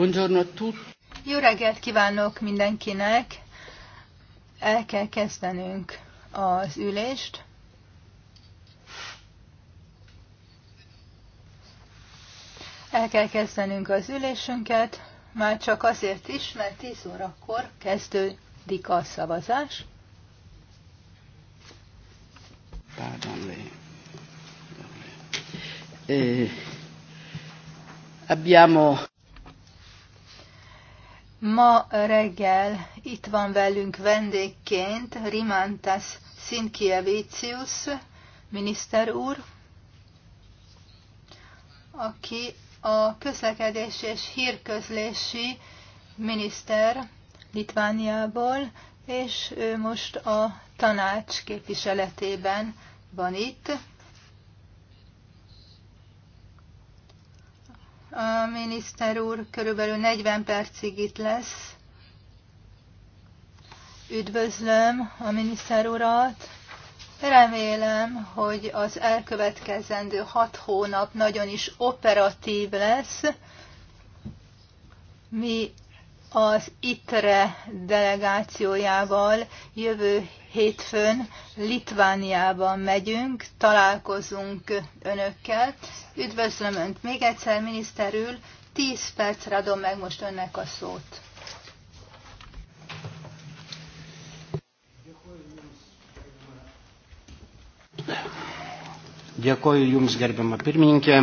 Buongiorno Jó reggelt kívánok mindenkinek! El kell kezdenünk az ülést. El kell kezdenünk az ülésünket, már csak azért is, mert 10 órakor kezdődik a szavazás. Pardon, le. Eh, abbiamo Ma reggel itt van velünk vendégként Rimantas Sinkievicius miniszter úr, aki a közlekedés és hírközlési miniszter Litvániából, és ő most a tanács képviseletében van itt. A miniszter úr körülbelül 40 percig itt lesz. Üdvözlöm a miniszter urat. Remélem, hogy az elkövetkezendő hat hónap nagyon is operatív lesz. Mi az ITRE delegációjával jövő hétfőn Litvániában megyünk, találkozunk önökkel. Üdvözlöm Önt még egyszer, miniszter úr, 10 percre adom meg most Önnek a szót. Dėkoju Jums, gerbiama pirmininkė,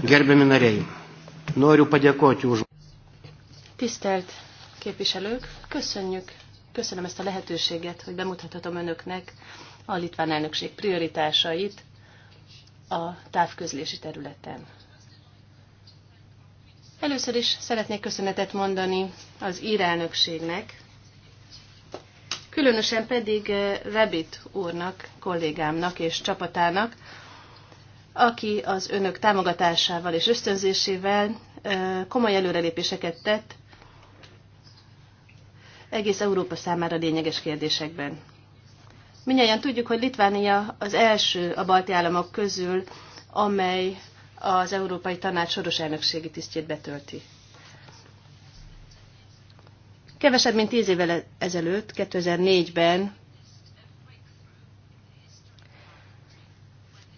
gerbiami nariai. Noriu padėkoti už. Tisztelt képviselők, köszönjük, köszönöm ezt a lehetőséget, hogy bemutathatom önöknek a litván elnökség prioritásait a távközlési területen. Először is szeretnék köszönetet mondani az ír elnökségnek, különösen pedig Webit eh, úrnak, kollégámnak és csapatának, aki az önök támogatásával és ösztönzésével eh, komoly előrelépéseket tett egész Európa számára lényeges kérdésekben. Mindjárt tudjuk, hogy Litvánia az első a balti államok közül, amely az Európai Tanács soros elnökségi tisztjét betölti. Kevesebb, mint tíz évvel ezelőtt, 2004-ben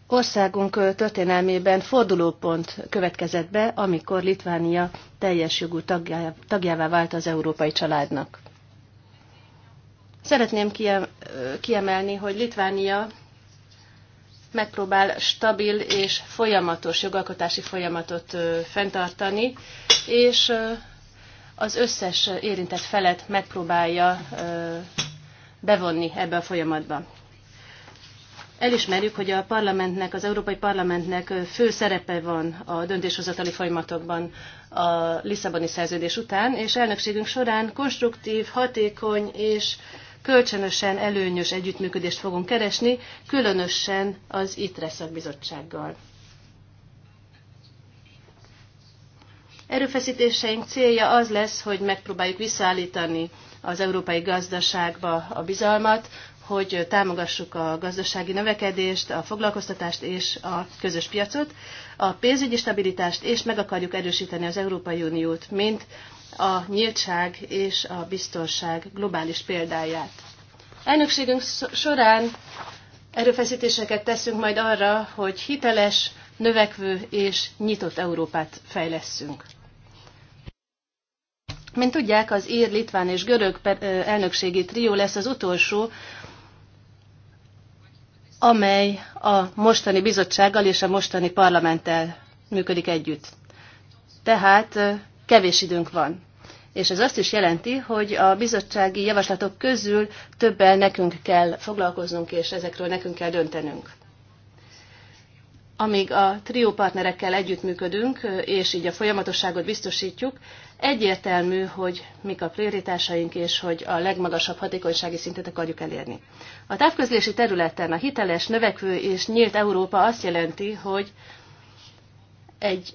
országunk történelmében fordulópont következett be, amikor Litvánia teljes jogú tagjává vált az európai családnak. Szeretném kiemelni, hogy Litvánia megpróbál stabil és folyamatos jogalkotási folyamatot fenntartani, és az összes érintett felet megpróbálja bevonni ebbe a folyamatba. Elismerjük, hogy a parlamentnek, az Európai Parlamentnek fő szerepe van a döntéshozatali folyamatokban a Lisszaboni szerződés után, és elnökségünk során konstruktív, hatékony és kölcsönösen előnyös együttműködést fogunk keresni, különösen az ITRE szakbizottsággal. Erőfeszítéseink célja az lesz, hogy megpróbáljuk visszaállítani az európai gazdaságba a bizalmat, hogy támogassuk a gazdasági növekedést, a foglalkoztatást és a közös piacot, a pénzügyi stabilitást, és meg akarjuk erősíteni az Európai Uniót, mint a nyíltság és a biztonság globális példáját. Elnökségünk során erőfeszítéseket teszünk majd arra, hogy hiteles, növekvő és nyitott Európát fejlesszünk. Mint tudják, az ír, litván és görög elnökségi trió lesz az utolsó, amely a mostani bizottsággal és a mostani parlamenttel működik együtt. Tehát kevés időnk van és ez azt is jelenti, hogy a bizottsági javaslatok közül többel nekünk kell foglalkoznunk, és ezekről nekünk kell döntenünk. Amíg a trió partnerekkel együttműködünk, és így a folyamatosságot biztosítjuk, egyértelmű, hogy mik a prioritásaink, és hogy a legmagasabb hatékonysági szintet akarjuk elérni. A távközlési területen a hiteles, növekvő és nyílt Európa azt jelenti, hogy egy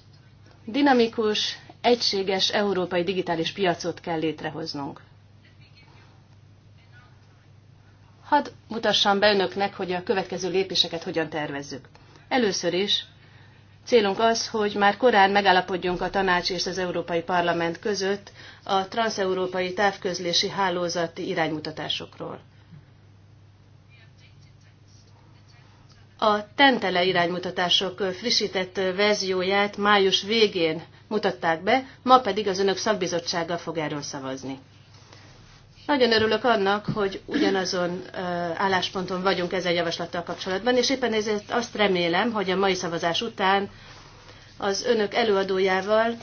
dinamikus, egységes európai digitális piacot kell létrehoznunk. Hadd mutassam be önöknek, hogy a következő lépéseket hogyan tervezzük. Először is Célunk az, hogy már korán megállapodjunk a tanács és az Európai Parlament között a transeurópai távközlési hálózati iránymutatásokról. A Tentele iránymutatások frissített verzióját május végén mutatták be, ma pedig az önök szakbizottsága fog erről szavazni. Nagyon örülök annak, hogy ugyanazon állásponton vagyunk ezzel javaslattal kapcsolatban, és éppen ezért azt remélem, hogy a mai szavazás után az önök előadójával,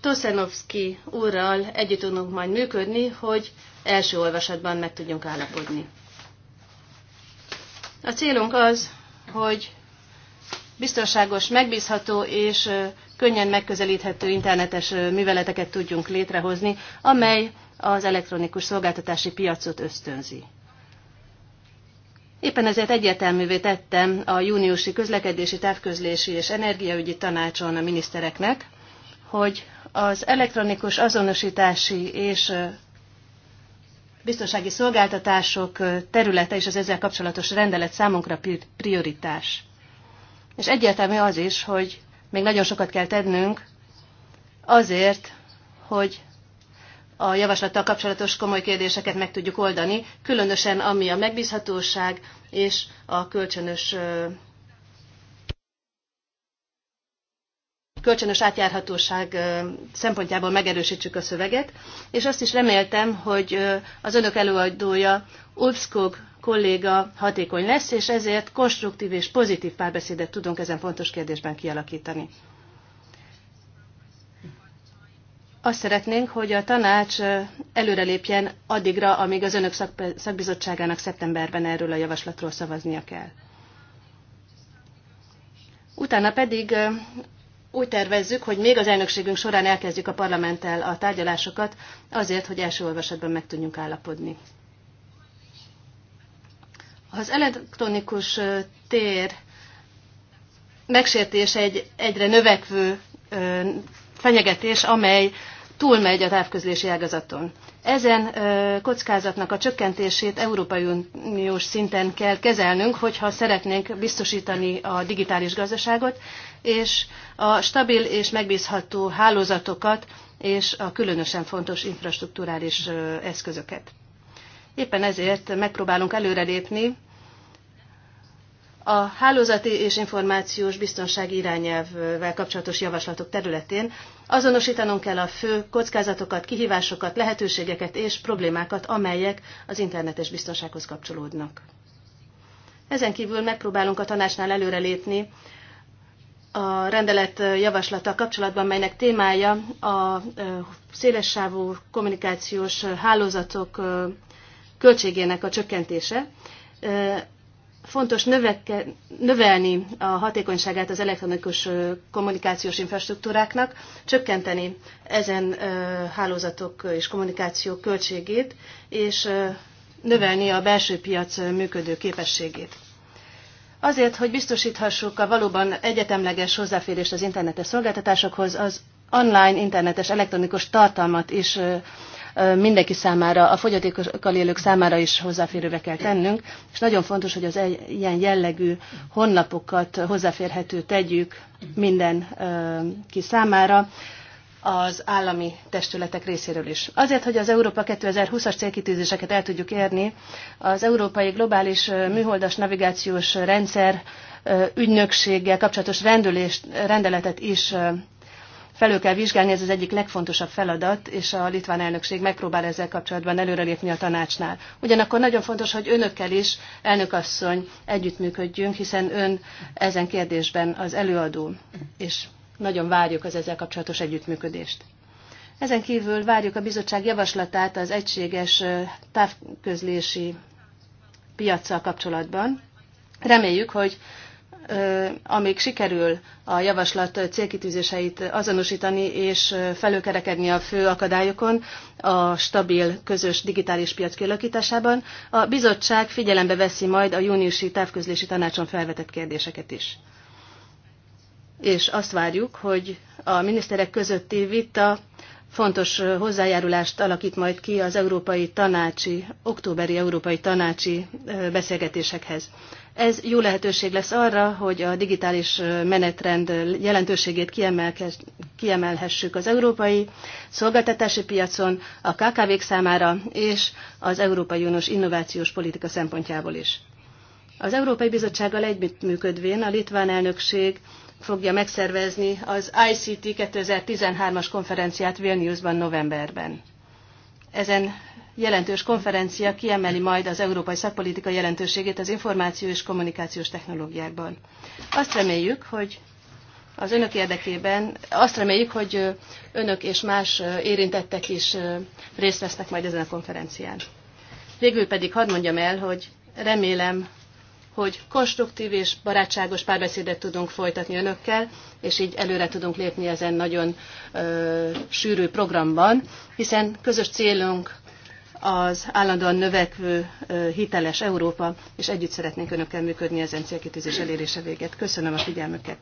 Toszenovszki úrral együtt tudunk majd működni, hogy első olvasatban meg tudjunk állapodni. A célunk az, hogy biztonságos, megbízható és könnyen megközelíthető internetes műveleteket tudjunk létrehozni, amely az elektronikus szolgáltatási piacot ösztönzi. Éppen ezért egyértelművé tettem a júniusi közlekedési, távközlési és energiaügyi tanácson a minisztereknek, hogy az elektronikus azonosítási és biztonsági szolgáltatások területe és az ezzel kapcsolatos rendelet számunkra prioritás és egyértelmű az is, hogy még nagyon sokat kell tennünk azért, hogy a javaslattal kapcsolatos komoly kérdéseket meg tudjuk oldani, különösen ami a megbízhatóság és a kölcsönös kölcsönös átjárhatóság szempontjából megerősítsük a szöveget, és azt is reméltem, hogy az önök előadója Ulfskog kolléga hatékony lesz, és ezért konstruktív és pozitív párbeszédet tudunk ezen fontos kérdésben kialakítani. Azt szeretnénk, hogy a tanács előrelépjen addigra, amíg az önök szakbizottságának szeptemberben erről a javaslatról szavaznia kell. Utána pedig úgy tervezzük, hogy még az elnökségünk során elkezdjük a parlamenttel a tárgyalásokat, azért, hogy első olvasatban meg tudjunk állapodni. Az elektronikus tér megsértése egy egyre növekvő fenyegetés, amely túlmegy a távközlési ágazaton. Ezen kockázatnak a csökkentését Európai Uniós szinten kell kezelnünk, hogyha szeretnénk biztosítani a digitális gazdaságot, és a stabil és megbízható hálózatokat, és a különösen fontos infrastruktúrális eszközöket. Éppen ezért megpróbálunk előrelépni a hálózati és információs biztonsági irányelvvel kapcsolatos javaslatok területén azonosítanunk kell a fő kockázatokat, kihívásokat, lehetőségeket és problémákat, amelyek az internetes biztonsághoz kapcsolódnak. Ezen kívül megpróbálunk a tanácsnál előrelépni a rendelet javaslata kapcsolatban, melynek témája a szélessávú kommunikációs hálózatok költségének a csökkentése fontos növeke, növelni a hatékonyságát az elektronikus kommunikációs infrastruktúráknak, csökkenteni ezen hálózatok és kommunikáció költségét, és növelni a belső piac működő képességét. Azért, hogy biztosíthassuk a valóban egyetemleges hozzáférést az internetes szolgáltatásokhoz, az online internetes elektronikus tartalmat is mindenki számára, a fogyatékkal élők számára is hozzáférővé kell tennünk, és nagyon fontos, hogy az ilyen jellegű honlapokat hozzáférhető tegyük mindenki számára az állami testületek részéről is. Azért, hogy az Európa 2020-as célkitűzéseket el tudjuk érni, az Európai Globális Műholdas Navigációs Rendszer ügynökséggel kapcsolatos rendelést, rendeletet is felül kell vizsgálni, ez az egyik legfontosabb feladat, és a litván elnökség megpróbál ezzel kapcsolatban előrelépni a tanácsnál. Ugyanakkor nagyon fontos, hogy önökkel is, elnökasszony, együttműködjünk, hiszen ön ezen kérdésben az előadó, és nagyon várjuk az ezzel kapcsolatos együttműködést. Ezen kívül várjuk a bizottság javaslatát az egységes távközlési piacsal kapcsolatban. Reméljük, hogy amíg sikerül a javaslat célkitűzéseit azonosítani és felőkerekedni a fő akadályokon a stabil közös digitális piac kialakításában, a bizottság figyelembe veszi majd a júniusi távközlési tanácson felvetett kérdéseket is. És azt várjuk, hogy a miniszterek közötti vita fontos hozzájárulást alakít majd ki az európai tanácsi, októberi európai tanácsi beszélgetésekhez. Ez jó lehetőség lesz arra, hogy a digitális menetrend jelentőségét kiemelhessük az európai szolgáltatási piacon, a KKV-k számára és az Európai Uniós innovációs politika szempontjából is. Az Európai Bizottsággal együttműködvén a litván elnökség fogja megszervezni az ICT 2013-as konferenciát Vilniusban novemberben. Ezen jelentős konferencia kiemeli majd az európai szakpolitika jelentőségét az információ és kommunikációs technológiákban. Azt reméljük, hogy az önök érdekében, azt reméljük, hogy önök és más érintettek is részt vesznek majd ezen a konferencián. Végül pedig hadd mondjam el, hogy remélem, hogy konstruktív és barátságos párbeszédet tudunk folytatni önökkel, és így előre tudunk lépni ezen nagyon ö, sűrű programban, hiszen közös célunk az állandóan növekvő hiteles Európa, és együtt szeretnénk önökkel működni ezen célkitűzés elérése véget. Köszönöm a figyelmüket.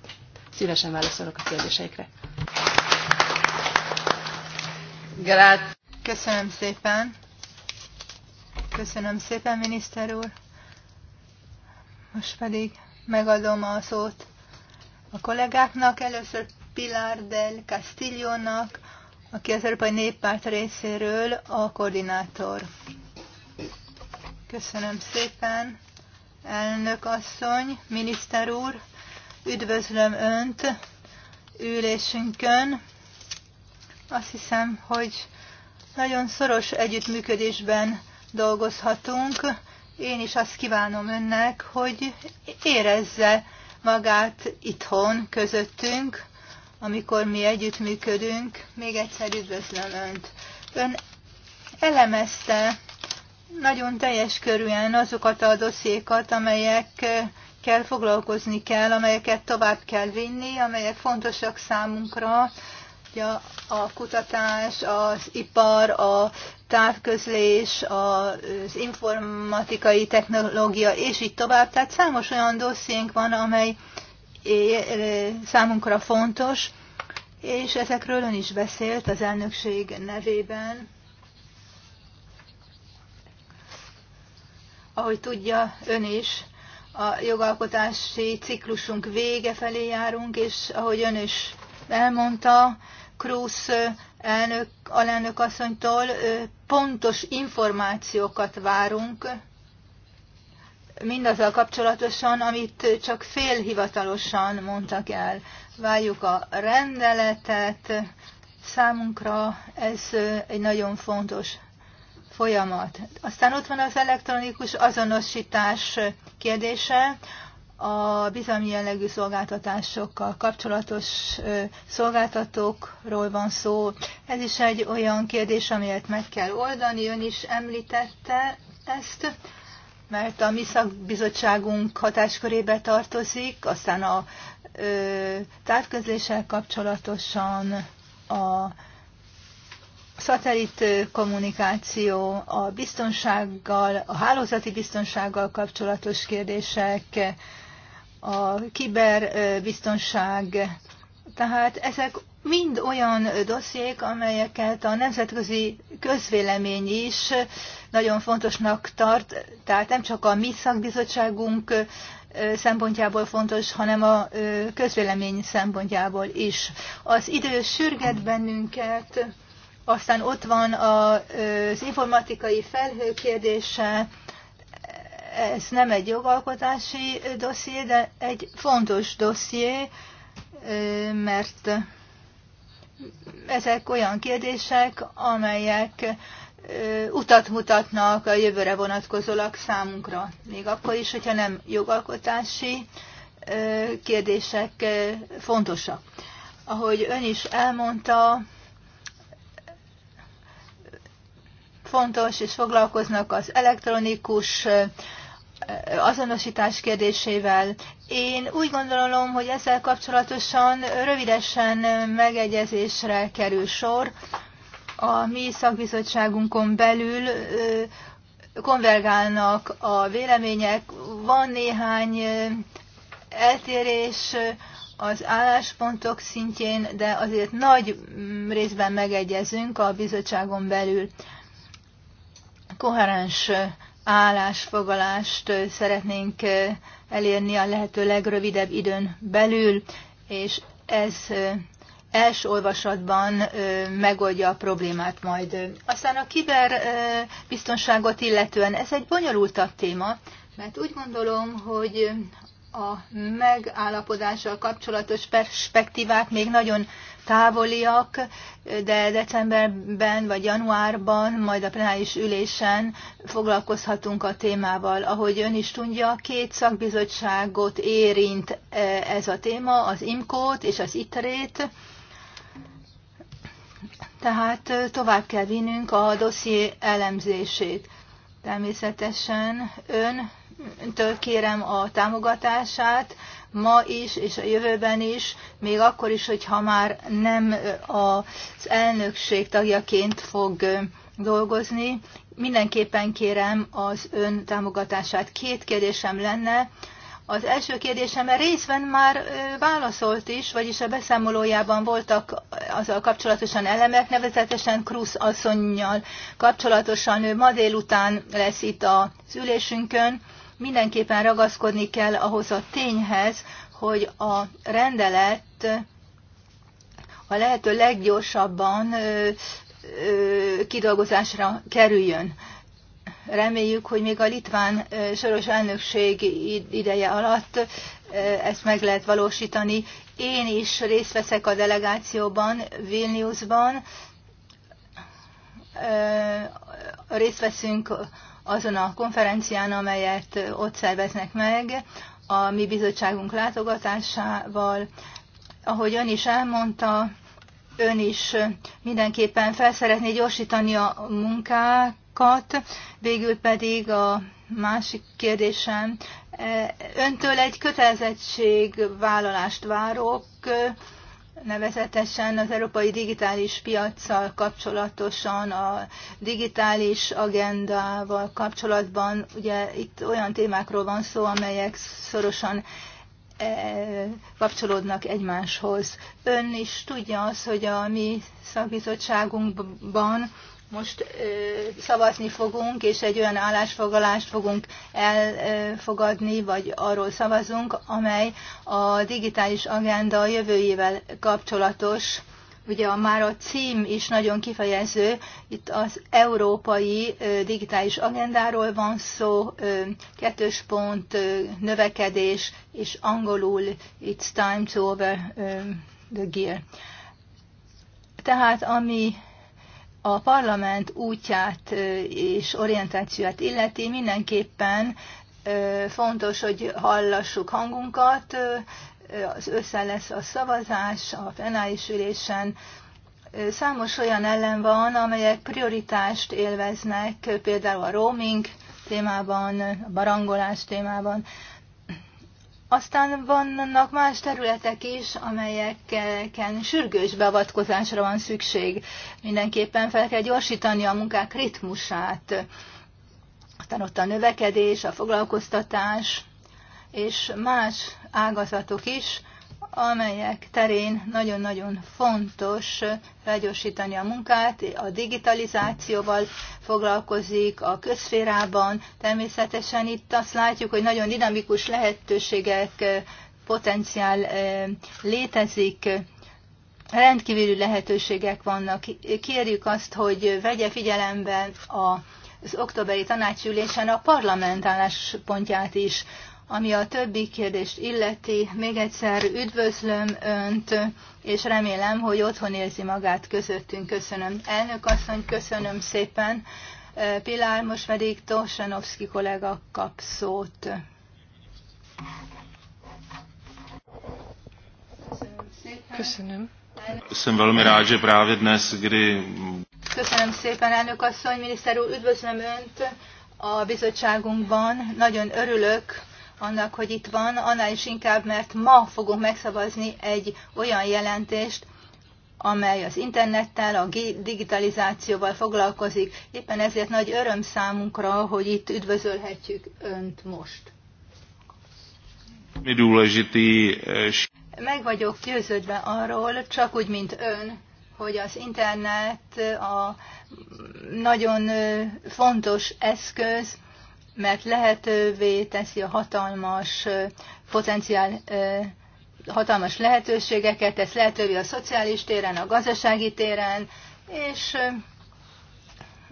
Szívesen válaszolok a kérdéseikre. Grát. Köszönöm szépen. Köszönöm szépen, miniszter úr. Most pedig megadom a szót a kollégáknak, először Pilar del Castillo-nak, aki az Európai Néppárt részéről a koordinátor. Köszönöm szépen, elnök asszony, miniszter úr, üdvözlöm Önt ülésünkön. Azt hiszem, hogy nagyon szoros együttműködésben dolgozhatunk. Én is azt kívánom Önnek, hogy érezze magát itthon közöttünk, amikor mi együttműködünk. Még egyszer üdvözlöm Önt. Ön elemezte nagyon teljes körűen azokat a dossziékat, amelyekkel foglalkozni kell, amelyeket tovább kell vinni, amelyek fontosak számunkra, ugye a kutatás, az ipar, a távközlés, az informatikai technológia, és így tovább. Tehát számos olyan dossziénk van, amely számunkra fontos, és ezekről ön is beszélt az elnökség nevében. Ahogy tudja ön is, a jogalkotási ciklusunk vége felé járunk, és ahogy ön is elmondta, Krusz elnök, alelnök asszonytól pontos információkat várunk mindazzal kapcsolatosan, amit csak félhivatalosan mondtak el. Várjuk a rendeletet, számunkra ez egy nagyon fontos folyamat. Aztán ott van az elektronikus azonosítás kérdése, a bizalmi jellegű szolgáltatásokkal kapcsolatos szolgáltatókról van szó. Ez is egy olyan kérdés, amelyet meg kell oldani, ön is említette ezt mert a mi szakbizottságunk hatáskörébe tartozik, aztán a ö, távközléssel kapcsolatosan a szatellit kommunikáció, a biztonsággal, a hálózati biztonsággal kapcsolatos kérdések, a kiberbiztonság, tehát ezek mind olyan dossziék, amelyeket a nemzetközi közvélemény is nagyon fontosnak tart, tehát nem csak a mi szakbizottságunk szempontjából fontos, hanem a közvélemény szempontjából is. Az idő sürget bennünket, aztán ott van az informatikai felhő kérdése, ez nem egy jogalkotási dosszié, de egy fontos dosszié, mert ezek olyan kérdések, amelyek utat mutatnak a jövőre vonatkozólag számunkra. Még akkor is, hogyha nem jogalkotási kérdések fontosak. Ahogy ön is elmondta, fontos, és foglalkoznak az elektronikus azonosítás kérdésével, én úgy gondolom, hogy ezzel kapcsolatosan rövidesen megegyezésre kerül sor. A mi szakbizottságunkon belül konvergálnak a vélemények, van néhány eltérés az álláspontok szintjén, de azért nagy mm, részben megegyezünk a bizottságon belül. Koherens állásfogalást szeretnénk elérni a lehető legrövidebb időn belül, és ez első olvasatban megoldja a problémát majd. Aztán a kiberbiztonságot illetően ez egy bonyolultabb téma, mert úgy gondolom, hogy a megállapodással kapcsolatos perspektívák még nagyon távoliak, de decemberben vagy januárban, majd a plenáris ülésen foglalkozhatunk a témával. Ahogy ön is tudja, két szakbizottságot érint e, ez a téma, az IMKO-t és az ITRÉT, tehát e, tovább kell vinnünk a dosszié elemzését. Természetesen ön öntől kérem a támogatását ma is és a jövőben is, még akkor is, hogyha már nem az elnökség tagjaként fog dolgozni. Mindenképpen kérem az ön támogatását. Két kérdésem lenne. Az első kérdésem, mert részben már válaszolt is, vagyis a beszámolójában voltak azzal kapcsolatosan elemek, nevezetesen Krusz asszonynal kapcsolatosan. Ő ma délután lesz itt az ülésünkön mindenképpen ragaszkodni kell ahhoz a tényhez, hogy a rendelet a lehető leggyorsabban kidolgozásra kerüljön. Reméljük, hogy még a litván soros elnökség ideje alatt ezt meg lehet valósítani. Én is részt veszek a delegációban Vilniusban, részt veszünk azon a konferencián, amelyet ott szerveznek meg, a mi bizottságunk látogatásával. Ahogy ön is elmondta, ön is mindenképpen felszeretné gyorsítani a munkákat, végül pedig a másik kérdésem. E, öntől egy kötelezettségvállalást várok nevezetesen az európai digitális piaccal kapcsolatosan, a digitális agendával kapcsolatban, ugye itt olyan témákról van szó, amelyek szorosan eh, kapcsolódnak egymáshoz. Ön is tudja az, hogy a mi szakbizottságunkban most szavazni fogunk, és egy olyan állásfoglalást fogunk elfogadni, vagy arról szavazunk, amely a digitális agenda jövőjével kapcsolatos. Ugye a már a cím is nagyon kifejező, itt az európai digitális agendáról van szó, kettős pont, növekedés, és angolul it's time to over the gear. Tehát ami a parlament útját és orientációját illeti, mindenképpen fontos, hogy hallassuk hangunkat, az össze lesz a szavazás a plenáris ülésen. Számos olyan ellen van, amelyek prioritást élveznek, például a roaming témában, a barangolás témában. Aztán vannak más területek is, amelyeken sürgős beavatkozásra van szükség. Mindenképpen fel kell gyorsítani a munkák ritmusát. Aztán ott a növekedés, a foglalkoztatás és más ágazatok is, amelyek terén nagyon-nagyon fontos felgyorsítani a munkát, a digitalizációval foglalkozik a közférában. Természetesen itt azt látjuk, hogy nagyon dinamikus lehetőségek, potenciál eh, létezik, rendkívüli lehetőségek vannak. Kérjük azt, hogy vegye figyelembe a az októberi tanácsülésen a parlament álláspontját is. Ami a többi kérdést illeti, még egyszer üdvözlöm Önt, és remélem, hogy otthon érzi magát közöttünk. Köszönöm. Elnök asszony, köszönöm szépen. E, Pilár, most pedig Tosanovszki kollega kap szót. Köszönöm. Köszönöm. velmi rád, že právě Köszönöm szépen, elnök asszony, miniszter úr, üdvözlöm Önt a bizottságunkban. Nagyon örülök, annak, hogy itt van, annál is inkább, mert ma fogunk megszavazni egy olyan jelentést, amely az internettel, a digitalizációval foglalkozik. Éppen ezért nagy öröm számunkra, hogy itt üdvözölhetjük Önt most. Meg vagyok győződve arról, csak úgy, mint Ön, hogy az internet a nagyon fontos eszköz, mert lehetővé teszi a hatalmas potenciál hatalmas lehetőségeket, tesz lehetővé a szociális téren, a gazdasági téren, és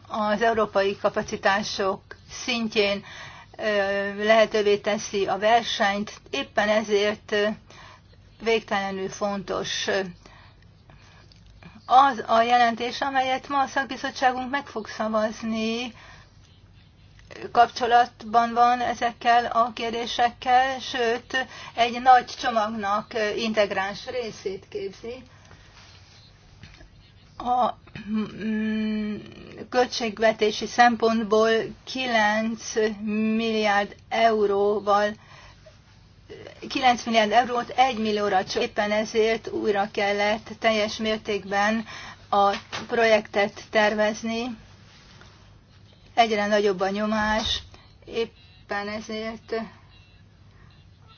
az európai kapacitások szintjén lehetővé teszi a versenyt, éppen ezért végtelenül fontos az a jelentés, amelyet ma a szakbizottságunk meg fog szavazni, kapcsolatban van ezekkel a kérdésekkel, sőt, egy nagy csomagnak integráns részét képzi. A mm, költségvetési szempontból 9 milliárd euróval 9 milliárd eurót 1 millióra csak. Éppen ezért újra kellett teljes mértékben a projektet tervezni, egyre nagyobb a nyomás, éppen ezért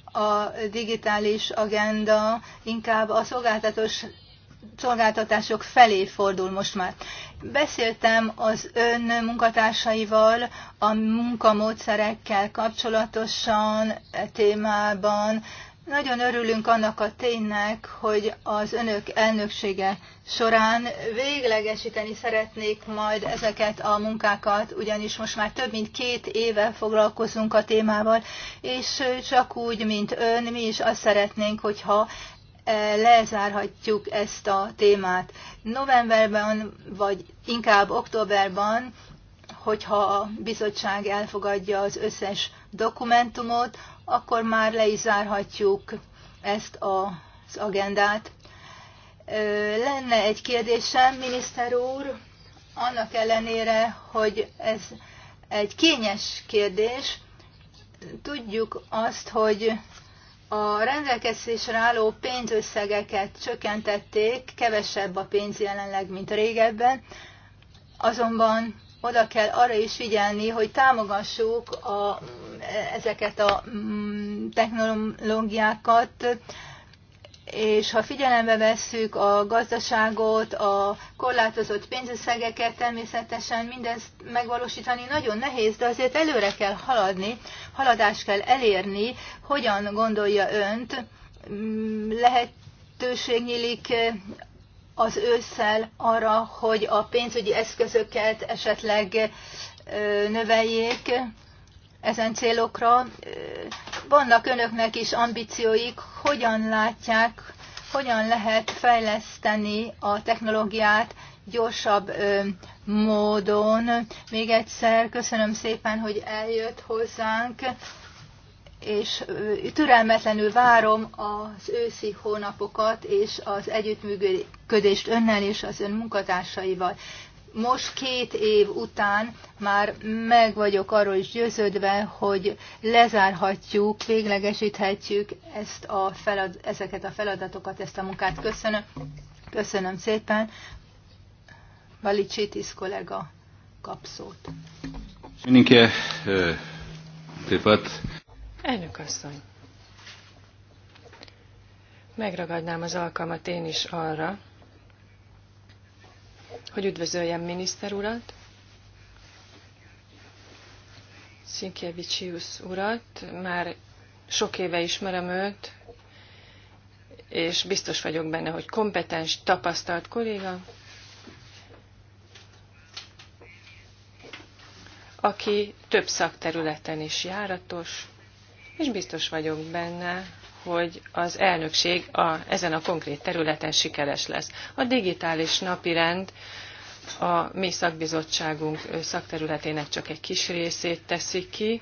a digitális agenda inkább a szolgáltatós szolgáltatások felé fordul most már. Beszéltem az ön munkatársaival a munkamódszerekkel kapcsolatosan e témában, nagyon örülünk annak a ténynek, hogy az önök elnöksége során véglegesíteni szeretnék majd ezeket a munkákat, ugyanis most már több mint két éve foglalkozunk a témával, és csak úgy, mint ön, mi is azt szeretnénk, hogyha e, lezárhatjuk ezt a témát. Novemberben, vagy inkább októberben, hogyha a bizottság elfogadja az összes dokumentumot, akkor már le is zárhatjuk ezt az agendát. Lenne egy kérdésem, miniszter úr, annak ellenére, hogy ez egy kényes kérdés, tudjuk azt, hogy a rendelkezésre álló pénzösszegeket csökkentették, kevesebb a pénz jelenleg, mint régebben, azonban oda kell arra is figyelni, hogy támogassuk a, ezeket a mm, technológiákat, és ha figyelembe vesszük a gazdaságot, a korlátozott pénzösszegeket, természetesen mindezt megvalósítani nagyon nehéz, de azért előre kell haladni, haladást kell elérni. Hogyan gondolja önt, mm, lehetőség nyílik az ősszel arra, hogy a pénzügyi eszközöket esetleg növeljék ezen célokra. Vannak önöknek is ambícióik, hogyan látják, hogyan lehet fejleszteni a technológiát gyorsabb módon. Még egyszer köszönöm szépen, hogy eljött hozzánk, és türelmetlenül várom az őszi hónapokat és az együttműködést önnel és az ön munkatársaival. Most két év után már meg vagyok arról is győződve, hogy lezárhatjuk, véglegesíthetjük ezt a felad, ezeket a feladatokat, ezt a munkát. Köszönöm, köszönöm szépen. Valicsitis kollega kapszót. Mindenki, Elnök asszony, megragadnám az alkalmat én is arra, hogy üdvözöljem miniszter urat, Szinkjevicsius urat. Már sok éve ismerem őt, és biztos vagyok benne, hogy kompetens, tapasztalt kolléga, aki több szakterületen is járatos, és biztos vagyok benne, hogy az elnökség a, ezen a konkrét területen sikeres lesz. A digitális napirend a mi szakbizottságunk szakterületének csak egy kis részét teszi ki,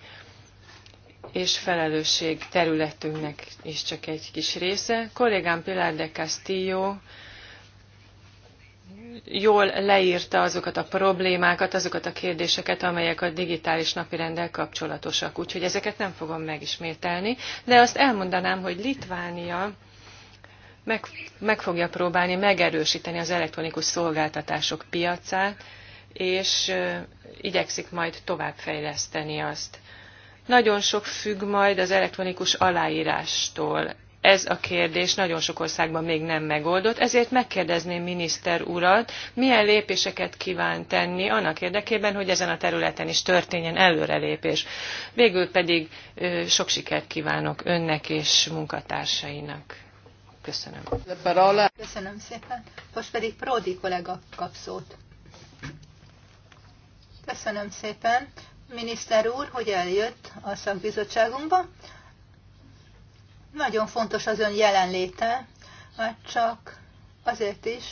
és felelősség területünknek is csak egy kis része. Kollégám Pilar de Castillo jól leírta azokat a problémákat, azokat a kérdéseket, amelyek a digitális napirenddel kapcsolatosak. Úgyhogy ezeket nem fogom megismételni, de azt elmondanám, hogy Litvánia meg, meg fogja próbálni megerősíteni az elektronikus szolgáltatások piacát, és igyekszik majd továbbfejleszteni azt. Nagyon sok függ majd az elektronikus aláírástól ez a kérdés nagyon sok országban még nem megoldott, ezért megkérdezném miniszter urat, milyen lépéseket kíván tenni annak érdekében, hogy ezen a területen is történjen előrelépés. Végül pedig sok sikert kívánok önnek és munkatársainak. Köszönöm. Köszönöm szépen. Most pedig Pródi kollega kap szót. Köszönöm szépen, miniszter úr, hogy eljött a szakbizottságunkba. Nagyon fontos az ön jelenléte, már hát csak azért is,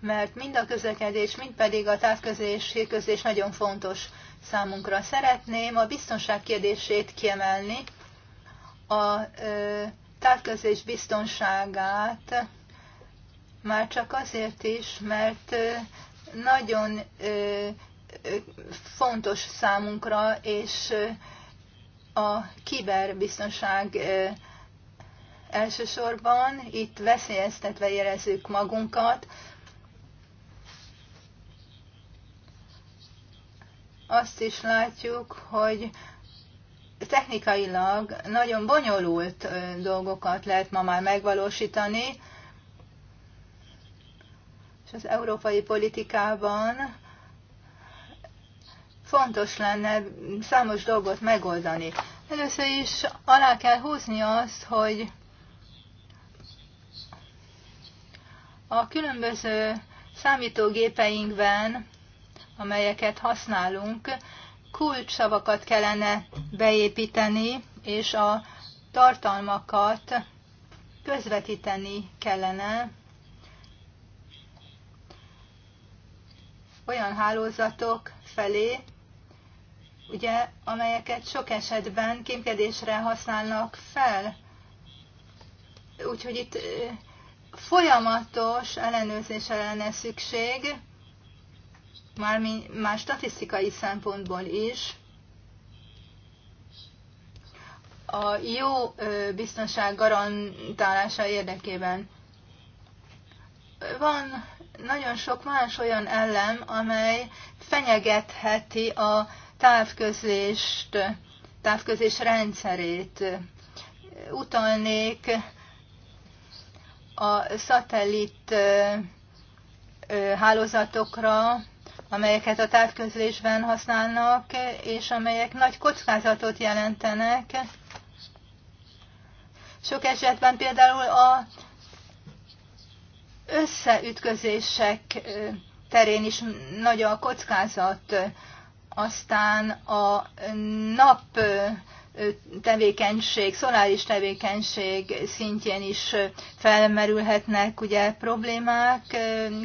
mert mind a közlekedés, mind pedig a távközlés, hírközlés nagyon fontos számunkra. Szeretném a biztonság kérdését kiemelni, a távközlés biztonságát már csak azért is, mert nagyon fontos számunkra, és a kiberbiztonság elsősorban, itt veszélyeztetve érezzük magunkat. Azt is látjuk, hogy technikailag nagyon bonyolult dolgokat lehet ma már megvalósítani, és az európai politikában fontos lenne számos dolgot megoldani. Először is alá kell húzni azt, hogy A különböző számítógépeinkben, amelyeket használunk, kulcsszavakat kellene beépíteni, és a tartalmakat közvetíteni kellene olyan hálózatok felé, ugye, amelyeket sok esetben kémkedésre használnak fel. Úgyhogy itt folyamatos ellenőrzésre lenne szükség, már, mi, már statisztikai szempontból is, a jó biztonság garantálása érdekében. Van nagyon sok más olyan ellen, amely fenyegetheti a távközlést, távközés rendszerét. Utalnék a szatellit hálózatokra, amelyeket a távközlésben használnak, és amelyek nagy kockázatot jelentenek. Sok esetben például a összeütközések terén is nagy a kockázat, aztán a nap tevékenység, szoláris tevékenység szintjén is felmerülhetnek ugye problémák,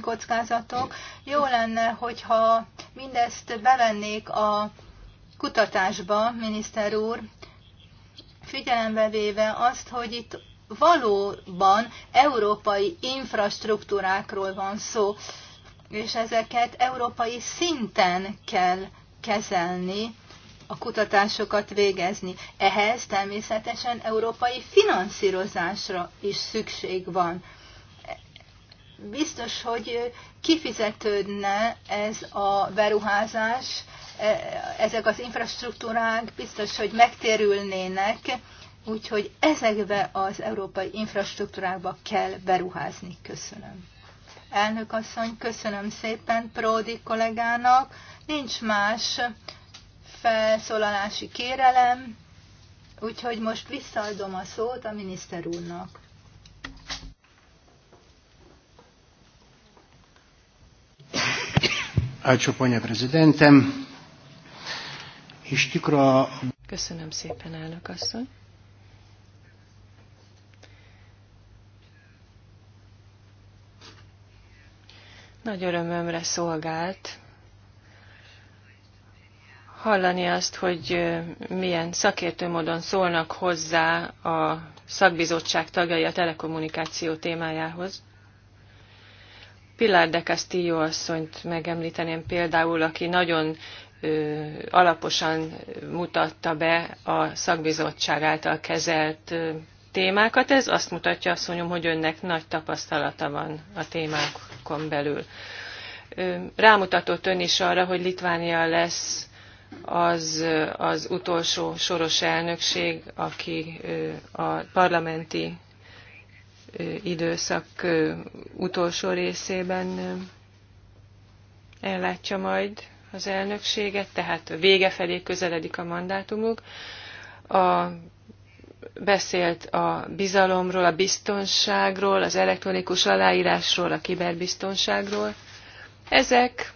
kockázatok. Jó lenne, hogyha mindezt bevennék a kutatásba, miniszter úr, figyelembe véve azt, hogy itt valóban európai infrastruktúrákról van szó, és ezeket európai szinten kell kezelni, a kutatásokat végezni. Ehhez természetesen európai finanszírozásra is szükség van. Biztos, hogy kifizetődne ez a beruházás, e, ezek az infrastruktúrák biztos, hogy megtérülnének, úgyhogy ezekbe az európai infrastruktúrákba kell beruházni. Köszönöm. Elnök asszony, köszönöm szépen Pródi kollégának. Nincs más felszólalási kérelem, úgyhogy most visszaadom a szót a miniszter úrnak. Köszönöm szépen, elnök asszony. Nagy örömömre szolgált, hallani azt, hogy milyen szakértő módon szólnak hozzá a szakbizottság tagjai a telekommunikáció témájához. Pilar de Castillo asszonyt megemlíteném például, aki nagyon ö, alaposan mutatta be a szakbizottság által kezelt ö, témákat. Ez azt mutatja, asszonyom, hogy önnek nagy tapasztalata van a témákon belül. Ö, rámutatott ön is arra, hogy Litvánia lesz az az utolsó soros elnökség, aki a parlamenti időszak utolsó részében ellátja majd az elnökséget, tehát vége felé közeledik a mandátumuk. A, beszélt a bizalomról, a biztonságról, az elektronikus aláírásról, a kiberbiztonságról. Ezek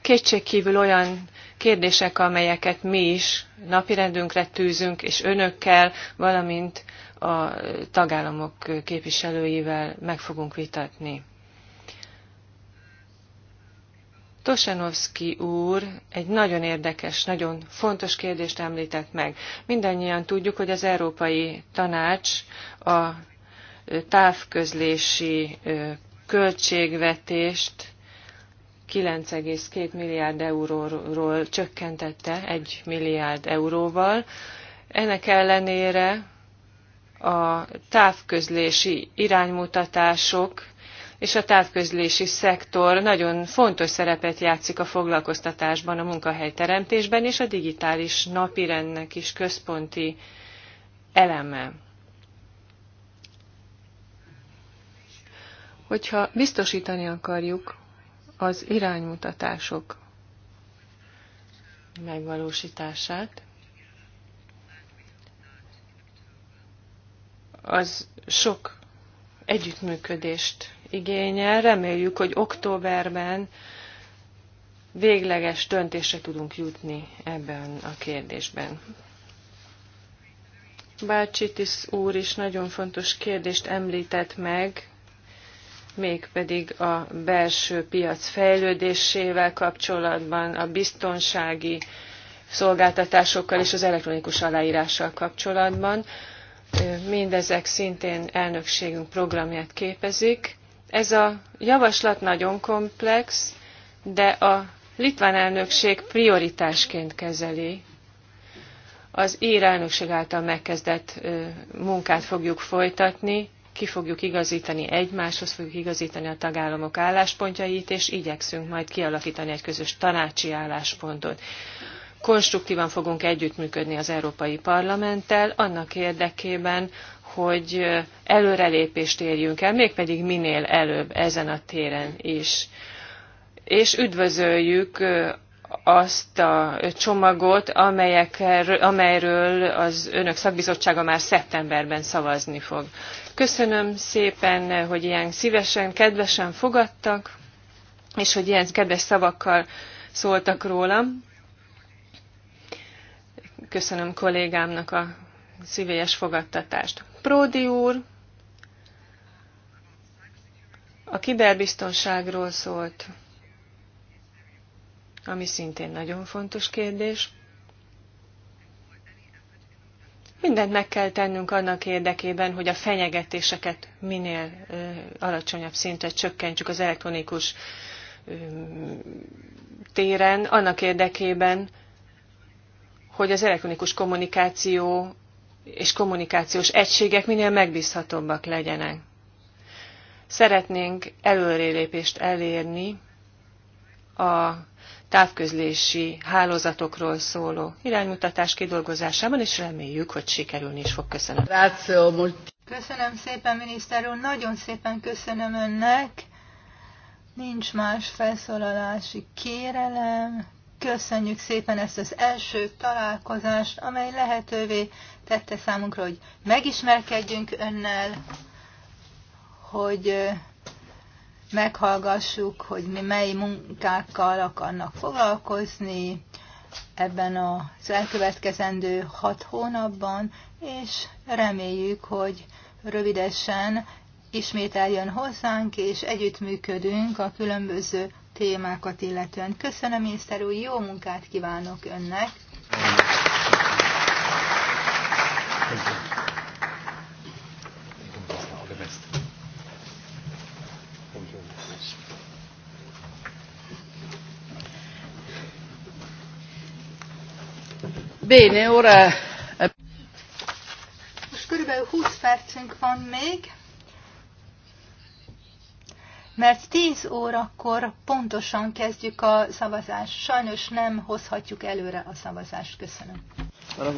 kétségkívül olyan kérdések, amelyeket mi is napirendünkre tűzünk, és önökkel, valamint a tagállamok képviselőivel meg fogunk vitatni. Tosanovski úr egy nagyon érdekes, nagyon fontos kérdést említett meg. Mindannyian tudjuk, hogy az Európai Tanács a távközlési költségvetést 9,2 milliárd euróról csökkentette 1 milliárd euróval. Ennek ellenére a távközlési iránymutatások és a távközlési szektor nagyon fontos szerepet játszik a foglalkoztatásban, a munkahelyteremtésben, és a digitális napirendnek is központi eleme. Hogyha biztosítani akarjuk az iránymutatások megvalósítását, az sok együttműködést igényel. Reméljük, hogy októberben végleges döntésre tudunk jutni ebben a kérdésben. Bácsitis úr is nagyon fontos kérdést említett meg, mégpedig a belső piac fejlődésével kapcsolatban, a biztonsági szolgáltatásokkal és az elektronikus aláírással kapcsolatban. Mindezek szintén elnökségünk programját képezik. Ez a javaslat nagyon komplex, de a litván elnökség prioritásként kezeli. Az ír elnökség által megkezdett munkát fogjuk folytatni, ki fogjuk igazítani egymáshoz, fogjuk igazítani a tagállamok álláspontjait, és igyekszünk majd kialakítani egy közös tanácsi álláspontot. Konstruktívan fogunk együttműködni az Európai Parlamenttel annak érdekében, hogy előrelépést érjünk el, mégpedig minél előbb ezen a téren is. És üdvözöljük azt a csomagot, amelyekről, amelyről az önök szakbizottsága már szeptemberben szavazni fog. Köszönöm szépen, hogy ilyen szívesen, kedvesen fogadtak, és hogy ilyen kedves szavakkal szóltak rólam. Köszönöm kollégámnak a szívélyes fogadtatást. Pródi úr a kiberbiztonságról szólt ami szintén nagyon fontos kérdés. Mindent meg kell tennünk annak érdekében, hogy a fenyegetéseket minél alacsonyabb szintre csökkentsük az elektronikus téren, annak érdekében, hogy az elektronikus kommunikáció és kommunikációs egységek minél megbízhatóbbak legyenek. Szeretnénk előrélépést elérni a távközlési hálózatokról szóló iránymutatás kidolgozásában, és reméljük, hogy sikerülni is fog. Köszönöm. Köszönöm szépen, miniszter úr. Nagyon szépen köszönöm önnek. Nincs más felszólalási kérelem. Köszönjük szépen ezt az első találkozást, amely lehetővé tette számunkra, hogy megismerkedjünk önnel, hogy meghallgassuk, hogy mi mely munkákkal akarnak foglalkozni ebben az elkövetkezendő hat hónapban, és reméljük, hogy rövidesen ismét eljön hozzánk, és együttműködünk a különböző témákat illetően. Köszönöm, miniszter úr, jó munkát kívánok önnek! Köszönöm. Bene, ora... Eh, Most körülbelül 20 percünk van még, mert 10 órakor pontosan kezdjük a szavazást. Sajnos nem hozhatjuk előre a szavazást. Köszönöm. Arra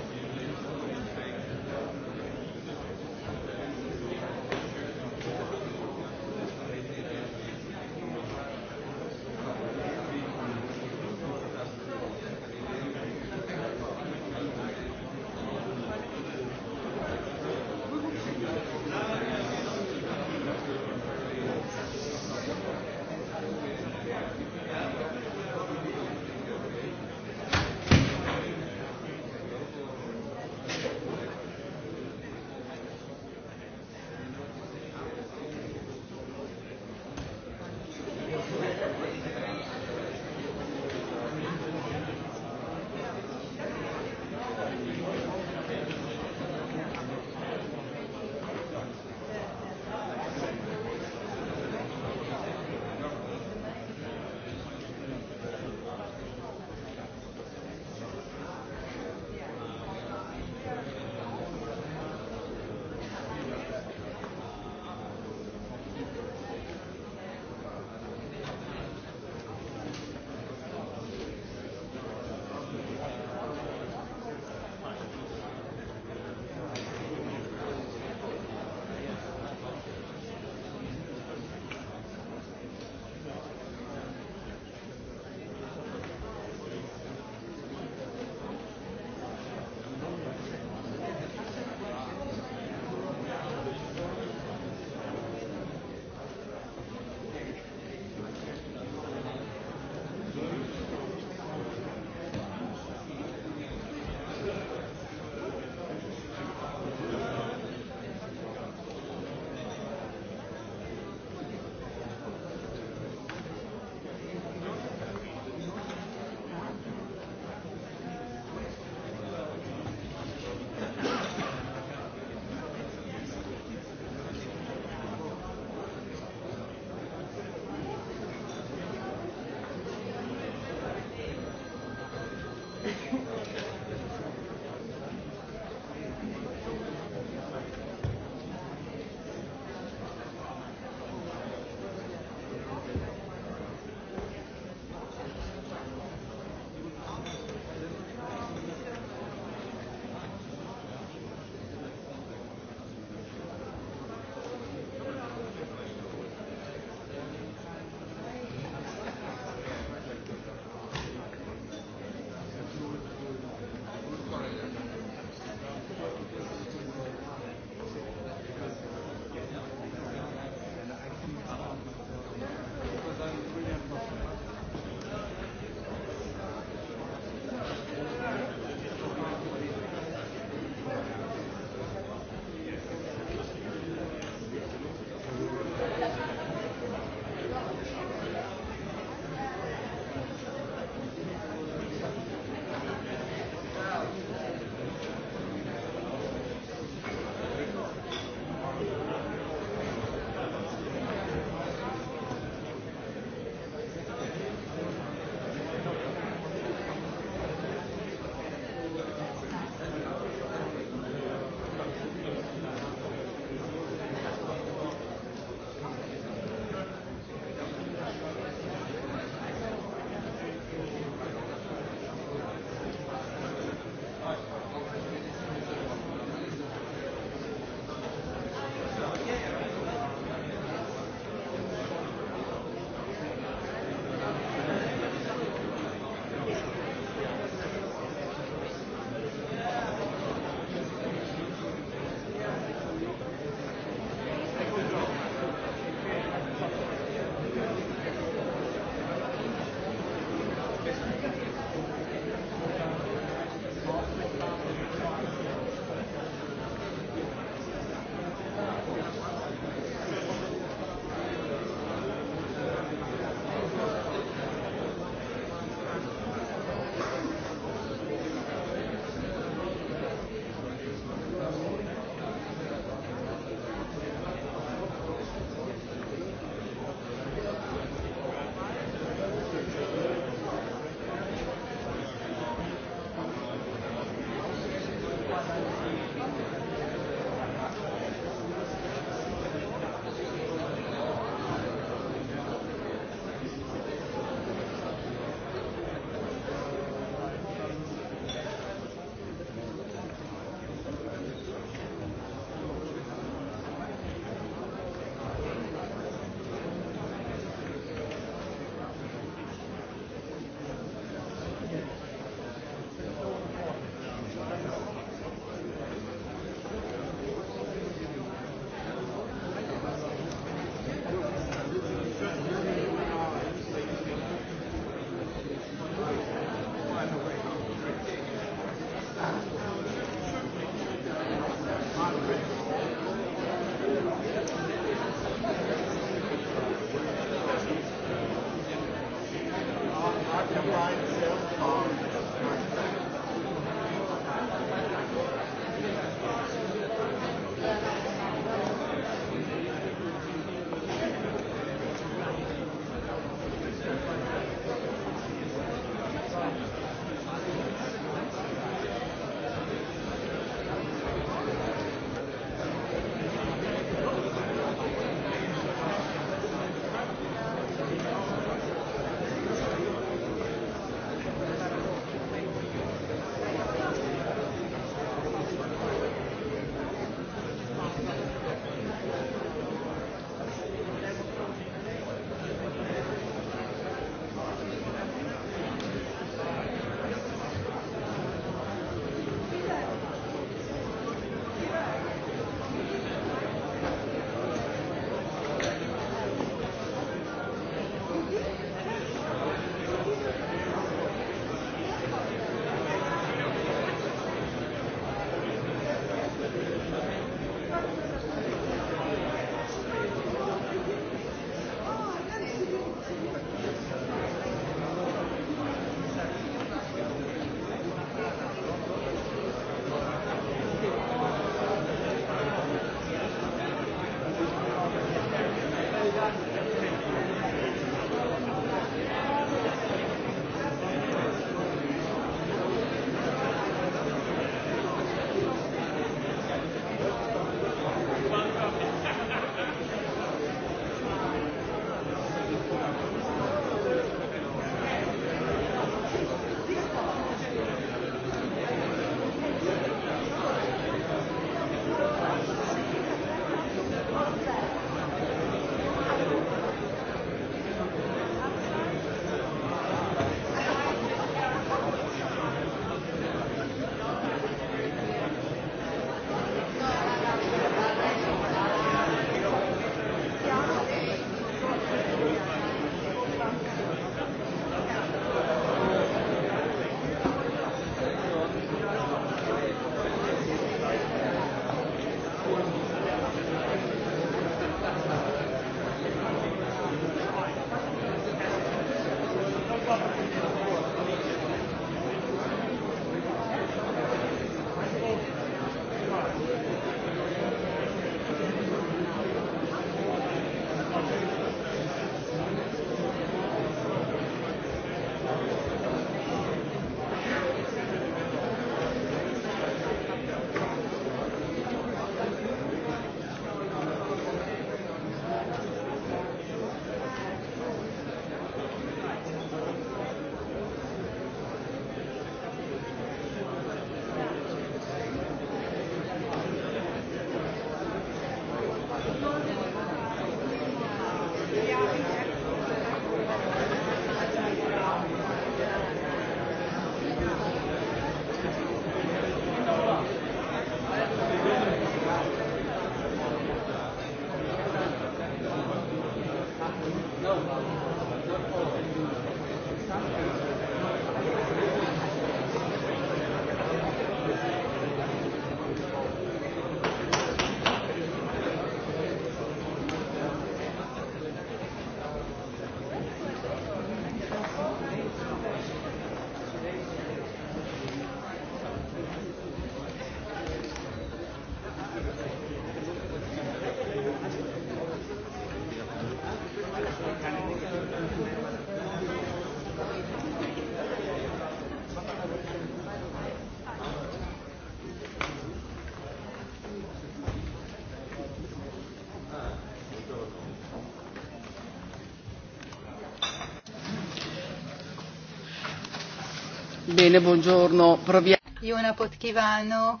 Bene, buongiorno. Proviamo. Jó napot kívánok!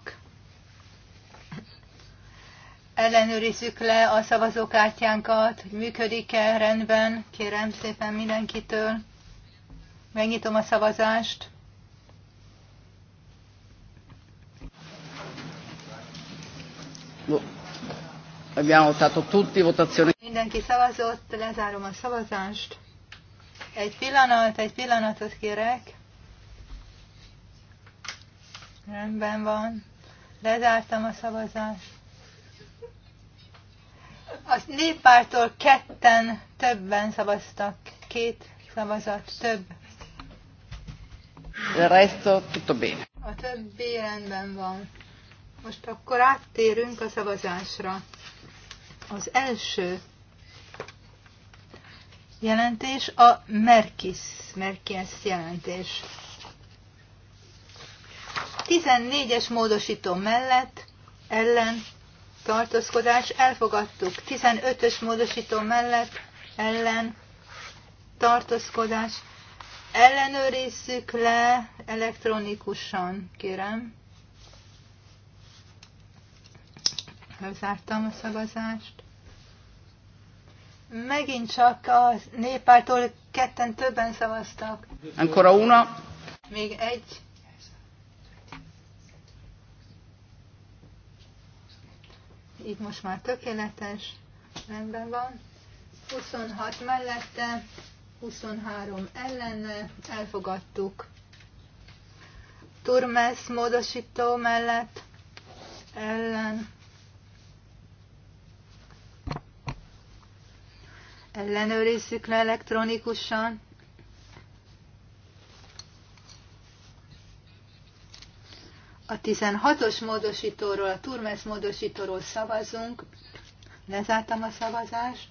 Ellenőrizzük le a szavazókártyánkat, hogy működik-e rendben. Kérem szépen mindenkitől. Megnyitom a szavazást. Abbiamo votato tutti, votazione. Mindenki szavazott, lezárom a szavazást. Egy pillanat, egy pillanatot kérek. Rendben van. Lezártam a szavazást. A néppártól ketten többen szavaztak. Két szavazat több. De resto tutto bene. A többi rendben van. Most akkor áttérünk a szavazásra. Az első jelentés a Merkis, Merkies jelentés. 14-es módosító mellett ellen tartózkodás elfogadtuk. 15-ös módosító mellett ellen tartózkodás ellenőrizzük le elektronikusan, kérem. Lezártam a szavazást. Megint csak a néppártól ketten többen szavaztak. Ancora una. Még egy így most már tökéletes, rendben van. 26 mellette, 23 ellene, elfogadtuk. Turmes módosító mellett, ellen, ellenőrizzük le elektronikusan. A 16-os módosítóról, a Turmes módosítóról szavazunk. Lezártam a szavazást.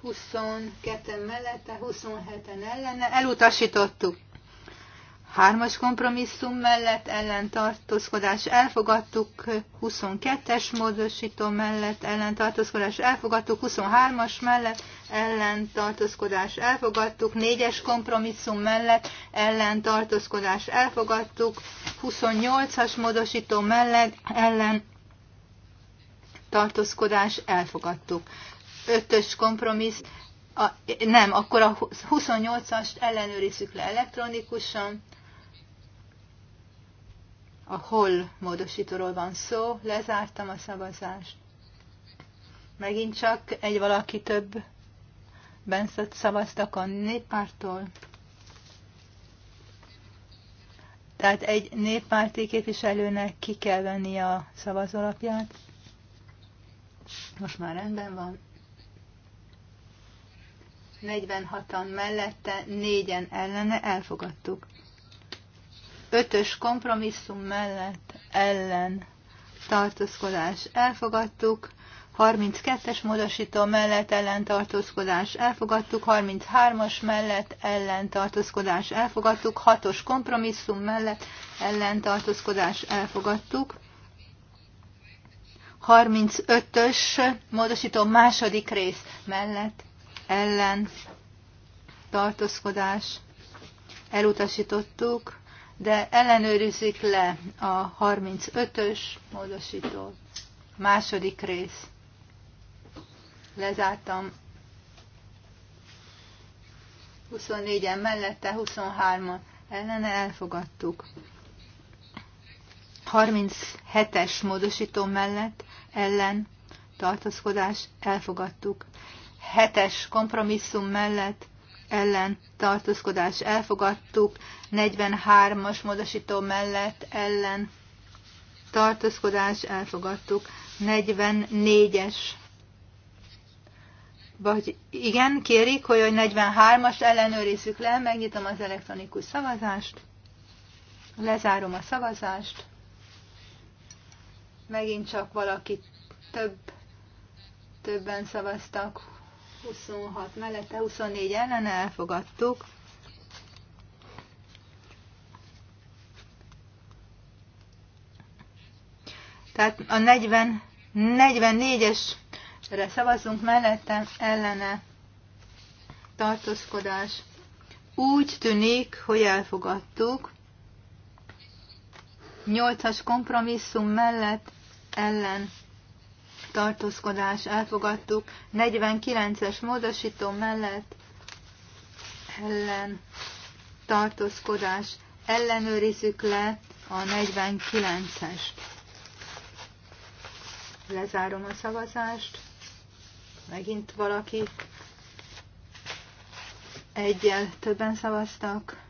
22 mellette, 27-en ellene. Elutasítottuk. Hármas kompromisszum mellett ellentartózkodás elfogadtuk, 22-es módosító mellett ellentartózkodás elfogadtuk, 23-as mellett ellentartózkodás elfogadtuk, négyes kompromisszum mellett ellentartózkodás elfogadtuk, 28-as módosító mellett ellentartózkodás elfogadtuk. Ötös kompromissz, a, nem, akkor a 28-ast ellenőrizzük le elektronikusan. A hol módosítóról van szó, lezártam a szavazást. Megint csak egy valaki több benszet szavaztak a néppártól. Tehát egy néppárti képviselőnek ki kell venni a szavazolapját, Most már rendben van. 46-an mellette, 4-en ellene elfogadtuk. Ötös kompromisszum mellett ellen tartózkodás elfogadtuk. 32-es módosító mellett ellentartózkodás elfogadtuk, 33-as mellett ellentartózkodás elfogadtuk, 6-os kompromisszum mellett ellentartózkodás elfogadtuk, 35-ös módosító második rész mellett ellen tartózkodás elutasítottuk, de ellenőrizik le a 35-ös módosító második rész lezártam. 24-en mellette, 23-an ellene elfogadtuk. 37-es módosító mellett ellen tartózkodás elfogadtuk. 7-es kompromisszum mellett ellen tartózkodás elfogadtuk. 43-as módosító mellett ellen tartózkodás elfogadtuk. 44-es vagy igen, kérik, hogy a 43-as ellenőrizzük le, megnyitom az elektronikus szavazást, lezárom a szavazást, megint csak valaki több, többen szavaztak, 26 mellette, 24 ellen elfogadtuk. Tehát a 40, 44-es re szavazunk mellette ellene tartózkodás. Úgy tűnik, hogy elfogadtuk. Nyolcas kompromisszum mellett ellen tartózkodás elfogadtuk. 49-es módosító mellett ellen tartózkodás ellenőrizzük le a 49-est. Lezárom a szavazást. Megint valaki. Egyel többen szavaztak.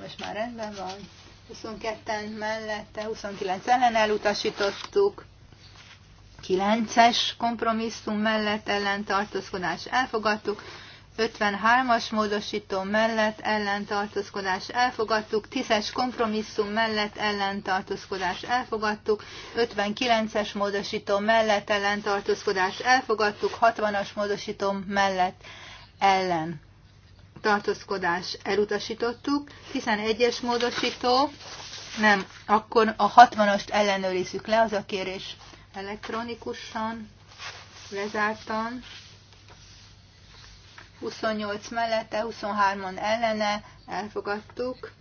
Most már rendben van. 22-en mellette, 29 ellen elutasítottuk. 9-es kompromisszum mellett ellen tartózkodás elfogadtuk. 53-as módosító mellett ellentartózkodás elfogadtuk, 10-es kompromisszum mellett ellentartózkodás elfogadtuk, 59-es módosító mellett ellentartózkodás elfogadtuk, 60-as módosító mellett ellen tartózkodás elutasítottuk, 11-es módosító, nem, akkor a 60-ast ellenőrizzük le, az a kérés elektronikusan, lezártan, 28 mellette, 23-on ellene, elfogadtuk.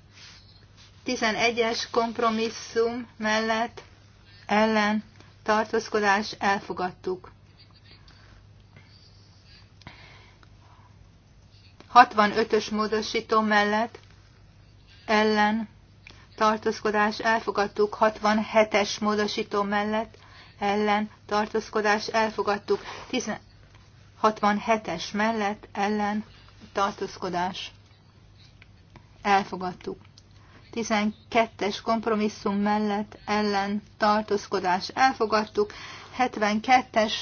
11-es kompromisszum mellett, ellen, tartózkodás, elfogadtuk. 65-ös módosító mellett, ellen, tartózkodás, elfogadtuk. 67-es módosító mellett, ellen, tartózkodás, elfogadtuk. 10 67-es mellett ellen tartózkodás. Elfogadtuk. 12-es kompromisszum mellett ellen tartózkodás. Elfogadtuk. 72-es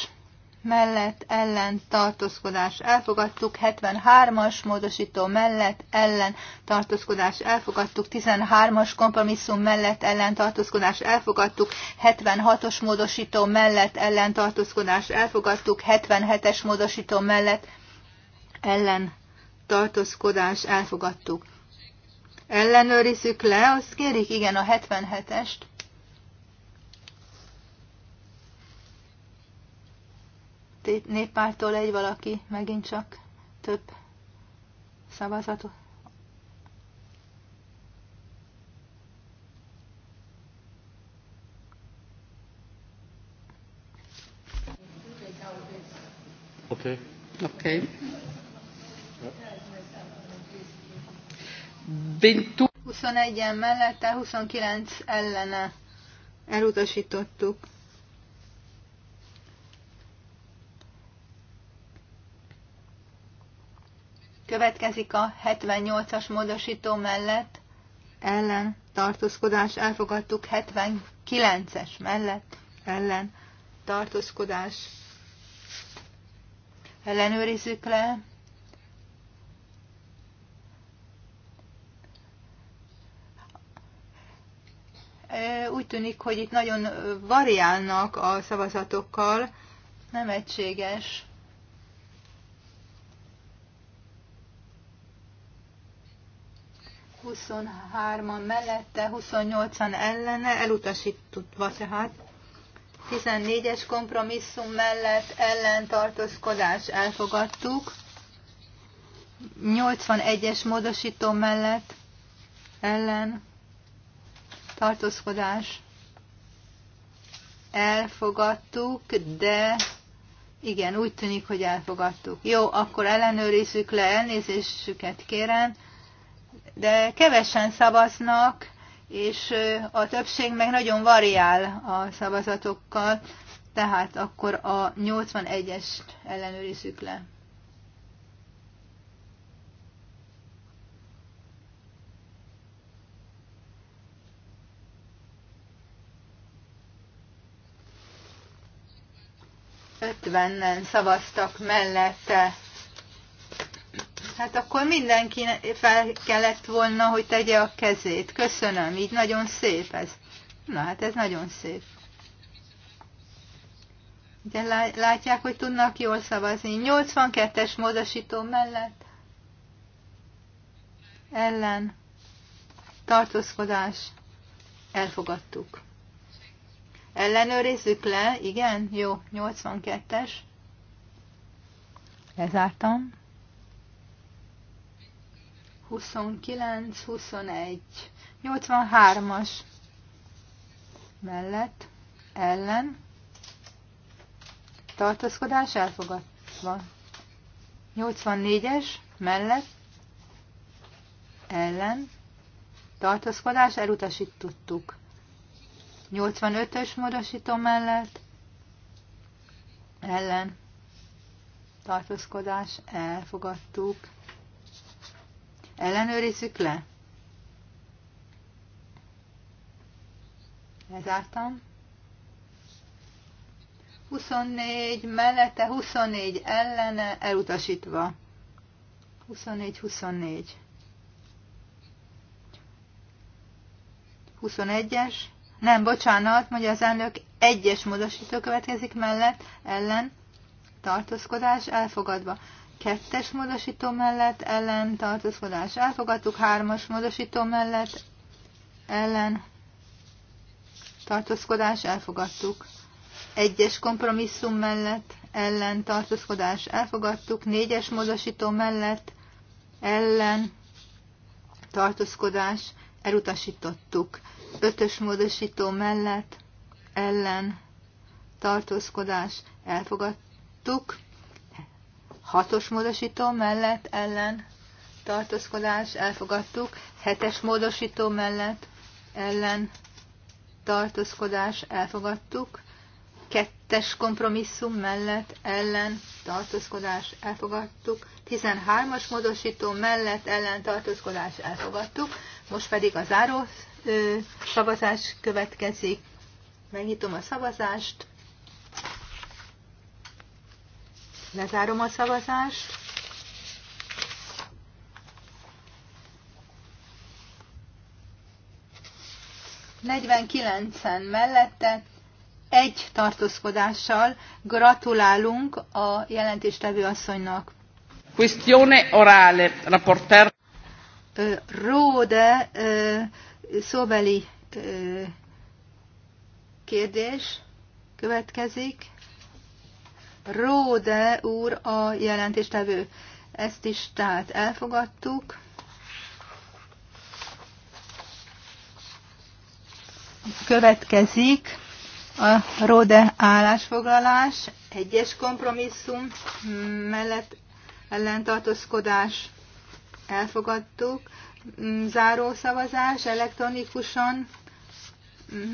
mellett ellen tartózkodás elfogadtuk, 73-as módosító mellett ellen tartózkodás elfogadtuk, 13-as kompromisszum mellett ellen tartózkodás elfogadtuk, 76-os módosító mellett ellen tartózkodás elfogadtuk, 77-es módosító mellett ellen tartózkodás elfogadtuk. Ellenőrizzük le, azt kérik, igen, a 77-est. néppártól egy valaki megint csak több szavazatot. Okay. Okay. 21-en mellette, 29 ellene elutasítottuk. Következik a 78-as módosító mellett ellen tartózkodás elfogadtuk 79-es mellett ellen tartózkodás ellenőrizzük le. Úgy tűnik, hogy itt nagyon variálnak a szavazatokkal, nem egységes. 23-an mellette, 28-an ellene, elutasítva tehát. 14-es kompromisszum mellett ellentartózkodás elfogadtuk. 81-es módosító mellett ellen tartózkodás elfogadtuk, de igen, úgy tűnik, hogy elfogadtuk. Jó, akkor ellenőrizzük le, elnézésüket kérem de kevesen szavaznak, és a többség meg nagyon variál a szavazatokkal, tehát akkor a 81-est ellenőrizzük le. Ötvennen szavaztak mellette Hát akkor mindenki fel kellett volna, hogy tegye a kezét. Köszönöm, így nagyon szép ez. Na hát ez nagyon szép. Ugye látják, hogy tudnak jól szavazni. 82-es módosító mellett ellen tartózkodás elfogadtuk. Ellenőrizzük le, igen, jó, 82-es. Lezártam. 29, 21, 83-as mellett, ellen, tartózkodás elfogadva. 84-es mellett, ellen, tartózkodás elutasítottuk. 85-ös módosító mellett, ellen, tartózkodás elfogadtuk. Ellenőrizzük le. Lezártam. 24 mellette, 24 ellene, elutasítva. 24-24. 21-es. Nem, bocsánat, mondja az elnök, egyes módosító következik mellett, ellen, tartózkodás elfogadva kettes módosító mellett ellen tartózkodás elfogadtuk, hármas módosító mellett ellen tartózkodás elfogadtuk, egyes kompromisszum mellett ellen tartózkodás elfogadtuk, négyes módosító mellett ellen tartózkodás elutasítottuk, ötös módosító mellett ellen tartózkodás elfogadtuk, Hatos módosító mellett ellen tartózkodás elfogadtuk. Hetes módosító mellett ellen tartózkodás elfogadtuk. Kettes kompromisszum mellett ellen tartózkodás elfogadtuk. 13-as módosító mellett ellen tartózkodás elfogadtuk. Most pedig a záró ö, szavazás következik. Megnyitom a szavazást. Lezárom a szavazást. Negyvenkilencen mellette egy tartózkodással gratulálunk a jelentéstevő asszonynak. Questione orale, rapporter. Róde szóbeli kérdés következik. Róde úr a jelentéstevő. Ezt is tehát elfogadtuk. Következik a Róde állásfoglalás, egyes kompromisszum mellett ellentartózkodás elfogadtuk, záró szavazás elektronikusan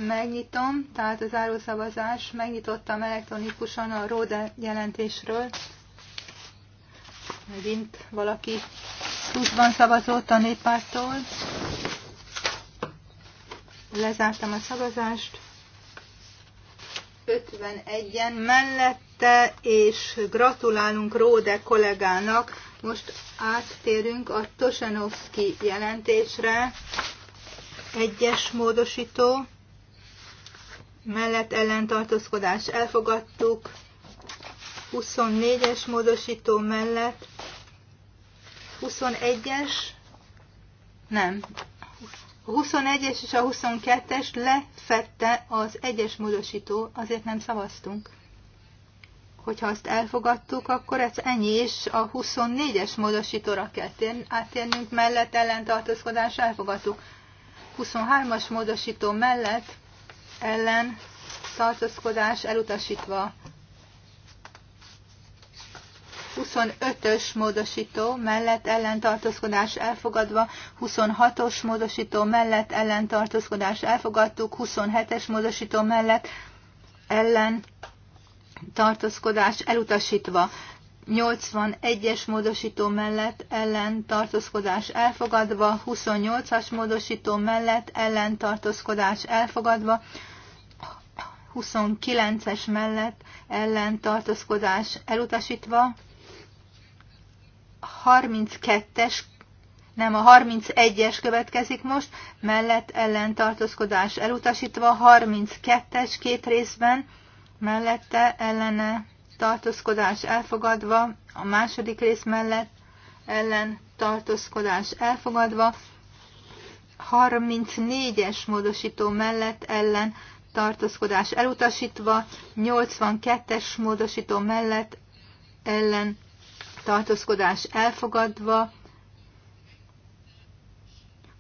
megnyitom, tehát az árószavazás, megnyitottam elektronikusan a Rode jelentésről. Megint valaki pluszban szavazott a néppártól. Lezártam a szavazást. 51-en mellette, és gratulálunk Róde kollégának. Most áttérünk a Tosanovszki jelentésre. Egyes módosító mellett ellentartózkodás elfogadtuk, 24-es módosító mellett, 21-es, nem, 21-es és a 22-es lefette az egyes módosító, azért nem szavaztunk. Hogyha azt elfogadtuk, akkor ez ennyi is, a 24-es módosítóra kell térn, mellett ellentartózkodás elfogadtuk. 23-as módosító mellett ellen tartózkodás elutasítva. 25-ös módosító mellett ellentartózkodás elfogadva, 26-os módosító mellett ellentartózkodás elfogadtuk, 27-es módosító mellett ellen tartózkodás elutasítva. 81-es módosító mellett ellen elfogadva, 28-as módosító mellett ellen elfogadva, 29-es mellett ellen tartózkodás elutasítva, 32-es, nem a 31-es következik most, mellett ellen tartózkodás elutasítva, 32-es két részben, mellette ellene tartózkodás elfogadva, a második rész mellett ellen tartózkodás elfogadva, 34-es módosító mellett ellen tartózkodás elutasítva, 82-es módosító mellett ellen tartózkodás elfogadva,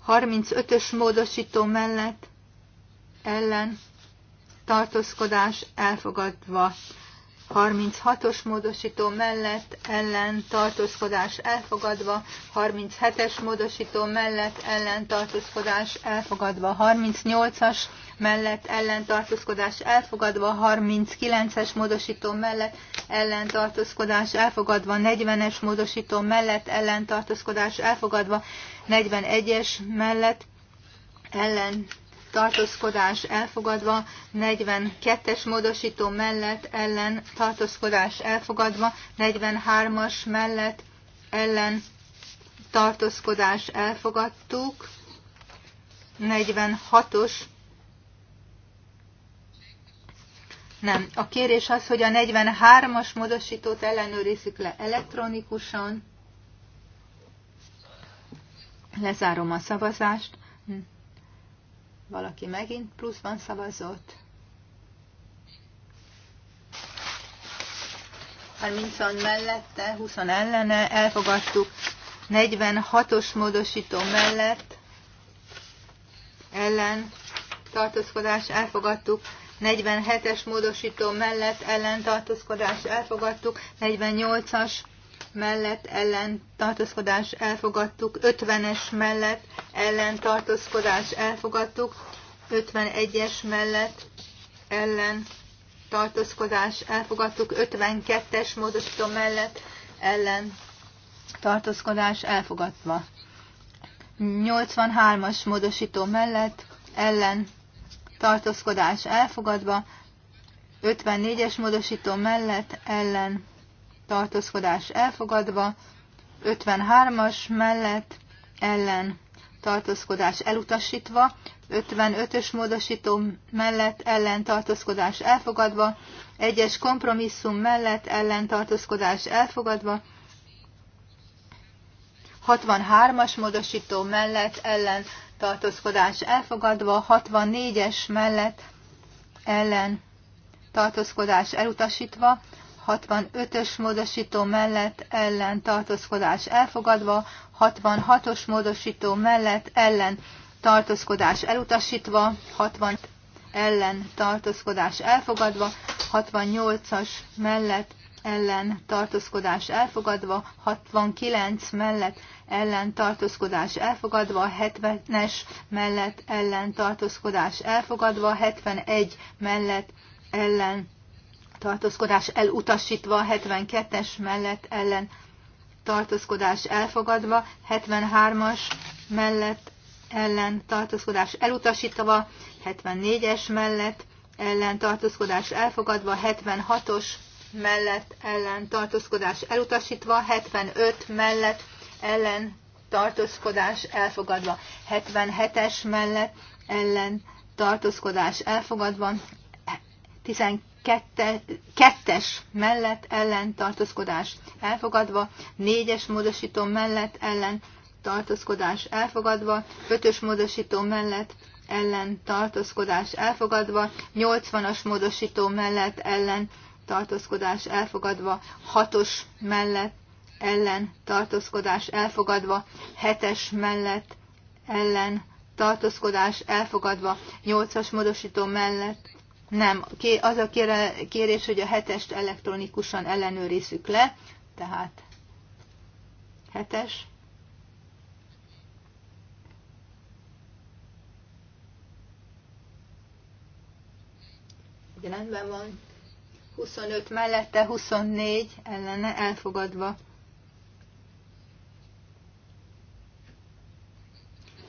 35-ös módosító mellett ellen tartózkodás elfogadva, 36-os módosító mellett ellen tartózkodás elfogadva, 37-es módosító mellett ellen tartózkodás elfogadva, 38-as mellett ellen tartózkodás elfogadva, 39-es módosító mellett ellen tartózkodás elfogadva, 40-es módosító mellett ellen tartózkodás elfogadva, 41-es mellett ellen tartózkodás elfogadva, 42-es módosító mellett ellen tartózkodás elfogadva, 43-as mellett ellen tartózkodás elfogadtuk, 46-os nem. A kérés az, hogy a 43-as módosítót ellenőrizzük le elektronikusan. Lezárom a szavazást. Hm. Valaki megint pluszban szavazott. 30 mellette, 20 ellene, elfogadtuk 46-os módosító mellett, ellen tartózkodás elfogadtuk, 47-es módosító mellett ellentartózkodás elfogadtuk, 48-as mellett ellen elfogadtuk, 50-es mellett ellen elfogadtuk, 51-es mellett ellen elfogadtuk, 52-es módosító mellett ellen elfogadva. 83-as módosító mellett ellen elfogadva, 54-es módosító mellett ellen tartózkodás elfogadva, 53-as mellett ellen tartózkodás elutasítva, 55-ös módosító mellett ellen tartózkodás elfogadva, 1-es kompromisszum mellett ellen tartózkodás elfogadva, 63-as módosító mellett ellen tartózkodás elfogadva, 64-es mellett ellen tartózkodás elutasítva, 65-ös módosító mellett ellen tartózkodás elfogadva, 66-os módosító mellett ellen tartózkodás elutasítva, 60 ellen tartózkodás elfogadva, 68-as mellett ellen tartózkodás elfogadva, 69 mellett ellen tartózkodás elfogadva, 70-es mellett ellen tartózkodás elfogadva, 71 mellett ellen tartózkodás elutasítva, 72-es mellett ellen tartózkodás elfogadva, 73-as mellett ellen tartózkodás elutasítva, 74-es mellett ellen tartózkodás elfogadva, 76-os mellett ellen tartózkodás elutasítva, 75 mellett ellen tartózkodás elfogadva, 77-es mellett ellen tartózkodás elfogadva, 12-es mellett ellen tartózkodás elfogadva, 4-es módosító mellett ellen tartózkodás elfogadva, 5-ös módosító mellett ellen tartózkodás elfogadva, 80-as módosító mellett ellen tartózkodás elfogadva, 6-os mellett ellen tartózkodás elfogadva, 7-es mellett ellen tartózkodás elfogadva, 8-as módosító mellett nem, az a kérés, hogy a hetest elektronikusan ellenőrizzük le, tehát hetes. Ugye rendben van. 25 mellette, 24 ellene elfogadva.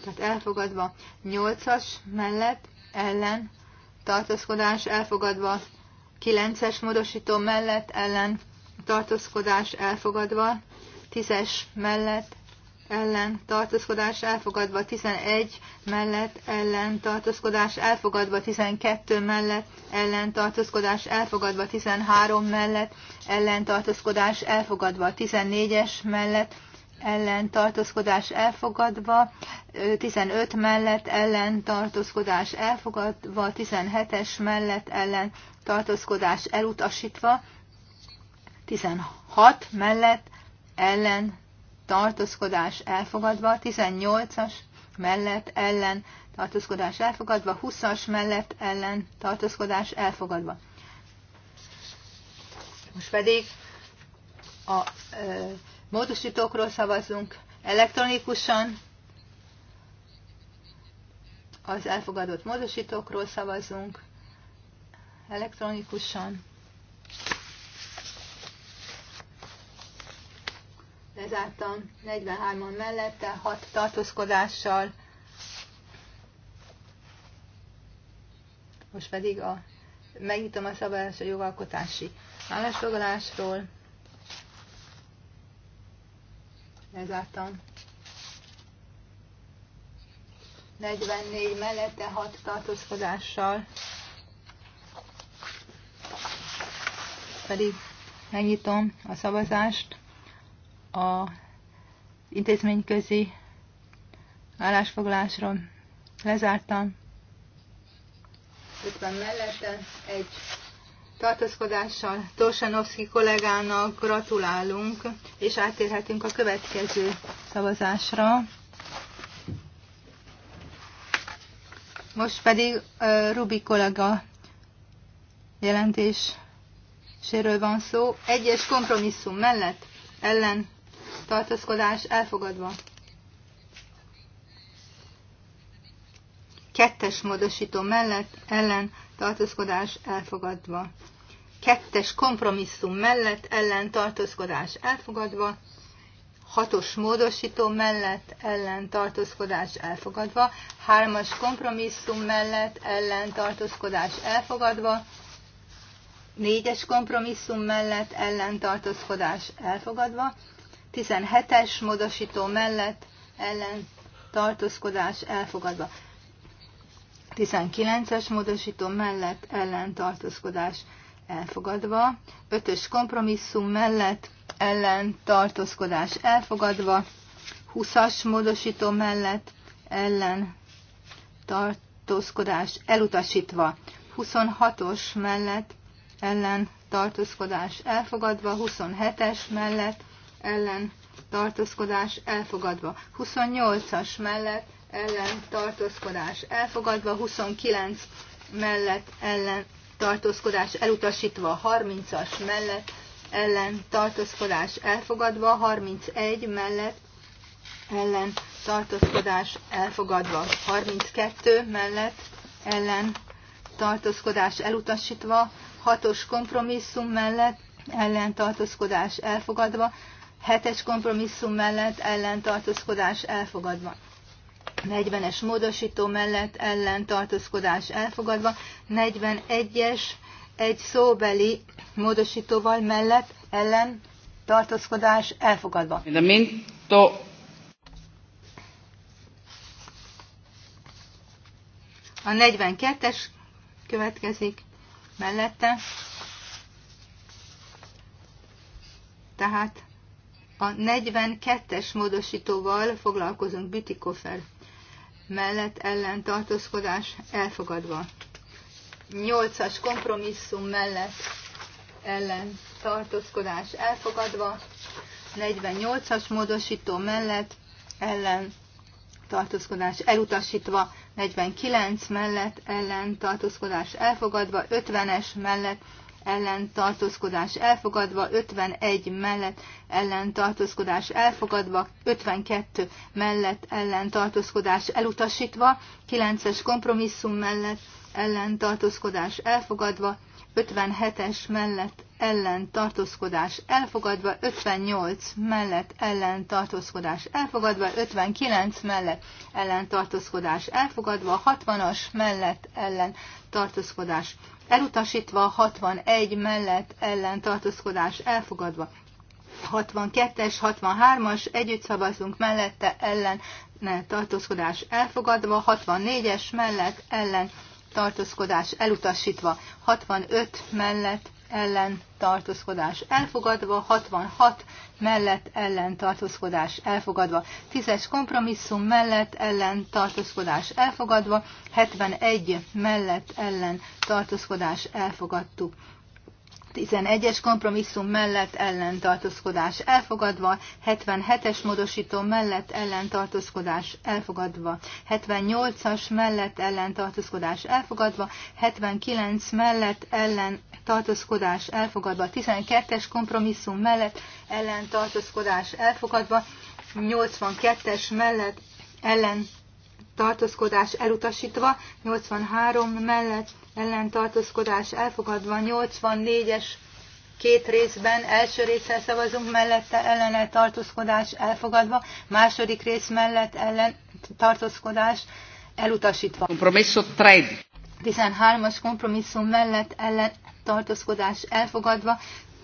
Tehát elfogadva 8-as mellett ellen tartózkodás elfogadva, 9-es módosító mellett ellen tartózkodás elfogadva, 10-es mellett ellen tartózkodás elfogadva, 11 mellett ellen tartózkodás elfogadva, 12 mellett ellen tartózkodás elfogadva, 13 mellett ellen tartózkodás elfogadva, 14-es mellett ellen tartózkodás elfogadva, 15 mellett ellen tartózkodás elfogadva, 17-es mellett ellen tartózkodás elutasítva, 16 mellett ellen tartózkodás elfogadva, 18-as mellett ellen tartózkodás elfogadva, 20-as mellett ellen tartózkodás elfogadva. Most pedig a módosítókról szavazunk elektronikusan, az elfogadott módosítókról szavazunk elektronikusan. Lezártam 43-an mellette, 6 tartózkodással. Most pedig a, megnyitom a szabályos a jogalkotási állásfoglalásról. lezártam. 44 mellette 6 tartózkodással. Pedig megnyitom a szavazást a intézményközi állásfoglalásról. Lezártam. 50 mellette egy tartózkodással Tosanovszki kollégának gratulálunk, és átérhetünk a következő szavazásra. Most pedig Rubi kollega jelentéséről van szó. Egyes kompromisszum mellett ellen tartózkodás elfogadva. Kettes módosító mellett ellen tartózkodás elfogadva. Kettes kompromisszum mellett ellen tartózkodás elfogadva. Hatos módosító mellett ellen tartózkodás elfogadva. Hármas kompromisszum mellett ellen tartózkodás elfogadva. Négyes kompromisszum mellett ellen tartózkodás elfogadva. 17-es módosító mellett ellen tartózkodás elfogadva. 19-es módosító mellett ellen elfogadva, 5-ös kompromisszum mellett ellen elfogadva, 20-as módosító mellett ellen elutasítva, 26-os mellett ellen elfogadva, 27-es mellett ellen elfogadva, 28-as mellett ellen tartózkodás elfogadva, 29 mellett ellen tartózkodás elutasítva, 30-as mellett ellen tartózkodás elfogadva, 31 mellett ellen tartózkodás elfogadva, 32 mellett ellen tartózkodás elutasítva, 6-os kompromisszum mellett ellen tartózkodás elfogadva, 7-es kompromisszum mellett ellen tartózkodás elfogadva. 40-es módosító mellett ellen tartózkodás elfogadva, 41-es egy szóbeli módosítóval mellett ellen tartózkodás elfogadva. De mint A 42-es következik mellette. Tehát a 42-es módosítóval foglalkozunk Bütikofer mellett ellen tartózkodás elfogadva. Nyolcas kompromisszum mellett ellen tartózkodás elfogadva. 48-as módosító mellett ellen tartózkodás elutasítva, 49 mellett ellen tartózkodás elfogadva, 50-es mellett ellen tartózkodás elfogadva, 51 mellett ellen tartózkodás elfogadva, 52 mellett ellen tartózkodás elutasítva, 9-es kompromisszum mellett ellen tartózkodás elfogadva, 57-es mellett ellen tartózkodás elfogadva, 58 mellett ellen tartózkodás elfogadva, 59 mellett ellen tartózkodás elfogadva, 60-as mellett ellen tartózkodás elutasítva, 61 mellett ellen tartózkodás elfogadva. 62-es, 63-as, együtt szavazunk mellette ellen tartózkodás elfogadva, 64-es mellett ellen tartózkodás elutasítva, 65 mellett ellen tartózkodás elfogadva, 66 mellett ellen tartózkodás elfogadva, 10-es kompromisszum mellett ellen tartózkodás elfogadva, 71 mellett ellen tartózkodás elfogadtuk. 11-es kompromisszum mellett ellentartózkodás elfogadva, 77-es módosító mellett ellentartózkodás elfogadva, 78-as mellett ellentartózkodás elfogadva, 79 mellett ellentartózkodás elfogadva, 12-es kompromisszum mellett ellentartózkodás elfogadva, 82-es mellett ellentartózkodás elutasítva, 83 mellett ellentartózkodás elfogadva, 84-es két részben, első részsel szavazunk mellette, ellene tartózkodás elfogadva, második rész mellett ellen tartózkodás elutasítva. Kompromisszum 3. 13-as kompromisszum mellett ellen tartózkodás elfogadva,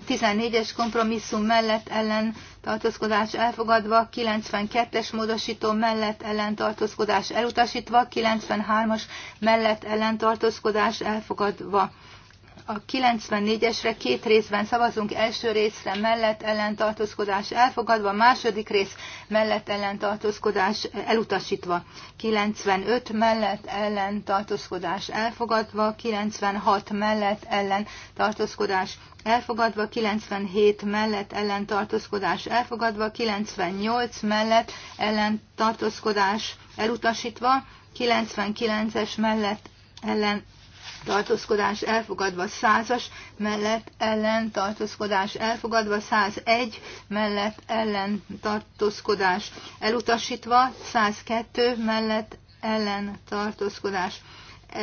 14-es kompromisszum mellett ellen tartózkodás elfogadva, 92-es módosító mellett ellen tartózkodás elutasítva, 93-as mellett ellen tartózkodás elfogadva. A 94-esre két részben szavazunk, első részre mellett ellentartózkodás elfogadva, második rész mellett ellentartózkodás elutasítva. 95 mellett ellentartózkodás elfogadva, 96 mellett ellentartózkodás elfogadva, 97 mellett ellentartózkodás elfogadva, 98 mellett ellentartózkodás elutasítva, 99-es mellett ellen tartózkodás elfogadva 100-as mellett ellen tartózkodás elfogadva 101, mellett ellen tartózkodás elutasítva 102, mellett ellen tartózkodás e,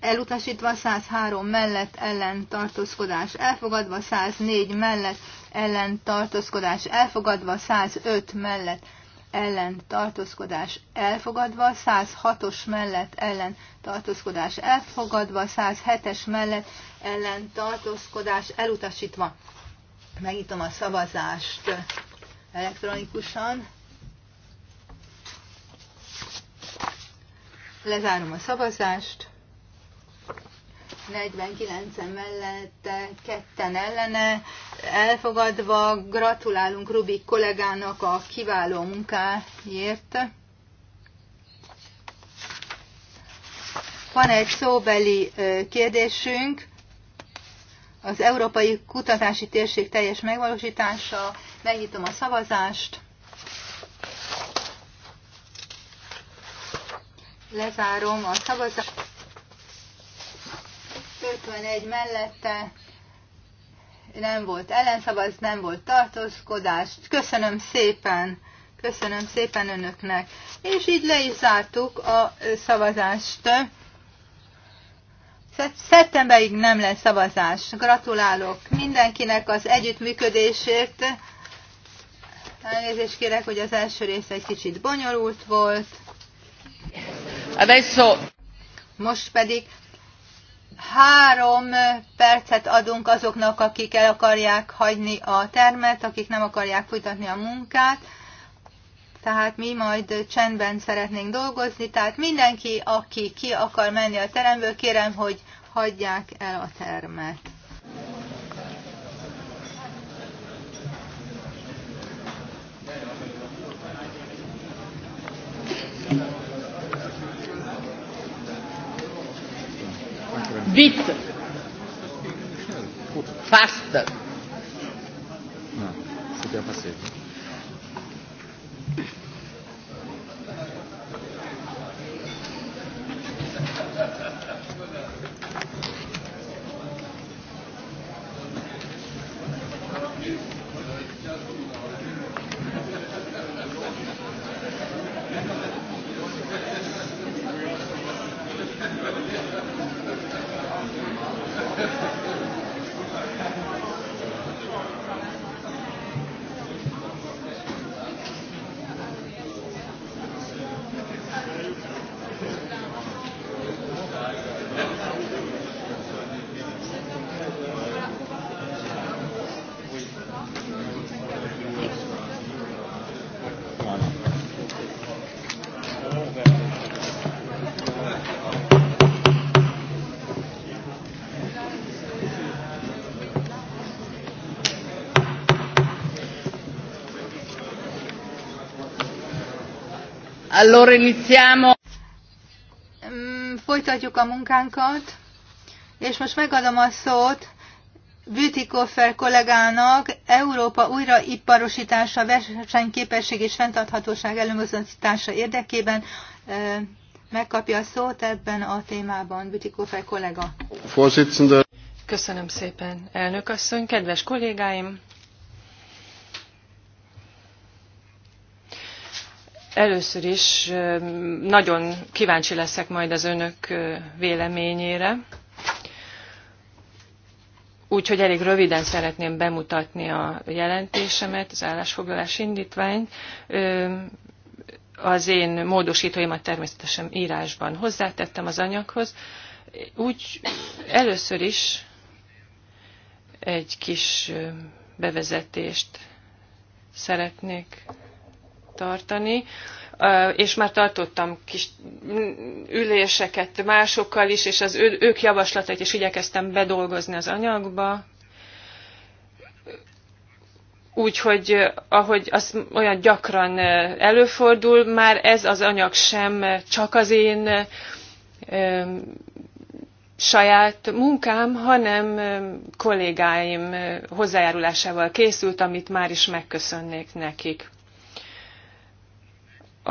elutasítva 103 mellett ellen tartózkodás elfogadva, 104 mellett ellen tartózkodás elfogadva, 105 mellett ellen tartózkodás elfogadva, 106-os mellett ellen tartózkodás elfogadva, 107-es mellett ellen tartózkodás elutasítva. Megnyitom a szavazást elektronikusan. Lezárom a szavazást. 49 mellette, ketten ellene elfogadva. Gratulálunk Rubik kollégának a kiváló munkáért. Van egy szóbeli kérdésünk. Az Európai Kutatási Térség teljes megvalósítása. Megnyitom a szavazást. Lezárom a szavazást. 51 mellette nem volt ellenszavaz, nem volt tartózkodás. Köszönöm szépen, köszönöm szépen önöknek. És így le is zártuk a szavazást. Szeptemberig nem lesz szavazás. Gratulálok mindenkinek az együttműködésért. Elnézést kérek, hogy az első rész egy kicsit bonyolult volt. Adesso. Most pedig Három percet adunk azoknak, akik el akarják hagyni a termet, akik nem akarják folytatni a munkát. Tehát mi majd csendben szeretnénk dolgozni. Tehát mindenki, aki ki akar menni a teremből, kérem, hogy hagyják el a termet. Thank you. Vite. Fast. Non, c'est bien passé. Allora iniziamo. Mm, folytatjuk a munkánkat, és most megadom a szót Vütikoffer kollégának Európa újraiparosítása, versenyképesség és fenntarthatóság előmozdítása érdekében megkapja a szót ebben a témában Vütikoffer kollega. Köszönöm szépen, elnök asszony, kedves kollégáim! Először is nagyon kíváncsi leszek majd az önök véleményére. Úgyhogy elég röviden szeretném bemutatni a jelentésemet, az állásfoglalás indítványt. Az én módosítóimat természetesen írásban hozzátettem az anyaghoz. Úgy először is egy kis bevezetést szeretnék tartani, és már tartottam kis üléseket másokkal is, és az ő, ők javaslatait is igyekeztem bedolgozni az anyagba, úgyhogy ahogy az olyan gyakran előfordul, már ez az anyag sem csak az én saját munkám, hanem kollégáim hozzájárulásával készült, amit már is megköszönnék nekik.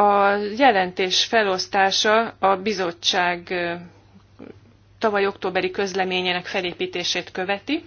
A jelentés felosztása a bizottság tavaly októberi közleményének felépítését követi.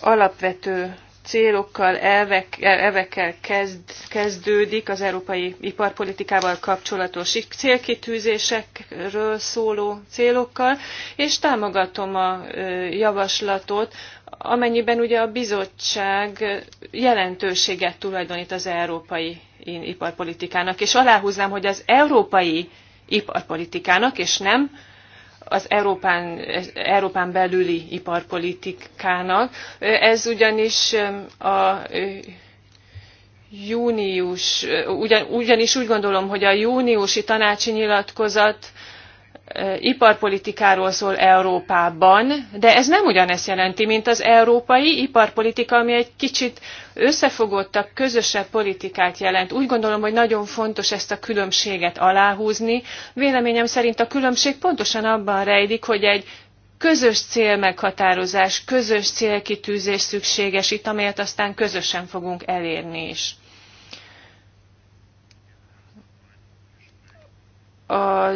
Alapvető célokkal, elvek, elvekkel kezd, kezdődik az európai iparpolitikával kapcsolatos célkitűzésekről szóló célokkal, és támogatom a javaslatot amennyiben ugye a bizottság jelentőséget tulajdonít az európai iparpolitikának, és aláhúznám, hogy az európai iparpolitikának, és nem az Európán, Európán belüli iparpolitikának. Ez ugyanis a június, ugyan, ugyanis úgy gondolom, hogy a júniusi tanácsi nyilatkozat iparpolitikáról szól Európában, de ez nem ugyanezt jelenti, mint az európai iparpolitika, ami egy kicsit összefogottabb, közösebb politikát jelent. Úgy gondolom, hogy nagyon fontos ezt a különbséget aláhúzni. Véleményem szerint a különbség pontosan abban rejlik, hogy egy közös célmeghatározás, közös célkitűzés szükséges itt, amelyet aztán közösen fogunk elérni is. A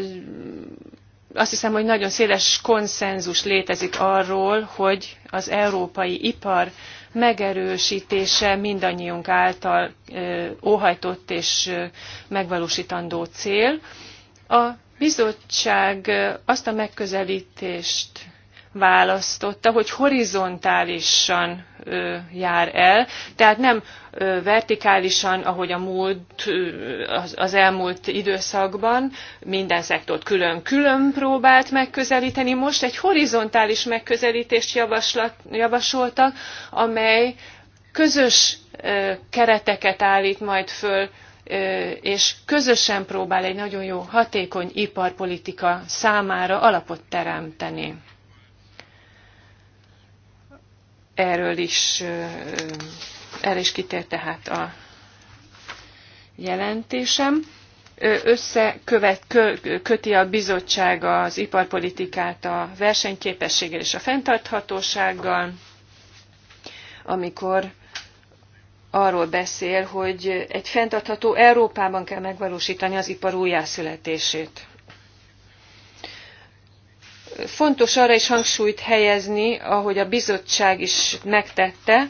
azt hiszem, hogy nagyon széles konszenzus létezik arról, hogy az európai ipar megerősítése mindannyiunk által óhajtott és megvalósítandó cél. A bizottság azt a megközelítést választotta, hogy horizontálisan jár el, tehát nem vertikálisan, ahogy a múlt, az elmúlt időszakban minden szektort külön-külön próbált megközelíteni. Most egy horizontális megközelítést javaslat, javasoltak, amely közös kereteket állít majd föl, és közösen próbál egy nagyon jó hatékony iparpolitika számára alapot teremteni erről is, erre is kitér tehát a jelentésem. Összeköveti kö, köti a bizottság az iparpolitikát a versenyképességgel és a fenntarthatósággal, amikor arról beszél, hogy egy fenntartható Európában kell megvalósítani az ipar újjászületését. Fontos arra is hangsúlyt helyezni, ahogy a bizottság is megtette,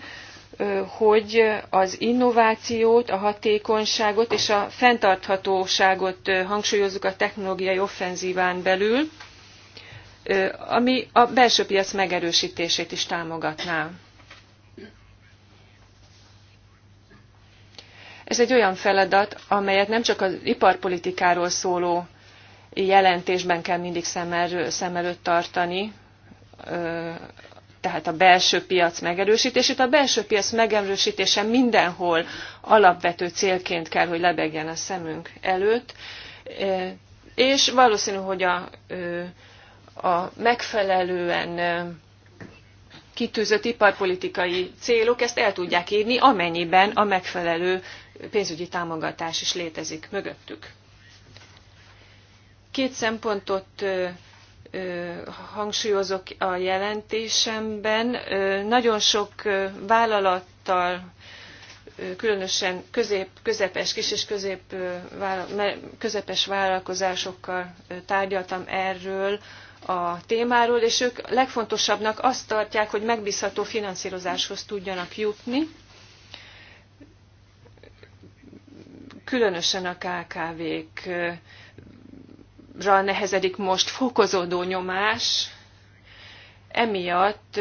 hogy az innovációt, a hatékonyságot és a fenntarthatóságot hangsúlyozzuk a technológiai offenzíván belül, ami a belső piac megerősítését is támogatná. Ez egy olyan feladat, amelyet nem csak az iparpolitikáról szóló jelentésben kell mindig szem, el, szem előtt tartani, tehát a belső piac megerősítését. A belső piac megerősítése mindenhol alapvető célként kell, hogy lebegjen a szemünk előtt, és valószínű, hogy a, a megfelelően kitűzött iparpolitikai célok ezt el tudják írni, amennyiben a megfelelő pénzügyi támogatás is létezik mögöttük. Két szempontot hangsúlyozok a jelentésemben. Nagyon sok vállalattal, különösen közép, közepes, kis és közép, közepes vállalkozásokkal tárgyaltam erről a témáról, és ők legfontosabbnak azt tartják, hogy megbízható finanszírozáshoz tudjanak jutni, különösen a KKV-k nehezedik most fokozódó nyomás, emiatt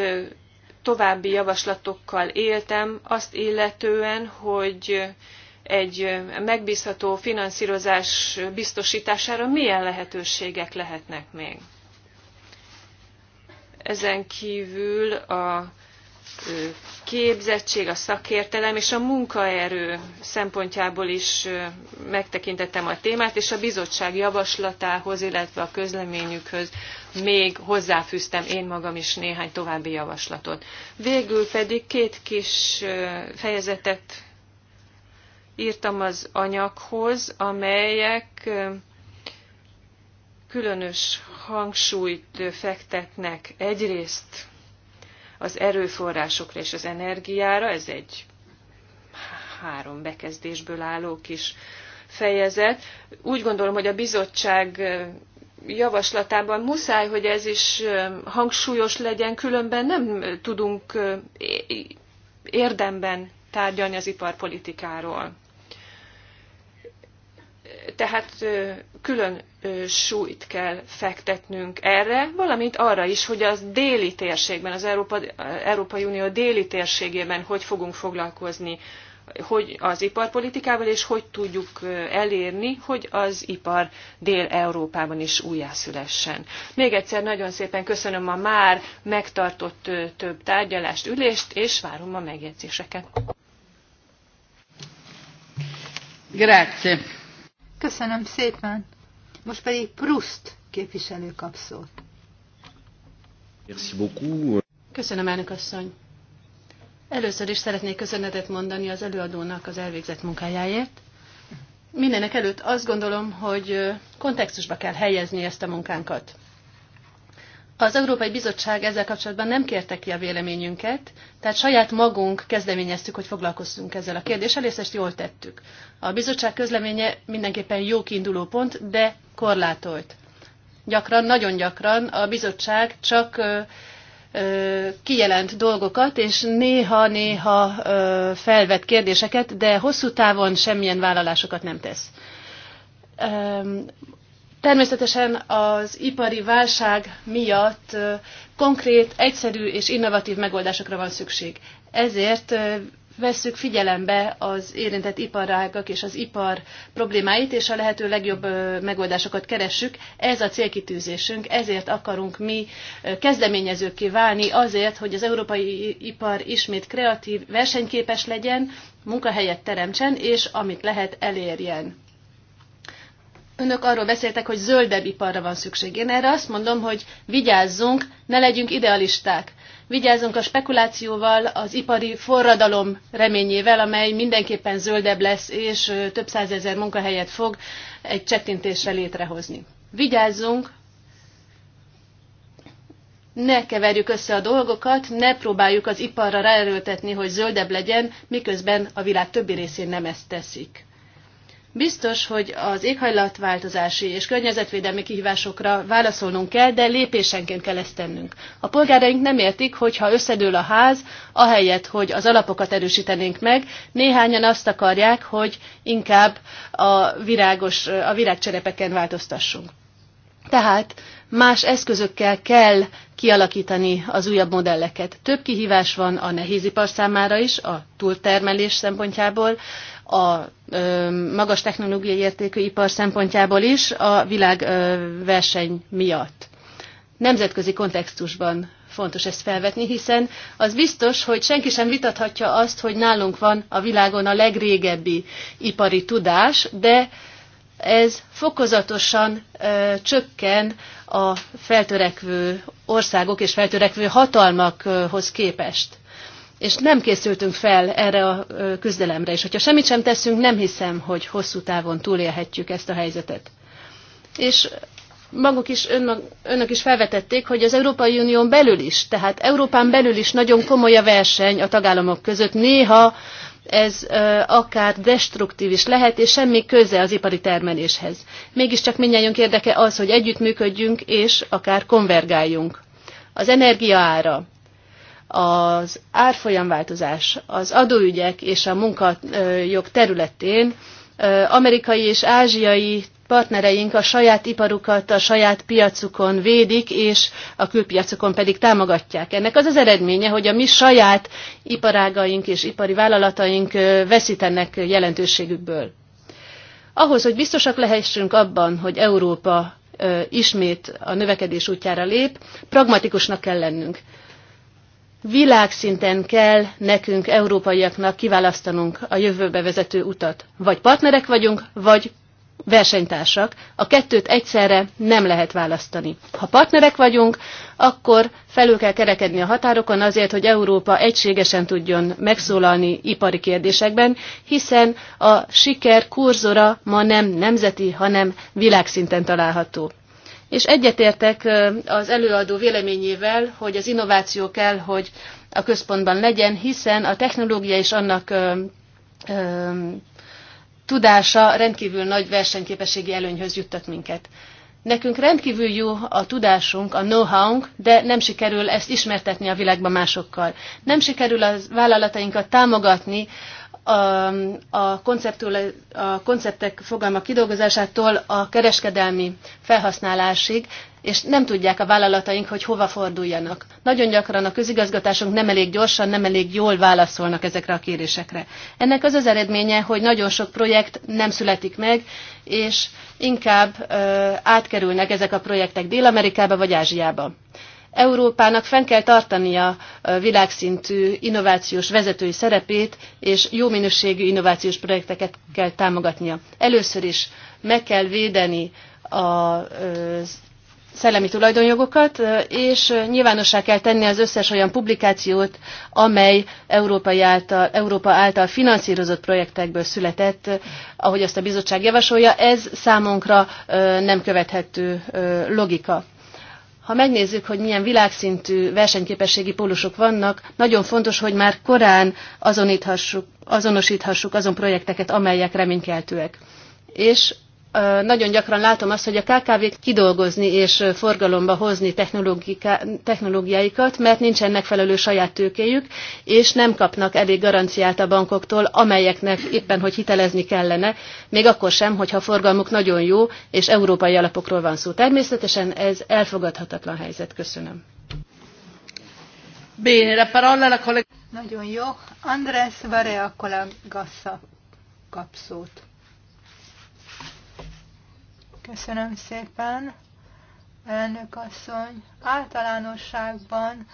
további javaslatokkal éltem azt illetően, hogy egy megbízható finanszírozás biztosítására milyen lehetőségek lehetnek még. Ezen kívül a képzettség, a szakértelem és a munkaerő szempontjából is megtekintettem a témát, és a bizottság javaslatához, illetve a közleményükhöz még hozzáfűztem én magam is néhány további javaslatot. Végül pedig két kis fejezetet írtam az anyaghoz, amelyek különös hangsúlyt fektetnek egyrészt az erőforrásokra és az energiára, ez egy három bekezdésből álló kis fejezet. Úgy gondolom, hogy a bizottság javaslatában muszáj, hogy ez is hangsúlyos legyen, különben nem tudunk érdemben tárgyalni az iparpolitikáról tehát külön súlyt kell fektetnünk erre, valamint arra is, hogy az déli térségben, az Európa, Európai Unió déli térségében hogy fogunk foglalkozni hogy az iparpolitikával, és hogy tudjuk elérni, hogy az ipar Dél-Európában is újjászülessen. Még egyszer nagyon szépen köszönöm a már megtartott több tárgyalást, ülést, és várom a megjegyzéseket. Grazie. Köszönöm szépen. Most pedig Prust képviselő kap szót. Köszönöm, elnök asszony. Először is szeretnék köszönetet mondani az előadónak az elvégzett munkájáért. Mindenek előtt azt gondolom, hogy kontextusba kell helyezni ezt a munkánkat. Az Európai Bizottság ezzel kapcsolatban nem kérte ki a véleményünket, tehát saját magunk kezdeményeztük, hogy foglalkozzunk ezzel a kérdéssel, és ezt jól tettük. A bizottság közleménye mindenképpen jó kiinduló pont, de korlátolt. Gyakran, nagyon gyakran a bizottság csak ö, ö, kijelent dolgokat, és néha-néha felvet kérdéseket, de hosszú távon semmilyen vállalásokat nem tesz Természetesen az ipari válság miatt konkrét, egyszerű és innovatív megoldásokra van szükség. Ezért vesszük figyelembe az érintett iparágak és az ipar problémáit, és a lehető legjobb megoldásokat keressük. Ez a célkitűzésünk, ezért akarunk mi kezdeményezőkké válni, azért, hogy az európai ipar ismét kreatív, versenyképes legyen, munkahelyet teremtsen, és amit lehet elérjen. Önök arról beszéltek, hogy zöldebb iparra van szükség. Én erre azt mondom, hogy vigyázzunk, ne legyünk idealisták. Vigyázzunk a spekulációval, az ipari forradalom reményével, amely mindenképpen zöldebb lesz, és több százezer munkahelyet fog egy csettintésre létrehozni. Vigyázzunk, ne keverjük össze a dolgokat, ne próbáljuk az iparra ráerőltetni, hogy zöldebb legyen, miközben a világ többi részén nem ezt teszik. Biztos, hogy az éghajlatváltozási és környezetvédelmi kihívásokra válaszolnunk kell, de lépésenként kell ezt tennünk. A polgáraink nem értik, hogy ha összedől a ház, ahelyett, hogy az alapokat erősítenénk meg, néhányan azt akarják, hogy inkább a, virágos, a virágcserepeken változtassunk. Tehát más eszközökkel kell kialakítani az újabb modelleket. Több kihívás van a nehézipar számára is, a túltermelés szempontjából, a ö, magas technológiai értékű ipar szempontjából is, a világ verseny miatt. Nemzetközi kontextusban fontos ezt felvetni, hiszen az biztos, hogy senki sem vitathatja azt, hogy nálunk van a világon a legrégebbi ipari tudás, de ez fokozatosan ö, csökken a feltörekvő országok és feltörekvő hatalmakhoz képest. És nem készültünk fel erre a küzdelemre, és hogyha semmit sem teszünk, nem hiszem, hogy hosszú távon túlélhetjük ezt a helyzetet. És maguk is, önmag, önök is felvetették, hogy az Európai Unión belül is, tehát Európán belül is nagyon komoly a verseny a tagállamok között. Néha ez akár destruktív is lehet, és semmi köze az ipari termeléshez. Mégiscsak mindjárt érdeke az, hogy együttműködjünk, és akár konvergáljunk. Az energiaára, az árfolyamváltozás, az adóügyek és a munkajog területén amerikai és ázsiai partnereink a saját iparukat a saját piacukon védik, és a külpiacokon pedig támogatják. Ennek az az eredménye, hogy a mi saját iparágaink és ipari vállalataink veszítenek jelentőségükből. Ahhoz, hogy biztosak lehessünk abban, hogy Európa ismét a növekedés útjára lép, pragmatikusnak kell lennünk. Világszinten kell nekünk, európaiaknak kiválasztanunk a jövőbe vezető utat. Vagy partnerek vagyunk, vagy versenytársak. A kettőt egyszerre nem lehet választani. Ha partnerek vagyunk, akkor felül kell kerekedni a határokon azért, hogy Európa egységesen tudjon megszólalni ipari kérdésekben, hiszen a siker kurzora ma nem nemzeti, hanem világszinten található. És egyetértek az előadó véleményével, hogy az innováció kell, hogy a központban legyen, hiszen a technológia és annak tudása rendkívül nagy versenyképességi előnyhöz juttat minket. Nekünk rendkívül jó a tudásunk, a know how de nem sikerül ezt ismertetni a világban másokkal. Nem sikerül a vállalatainkat támogatni a, a, a konceptek fogalma kidolgozásától a kereskedelmi felhasználásig, és nem tudják a vállalataink, hogy hova forduljanak. Nagyon gyakran a közigazgatásunk nem elég gyorsan, nem elég jól válaszolnak ezekre a kérésekre. Ennek az az eredménye, hogy nagyon sok projekt nem születik meg, és inkább ö, átkerülnek ezek a projektek Dél-Amerikába vagy Ázsiába. Európának fenn kell tartania világszintű innovációs vezetői szerepét, és jó minőségű innovációs projekteket kell támogatnia. Először is meg kell védeni a szellemi tulajdonjogokat, és nyilvánossá kell tenni az összes olyan publikációt, amely Európai által, Európa által finanszírozott projektekből született, ahogy azt a bizottság javasolja. Ez számunkra nem követhető logika ha megnézzük, hogy milyen világszintű versenyképességi pólusok vannak, nagyon fontos, hogy már korán azoníthassuk, azonosíthassuk azon projekteket, amelyek reménykeltőek. És nagyon gyakran látom azt, hogy a KKV-k kidolgozni és forgalomba hozni technológiáikat, mert nincsen megfelelő saját tőkéjük, és nem kapnak elég garanciát a bankoktól, amelyeknek éppen, hogy hitelezni kellene, még akkor sem, hogyha a forgalmuk nagyon jó, és európai alapokról van szó. Természetesen ez elfogadhatatlan helyzet. Köszönöm. Bene, la parola alla collega. Nagyon jó. Andrés Varea kollega kap szót. Köszönöm szépen, elnök asszony. Általánosságban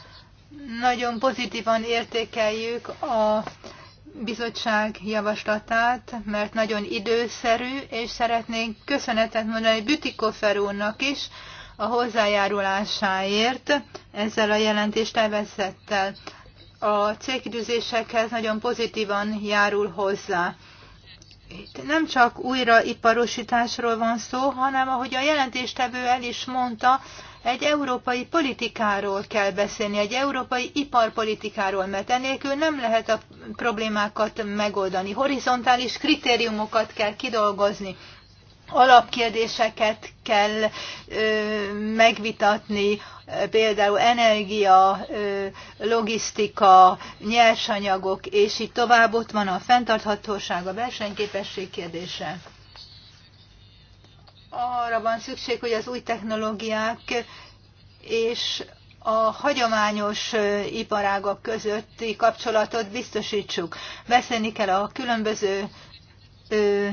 nagyon pozitívan értékeljük a bizottság javaslatát, mert nagyon időszerű, és szeretnénk köszönetet mondani Bütikofer úrnak is a hozzájárulásáért ezzel a jelentést tervezettel. A célkidőzésekhez nagyon pozitívan járul hozzá itt nem csak újraiparosításról van szó, hanem ahogy a jelentéstevő el is mondta, egy európai politikáról kell beszélni, egy európai iparpolitikáról, mert enélkül nem lehet a problémákat megoldani. Horizontális kritériumokat kell kidolgozni alapkérdéseket kell ö, megvitatni, például energia, ö, logisztika, nyersanyagok, és így tovább ott van a fenntarthatóság, a versenyképesség kérdése. Arra van szükség, hogy az új technológiák és a hagyományos iparágak közötti kapcsolatot biztosítsuk. Beszélni kell a különböző ö,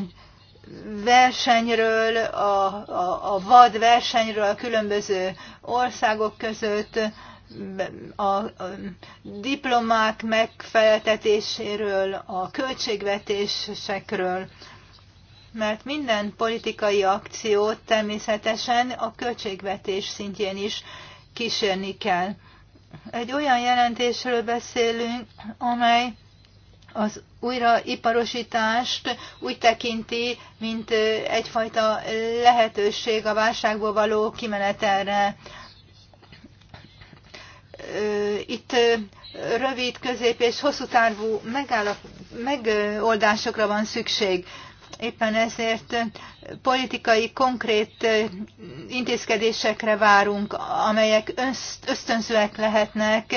versenyről, a, a, a vad versenyről a különböző országok között, a, a diplomák megfeleltetéséről, a költségvetésekről, mert minden politikai akciót természetesen a költségvetés szintjén is kísérni kell. Egy olyan jelentésről beszélünk, amely az újraiparosítást úgy tekinti, mint egyfajta lehetőség a válságból való kimenetelre. Itt rövid, közép és hosszú távú megoldásokra van szükség. Éppen ezért politikai, konkrét intézkedésekre várunk, amelyek ösztönzőek lehetnek,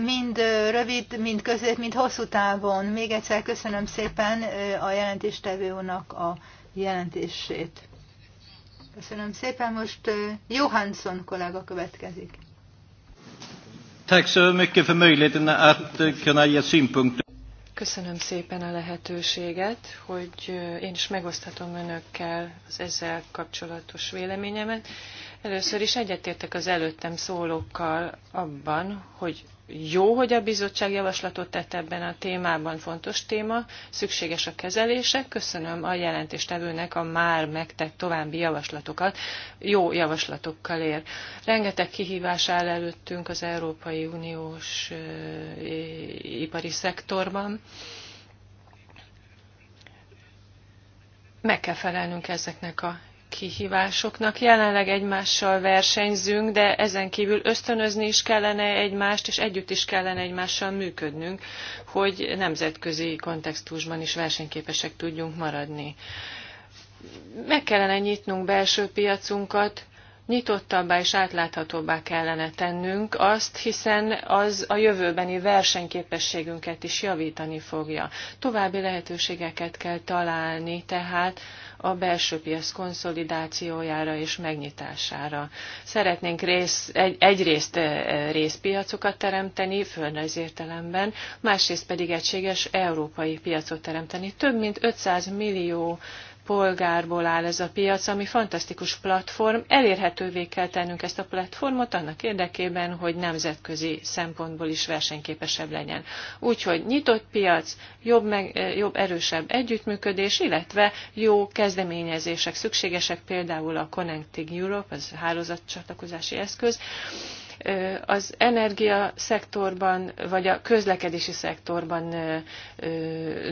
mind rövid, mind közép, mind hosszú távon. Még egyszer köszönöm szépen a jelentéstevő úrnak a jelentését. Köszönöm szépen, most Johansson kollega következik. Eh, köszönöm szépen a lehetőséget, hogy én is megoszthatom önökkel az ezzel kapcsolatos véleményemet. Először is egyetértek az előttem szólókkal abban, hogy jó, hogy a bizottság javaslatot tett ebben a témában, fontos téma, szükséges a kezelése. Köszönöm a jelentéstevőnek a már megtett további javaslatokat, jó javaslatokkal ér. Rengeteg kihívás áll előttünk az Európai Uniós ipari szektorban. Meg kell felelnünk ezeknek a kihívásoknak. Jelenleg egymással versenyzünk, de ezen kívül ösztönözni is kellene egymást, és együtt is kellene egymással működnünk, hogy nemzetközi kontextusban is versenyképesek tudjunk maradni. Meg kellene nyitnunk belső piacunkat, nyitottabbá és átláthatóbbá kellene tennünk azt, hiszen az a jövőbeni versenyképességünket is javítani fogja. További lehetőségeket kell találni tehát a belső piac konszolidációjára és megnyitására. Szeretnénk rész, egy, egyrészt e, részpiacokat teremteni, földrajz értelemben, másrészt pedig egységes európai piacot teremteni. Több mint 500 millió polgárból áll ez a piac, ami fantasztikus platform. Elérhetővé kell tennünk ezt a platformot annak érdekében, hogy nemzetközi szempontból is versenyképesebb legyen. Úgyhogy nyitott piac, jobb, meg, jobb erősebb együttműködés, illetve jó kezdeményezések szükségesek, például a Connecting Europe, az hálózatcsatlakozási eszköz, az energiaszektorban vagy a közlekedési szektorban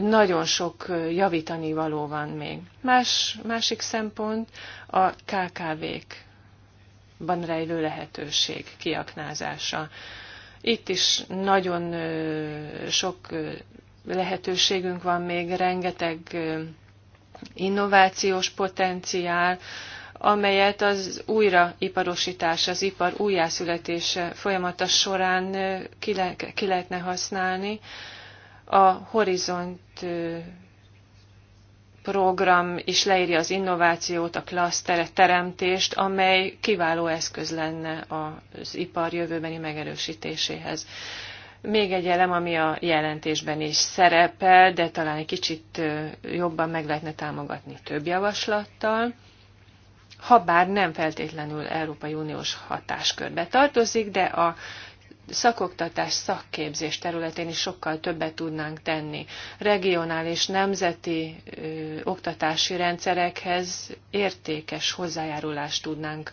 nagyon sok javítani való van még. Más, másik szempont a kkv ban rejlő lehetőség kiaknázása. Itt is nagyon sok lehetőségünk van még, rengeteg innovációs potenciál, amelyet az újraiparosítás, az ipar újjászületése folyamata során ki, le, ki lehetne használni. A Horizont program is leírja az innovációt, a klasztere teremtést, amely kiváló eszköz lenne az ipar jövőbeni megerősítéséhez. Még egy elem, ami a jelentésben is szerepel, de talán egy kicsit jobban meg lehetne támogatni több javaslattal habár nem feltétlenül Európai Uniós hatáskörbe tartozik, de a szakoktatás, szakképzés területén is sokkal többet tudnánk tenni. Regionális, nemzeti ö, oktatási rendszerekhez értékes hozzájárulást tudnánk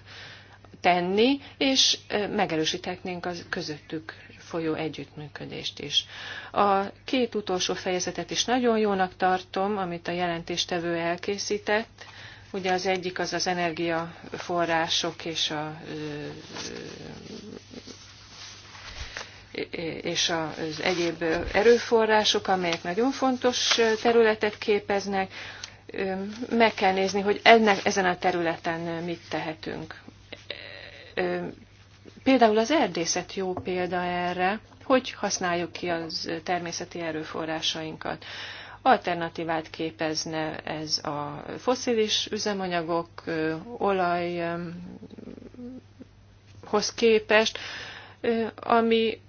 tenni, és ö, megerősíthetnénk az közöttük folyó együttműködést is. A két utolsó fejezetet is nagyon jónak tartom, amit a jelentéstevő elkészített Ugye az egyik az az energiaforrások és a és az egyéb erőforrások, amelyek nagyon fontos területet képeznek. Meg kell nézni, hogy ennek, ezen a területen mit tehetünk. Például az erdészet jó példa erre, hogy használjuk ki az természeti erőforrásainkat alternatívát képezne ez a foszilis üzemanyagok, olajhoz képest, ami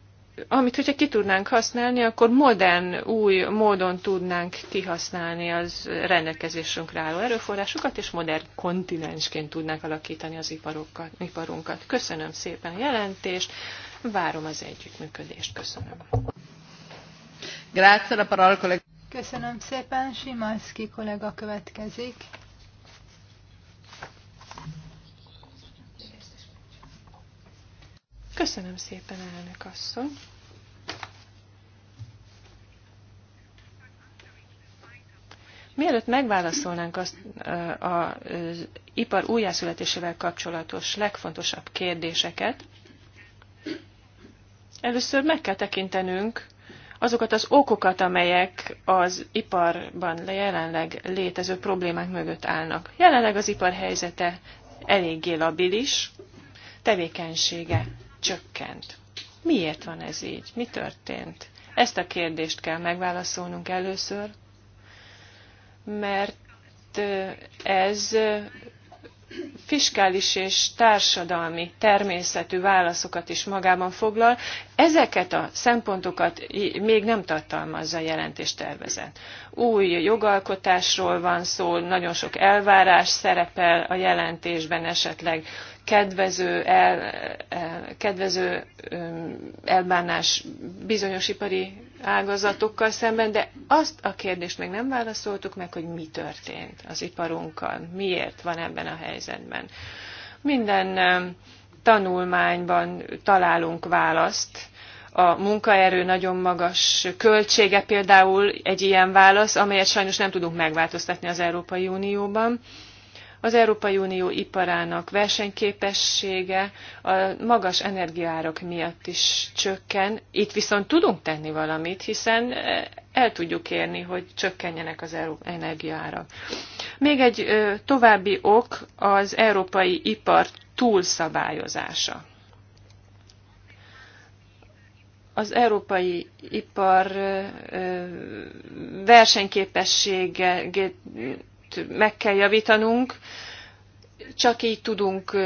amit hogyha ki tudnánk használni, akkor modern, új módon tudnánk kihasználni az rendelkezésünkre álló erőforrásokat, és modern kontinensként tudnánk alakítani az iparokat, iparunkat. Köszönöm szépen a jelentést, várom az együttműködést. Köszönöm. Grazie, la parola Köszönöm szépen. Simanszki kollega következik. Köszönöm szépen, elnök asszony. Mielőtt megválaszolnánk azt az ipar újjászületésével kapcsolatos legfontosabb kérdéseket, először meg kell tekintenünk azokat az okokat, amelyek az iparban jelenleg létező problémák mögött állnak. Jelenleg az ipar helyzete eléggé labilis, tevékenysége csökkent. Miért van ez így? Mi történt? Ezt a kérdést kell megválaszolnunk először, mert ez fiskális és társadalmi természetű válaszokat is magában foglal. Ezeket a szempontokat még nem tartalmazza a jelentéstervezet. Új jogalkotásról van szó, nagyon sok elvárás szerepel a jelentésben, esetleg kedvező, el, eh, kedvező elbánás bizonyos ipari ágazatokkal szemben, de azt a kérdést még nem válaszoltuk meg, hogy mi történt az iparunkkal, miért van ebben a helyzetben. Minden um, tanulmányban találunk választ. A munkaerő nagyon magas költsége például egy ilyen válasz, amelyet sajnos nem tudunk megváltoztatni az Európai Unióban az Európai Unió iparának versenyképessége a magas energiárak miatt is csökken. Itt viszont tudunk tenni valamit, hiszen eh, el tudjuk érni, hogy csökkenjenek az energiárak. Még egy eh, további ok az európai ipar túlszabályozása. Az európai ipar eh, versenyképessége meg kell javítanunk, csak így tudunk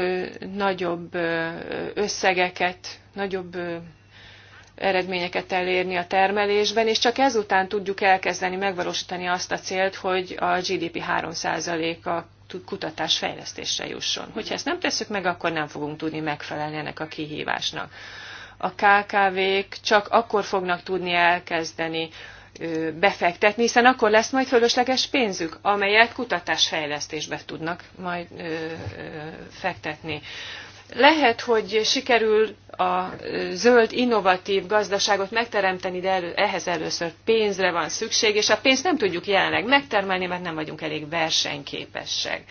nagyobb összegeket, nagyobb eredményeket elérni a termelésben, és csak ezután tudjuk elkezdeni megvalósítani azt a célt, hogy a GDP 3%-a kutatás fejlesztésre jusson. Hogyha ezt nem tesszük meg, akkor nem fogunk tudni megfelelni ennek a kihívásnak. A KKV-k csak akkor fognak tudni elkezdeni befektetni, hiszen akkor lesz majd fölösleges pénzük, amelyet kutatásfejlesztésbe tudnak majd fektetni. Lehet, hogy sikerül a zöld, innovatív gazdaságot megteremteni, de elő, ehhez először pénzre van szükség, és a pénzt nem tudjuk jelenleg megtermelni, mert nem vagyunk elég versenyképesek.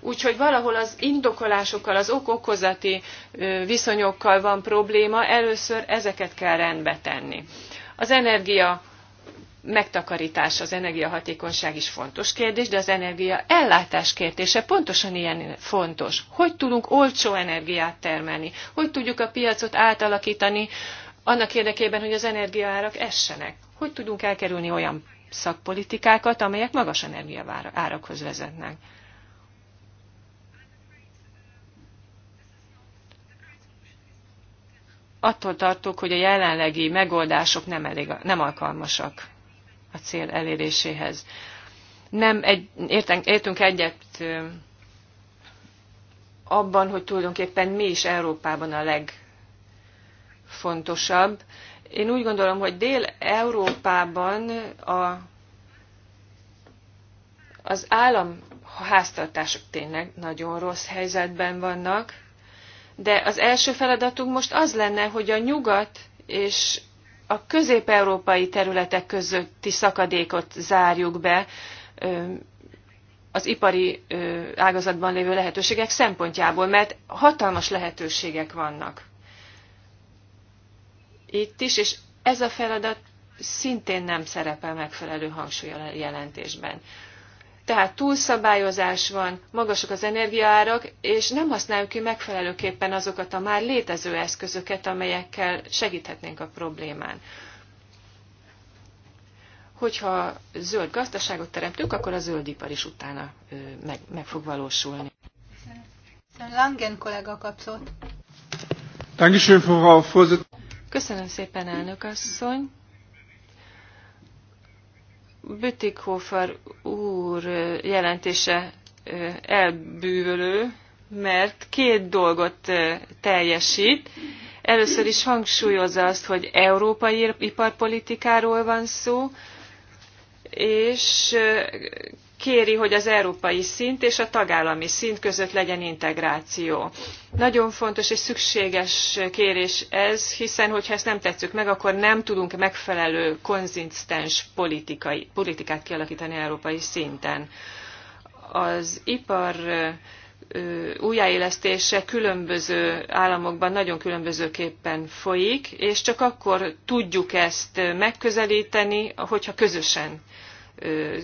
Úgyhogy valahol az indokolásokkal, az okokozati viszonyokkal van probléma, először ezeket kell rendbe tenni. Az energia megtakarítás, az energiahatékonyság is fontos kérdés, de az energia ellátás kérdése pontosan ilyen fontos. Hogy tudunk olcsó energiát termelni? Hogy tudjuk a piacot átalakítani annak érdekében, hogy az energiaárak essenek? Hogy tudunk elkerülni olyan szakpolitikákat, amelyek magas energiaárakhoz vezetnek? attól tartok, hogy a jelenlegi megoldások nem, elég, nem alkalmasak a cél eléréséhez. Nem egy, értünk, értünk egyet abban, hogy tulajdonképpen mi is Európában a legfontosabb. Én úgy gondolom, hogy Dél-Európában a, az állam háztartások tényleg nagyon rossz helyzetben vannak, de az első feladatunk most az lenne, hogy a nyugat és a közép-európai területek közötti szakadékot zárjuk be az ipari ágazatban lévő lehetőségek szempontjából, mert hatalmas lehetőségek vannak itt is, és ez a feladat szintén nem szerepel megfelelő hangsúly a jelentésben. Tehát túlszabályozás van, magasak az energiaárak, és nem használjuk ki megfelelőképpen azokat a már létező eszközöket, amelyekkel segíthetnénk a problémán. Hogyha zöld gazdaságot teremtünk, akkor a zöld ipar is utána meg, meg fog valósulni. Langen kollega kapszott. Köszönöm szépen, elnök asszony. Bütikhofer úr jelentése elbűvölő, mert két dolgot teljesít. Először is hangsúlyozza azt, hogy európai iparpolitikáról van szó, és kéri, hogy az európai szint és a tagállami szint között legyen integráció. Nagyon fontos és szükséges kérés ez, hiszen hogyha ezt nem tetszük meg, akkor nem tudunk megfelelő, konzisztens politikai, politikát kialakítani európai szinten. Az ipar újjáélesztése különböző államokban nagyon különbözőképpen folyik, és csak akkor tudjuk ezt megközelíteni, hogyha közösen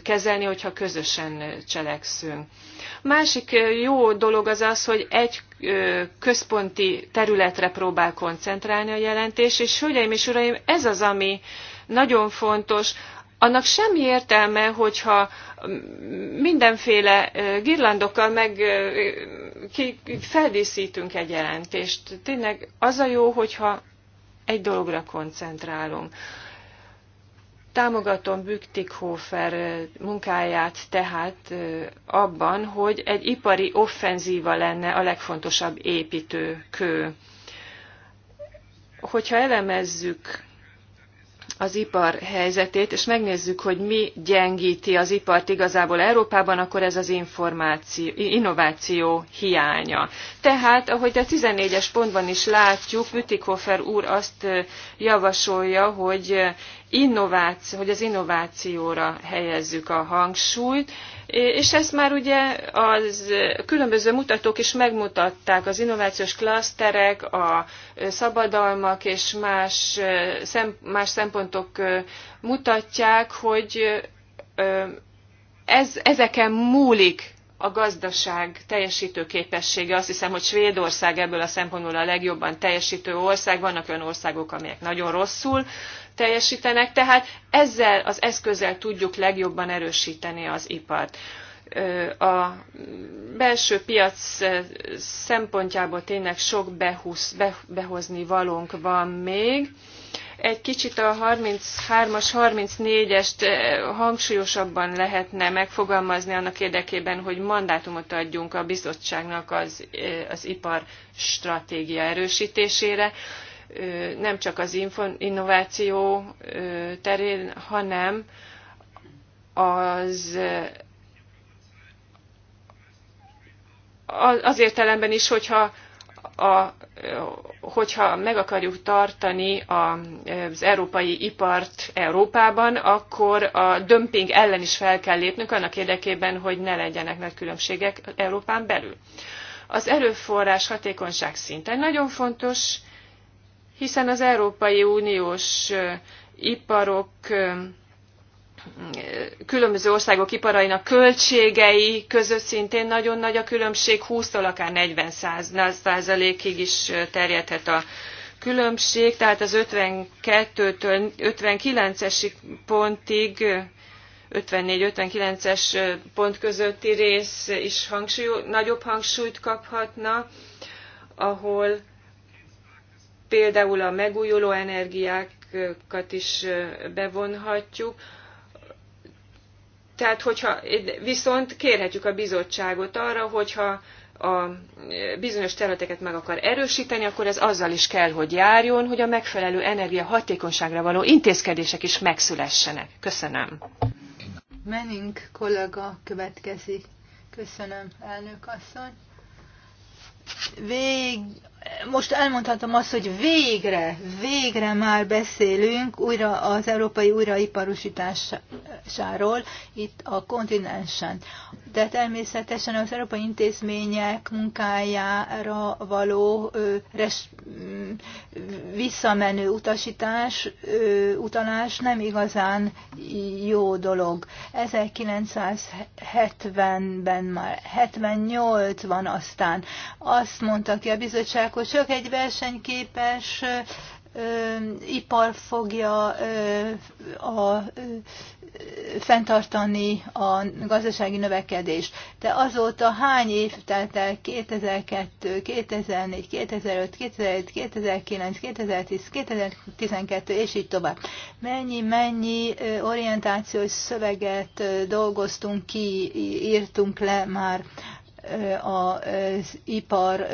kezelni, hogyha közösen cselekszünk. Másik jó dolog az az, hogy egy központi területre próbál koncentrálni a jelentés, és hölgyeim és uraim, ez az, ami nagyon fontos, annak semmi értelme, hogyha mindenféle girlandokkal meg feldíszítünk egy jelentést. Tényleg az a jó, hogyha egy dologra koncentrálunk. Támogatom Büktikhofer munkáját tehát abban, hogy egy ipari offenzíva lenne a legfontosabb építőkő. Hogyha elemezzük az ipar helyzetét, és megnézzük, hogy mi gyengíti az ipart igazából Európában, akkor ez az információ, innováció hiánya. Tehát, ahogy a 14-es pontban is látjuk, Bütikofer úr azt javasolja, hogy innováció, hogy az innovációra helyezzük a hangsúlyt, és ezt már ugye az különböző mutatók is megmutatták, az innovációs klaszterek, a szabadalmak és más, szem, más szempontok mutatják, hogy ez, ezeken múlik a gazdaság teljesítő képessége. Azt hiszem, hogy Svédország ebből a szempontból a legjobban teljesítő ország. Vannak olyan országok, amelyek nagyon rosszul teljesítenek, tehát ezzel az eszközzel tudjuk legjobban erősíteni az ipart. A belső piac szempontjából tényleg sok behusz, behozni valónk van még egy kicsit a 33-as, 34-est eh, hangsúlyosabban lehetne megfogalmazni annak érdekében, hogy mandátumot adjunk a bizottságnak az, eh, az ipar stratégia erősítésére, nem csak az innováció terén, hanem az eh, az értelemben is, hogyha a, hogyha meg akarjuk tartani az európai ipart Európában, akkor a dömping ellen is fel kell lépnünk annak érdekében, hogy ne legyenek nagy különbségek Európán belül. Az erőforrás hatékonyság szinte nagyon fontos, hiszen az Európai Uniós iparok különböző országok iparainak költségei között szintén nagyon nagy a különbség, 20-tól akár 40 százalékig is terjedhet a különbség, tehát az 52-től 59-es pontig 54-59-es pont közötti rész is hangsúly, nagyobb hangsúlyt kaphatna, ahol például a megújuló energiákat is bevonhatjuk, tehát, hogyha, viszont kérhetjük a bizottságot arra, hogyha a bizonyos területeket meg akar erősíteni, akkor ez azzal is kell, hogy járjon, hogy a megfelelő energia hatékonyságra való intézkedések is megszülessenek. Köszönöm. Menink kollega következik. Köszönöm, elnök asszony. Vég most elmondhatom azt, hogy végre, végre már beszélünk újra az európai újraiparosításáról itt a kontinensen. De természetesen az európai intézmények munkájára való ö, res, mm, visszamenő utasítás, ö, utalás nem igazán jó dolog. 1970-ben már 78 van aztán. Azt mondta ki a bizottság, akkor csak egy versenyképes ipar fogja a, fenntartani a gazdasági növekedést. De azóta hány év telt el 2002, 2004, 2005, 2007, 2009, 2010, 2012 és így tovább. Mennyi, mennyi orientációs szöveget dolgoztunk ki, írtunk le már az ipar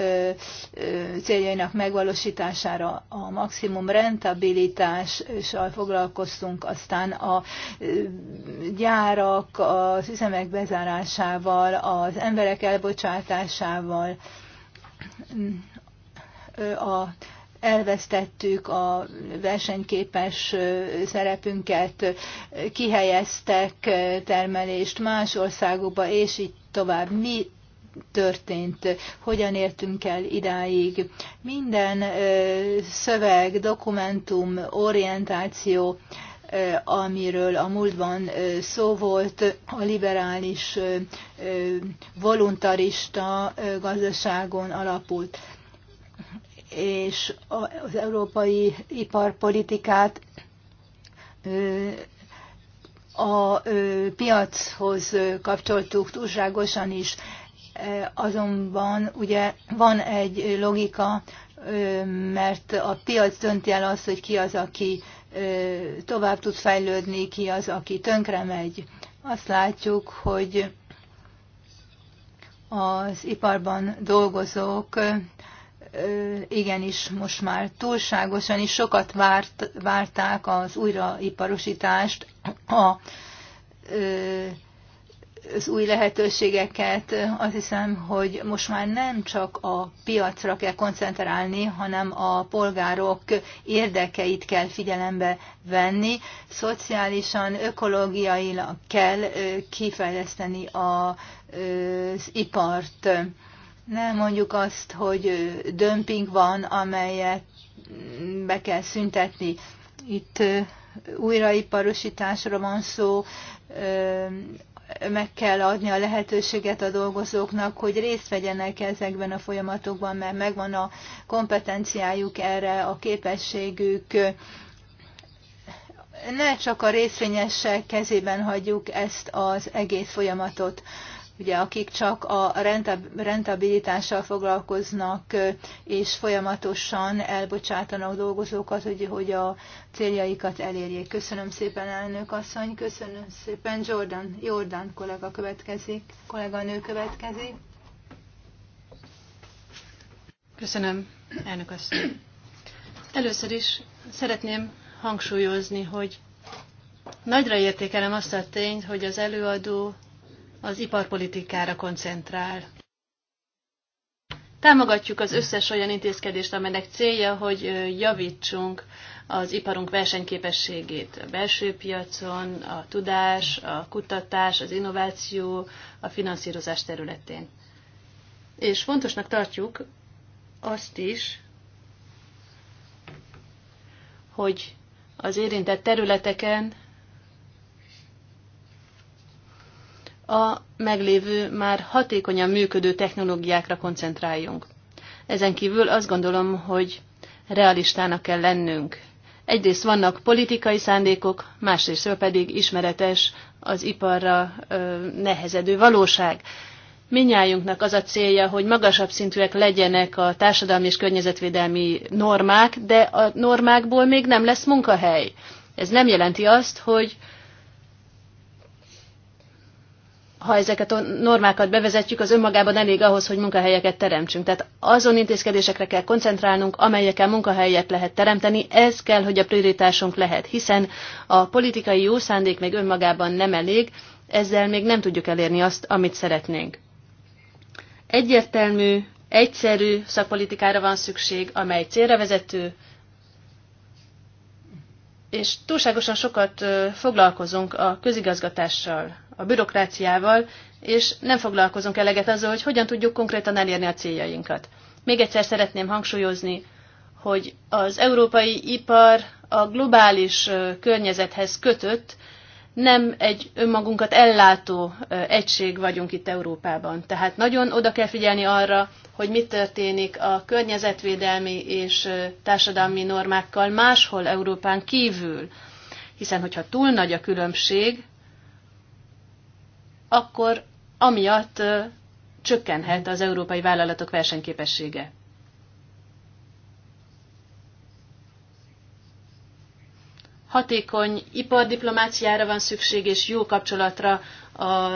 céljainak megvalósítására a maximum rentabilitással foglalkoztunk, aztán a gyárak, az üzemek bezárásával, az emberek elbocsátásával, a elvesztettük a versenyképes szerepünket, kihelyeztek termelést más országokba, és így tovább. Mi történt, hogyan értünk el idáig. Minden szöveg, dokumentum, orientáció, amiről a múltban szó volt, a liberális, voluntarista gazdaságon alapult és az európai iparpolitikát a piachoz kapcsoltuk túlságosan is azonban ugye van egy logika, mert a piac dönti el azt, hogy ki az, aki tovább tud fejlődni, ki az, aki tönkre megy. Azt látjuk, hogy az iparban dolgozók igenis most már túlságosan is sokat várt, várták az újraiparosítást a az új lehetőségeket. Azt hiszem, hogy most már nem csak a piacra kell koncentrálni, hanem a polgárok érdekeit kell figyelembe venni. Szociálisan, ökológiailag kell kifejleszteni az ipart. Nem mondjuk azt, hogy dömping van, amelyet be kell szüntetni. Itt újraiparosításra van szó, meg kell adni a lehetőséget a dolgozóknak, hogy részt vegyenek ezekben a folyamatokban, mert megvan a kompetenciájuk erre, a képességük. Ne csak a részvényesek kezében hagyjuk ezt az egész folyamatot ugye akik csak a rentabilitással foglalkoznak, és folyamatosan elbocsátanak dolgozókat, hogy, hogy a céljaikat elérjék. Köszönöm szépen, elnök asszony, köszönöm szépen. Jordan, Jordan kollega következik, kollega nő következik. Köszönöm, elnök asszony. Először is szeretném hangsúlyozni, hogy nagyra értékelem azt a tényt, hogy az előadó az iparpolitikára koncentrál. Támogatjuk az összes olyan intézkedést, amelynek célja, hogy javítsunk az iparunk versenyképességét a belső piacon, a tudás, a kutatás, az innováció, a finanszírozás területén. És fontosnak tartjuk azt is, hogy az érintett területeken a meglévő, már hatékonyan működő technológiákra koncentráljunk. Ezen kívül azt gondolom, hogy realistának kell lennünk. Egyrészt vannak politikai szándékok, másrészt pedig ismeretes az iparra ö, nehezedő valóság. Minnyájunknak az a célja, hogy magasabb szintűek legyenek a társadalmi és környezetvédelmi normák, de a normákból még nem lesz munkahely. Ez nem jelenti azt, hogy ha ezeket a normákat bevezetjük, az önmagában elég ahhoz, hogy munkahelyeket teremtsünk. Tehát azon intézkedésekre kell koncentrálnunk, amelyekkel munkahelyet lehet teremteni, ez kell, hogy a prioritásunk lehet, hiszen a politikai jó szándék még önmagában nem elég, ezzel még nem tudjuk elérni azt, amit szeretnénk. Egyértelmű, egyszerű szakpolitikára van szükség, amely célra vezető, és túlságosan sokat foglalkozunk a közigazgatással, a bürokráciával, és nem foglalkozunk eleget azzal, hogy hogyan tudjuk konkrétan elérni a céljainkat. Még egyszer szeretném hangsúlyozni, hogy az európai ipar a globális környezethez kötött, nem egy önmagunkat ellátó egység vagyunk itt Európában. Tehát nagyon oda kell figyelni arra, hogy mi történik a környezetvédelmi és társadalmi normákkal máshol Európán kívül. Hiszen, hogyha túl nagy a különbség, akkor amiatt csökkenhet az európai vállalatok versenyképessége. Hatékony ipardiplomáciára van szükség, és jó kapcsolatra a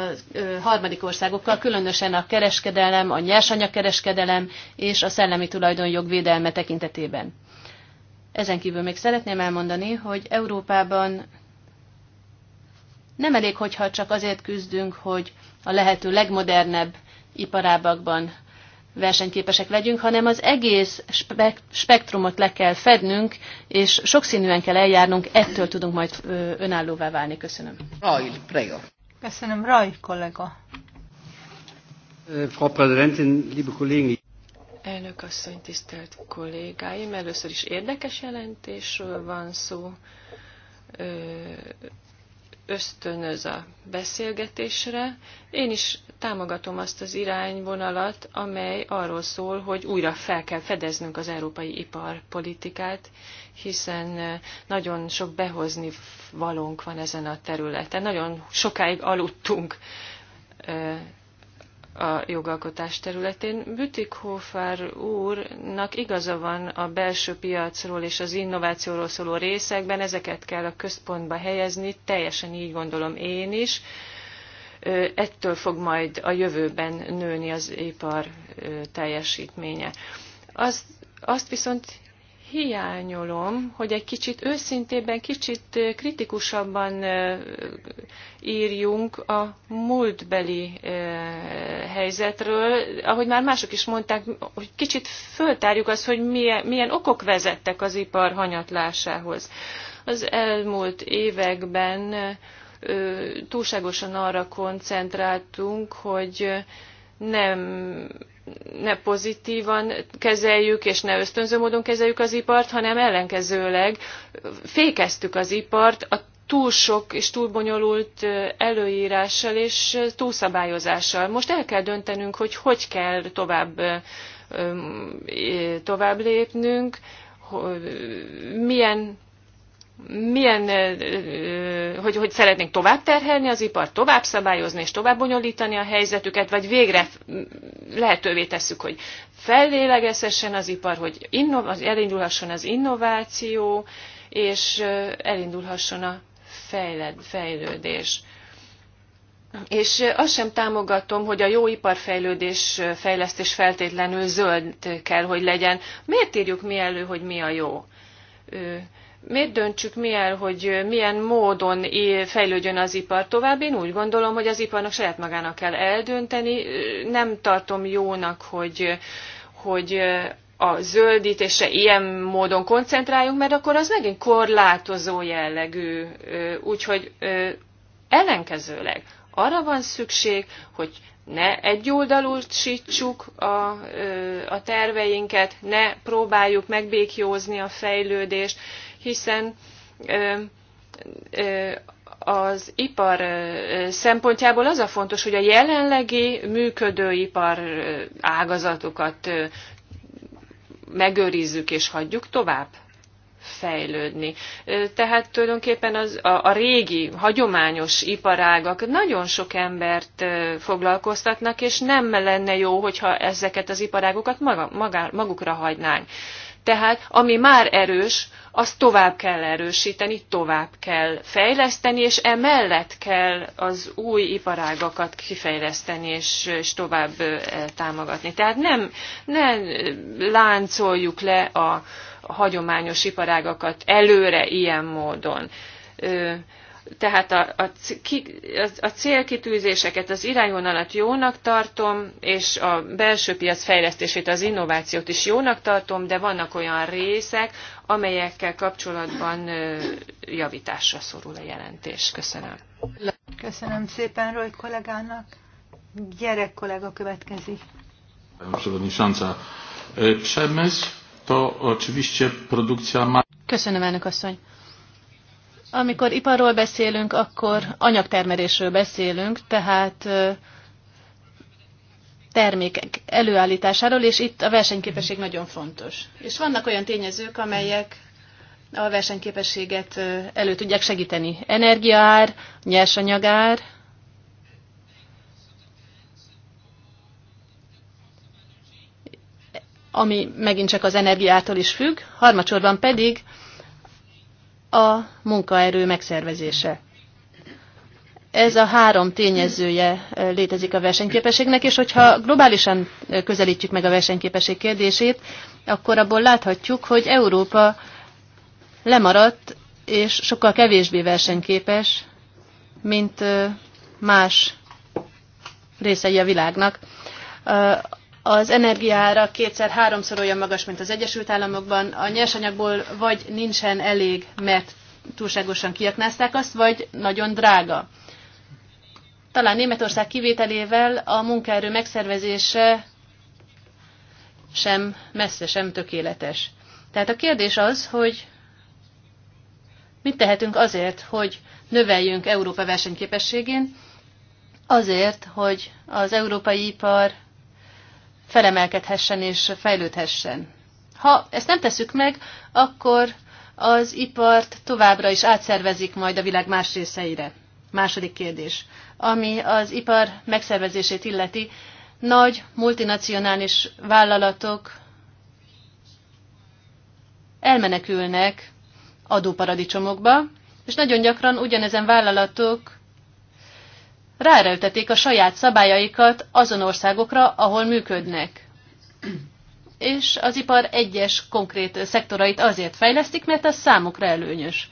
harmadik országokkal, különösen a kereskedelem, a nyersanyagkereskedelem és a szellemi tulajdonjog védelme tekintetében. Ezen kívül még szeretném elmondani, hogy Európában nem elég, hogyha csak azért küzdünk, hogy a lehető legmodernebb iparábakban versenyképesek legyünk, hanem az egész spektrumot le kell fednünk, és sokszínűen kell eljárnunk, ettől tudunk majd önállóvá válni. Köszönöm. Raj, prego. Köszönöm, Raj, kollega. Frau Präsidentin, liebe Kollegen. Elnök asszony, tisztelt kollégáim, először is érdekes jelentésről van szó ösztönöz a beszélgetésre. Én is támogatom azt az irányvonalat, amely arról szól, hogy újra fel kell fedeznünk az európai iparpolitikát, hiszen nagyon sok behozni valónk van ezen a területen. Nagyon sokáig aludtunk a jogalkotás területén. Bütikhofer úrnak igaza van a belső piacról és az innovációról szóló részekben, ezeket kell a központba helyezni, teljesen így gondolom én is. Ettől fog majd a jövőben nőni az ipar teljesítménye. Azt, azt viszont hiányolom, hogy egy kicsit őszintébben, kicsit kritikusabban írjunk a múltbeli helyzetről. Ahogy már mások is mondták, hogy kicsit föltárjuk azt, hogy milyen, milyen okok vezettek az ipar hanyatlásához. Az elmúlt években túlságosan arra koncentráltunk, hogy nem ne pozitívan kezeljük, és ne ösztönző módon kezeljük az ipart, hanem ellenkezőleg fékeztük az ipart a túl sok és túl bonyolult előírással és túlszabályozással. Most el kell döntenünk, hogy hogy kell tovább, tovább lépnünk, milyen milyen, hogy, hogy szeretnénk tovább terhelni az ipart, tovább szabályozni és tovább bonyolítani a helyzetüket, vagy végre lehetővé tesszük, hogy fellélegezhessen az ipar, hogy innov, elindulhasson az innováció, és elindulhasson a fejled, fejlődés. És azt sem támogatom, hogy a jó iparfejlődés, fejlesztés feltétlenül zöld kell, hogy legyen. Miért írjuk mi elő, hogy mi a jó? miért döntsük mi el, hogy milyen módon fejlődjön az ipar tovább? Én úgy gondolom, hogy az iparnak saját magának kell eldönteni. Nem tartom jónak, hogy, hogy a zöldítésre ilyen módon koncentráljunk, mert akkor az megint korlátozó jellegű. Úgyhogy ellenkezőleg arra van szükség, hogy ne egyoldalúsítsuk a, a terveinket, ne próbáljuk megbékjózni a fejlődést, hiszen az ipar szempontjából az a fontos, hogy a jelenlegi működő ipar ágazatokat megőrizzük és hagyjuk tovább fejlődni. Tehát tulajdonképpen az, a, a régi, hagyományos iparágak nagyon sok embert foglalkoztatnak, és nem lenne jó, hogyha ezeket az iparágokat maga, maga, magukra hagynánk. Tehát ami már erős, azt tovább kell erősíteni, tovább kell fejleszteni, és emellett kell az új iparágakat kifejleszteni és, és tovább támogatni. Tehát nem, nem láncoljuk le a hagyományos iparágakat előre ilyen módon tehát a, a, a célkitűzéseket, az irányvonalat jónak tartom, és a belső piac fejlesztését, az innovációt is jónak tartom, de vannak olyan részek, amelyekkel kapcsolatban javításra szorul a jelentés. Köszönöm. Köszönöm szépen Roy kollégának. Gyerek kollega következik. Przewodnicząca, e, przemysł to oczywiście produkcja... Köszönöm, elnök asszony. Amikor iparról beszélünk, akkor anyagtermelésről beszélünk, tehát termékek előállításáról, és itt a versenyképesség nagyon fontos. És vannak olyan tényezők, amelyek a versenyképességet elő tudják segíteni. Energiaár, nyersanyagár, ami megint csak az energiától is függ, harmadsorban pedig a munkaerő megszervezése. Ez a három tényezője létezik a versenyképességnek, és hogyha globálisan közelítjük meg a versenyképesség kérdését, akkor abból láthatjuk, hogy Európa lemaradt, és sokkal kevésbé versenyképes, mint más részei a világnak az energiára kétszer-háromszor olyan magas, mint az Egyesült Államokban, a nyersanyagból vagy nincsen elég, mert túlságosan kiaknázták azt, vagy nagyon drága. Talán Németország kivételével a munkaerő megszervezése sem messze sem tökéletes. Tehát a kérdés az, hogy mit tehetünk azért, hogy növeljünk Európa versenyképességén, azért, hogy az európai ipar felemelkedhessen és fejlődhessen. Ha ezt nem tesszük meg, akkor az ipart továbbra is átszervezik majd a világ más részeire. Második kérdés. Ami az ipar megszervezését illeti, nagy multinacionális vállalatok elmenekülnek adóparadicsomokba, és nagyon gyakran ugyanezen vállalatok ráerőltetik a saját szabályaikat azon országokra, ahol működnek. És az ipar egyes konkrét szektorait azért fejlesztik, mert az számukra előnyös.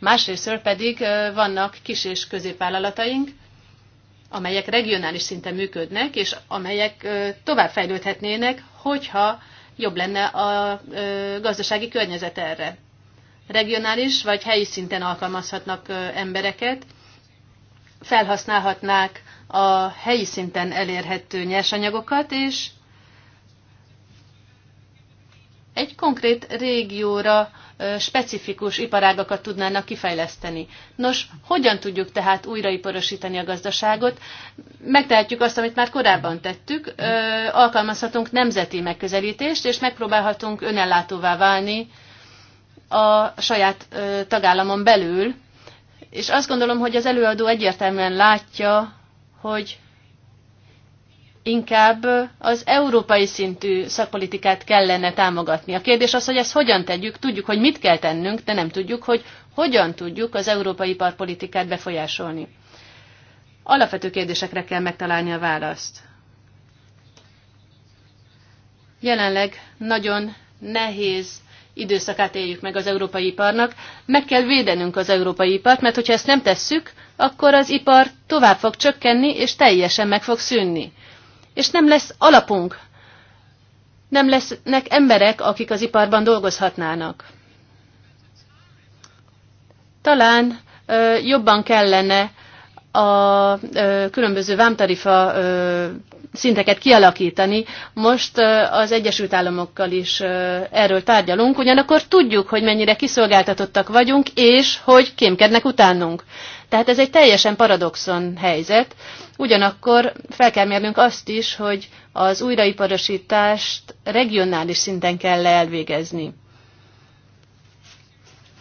Másrésztről pedig vannak kis és középvállalataink, amelyek regionális szinten működnek, és amelyek fejlődhetnének, hogyha jobb lenne a gazdasági környezet erre. Regionális vagy helyi szinten alkalmazhatnak embereket, felhasználhatnák a helyi szinten elérhető nyersanyagokat, és egy konkrét régióra specifikus iparágakat tudnának kifejleszteni. Nos, hogyan tudjuk tehát újraiparosítani a gazdaságot? Megtehetjük azt, amit már korábban tettük, alkalmazhatunk nemzeti megközelítést, és megpróbálhatunk önellátóvá válni a saját tagállamon belül, és azt gondolom, hogy az előadó egyértelműen látja, hogy inkább az európai szintű szakpolitikát kellene támogatni. A kérdés az, hogy ezt hogyan tegyük, tudjuk, hogy mit kell tennünk, de nem tudjuk, hogy hogyan tudjuk az európai iparpolitikát befolyásolni. Alapvető kérdésekre kell megtalálni a választ. Jelenleg nagyon nehéz időszakát éljük meg az európai iparnak. Meg kell védenünk az európai ipart, mert hogyha ezt nem tesszük, akkor az ipar tovább fog csökkenni, és teljesen meg fog szűnni. És nem lesz alapunk, nem lesznek emberek, akik az iparban dolgozhatnának. Talán ö, jobban kellene a ö, különböző vámtarifa ö, szinteket kialakítani. Most az Egyesült Államokkal is erről tárgyalunk, ugyanakkor tudjuk, hogy mennyire kiszolgáltatottak vagyunk, és hogy kémkednek utánunk. Tehát ez egy teljesen paradoxon helyzet. Ugyanakkor fel kell mérnünk azt is, hogy az újraiparosítást regionális szinten kell elvégezni.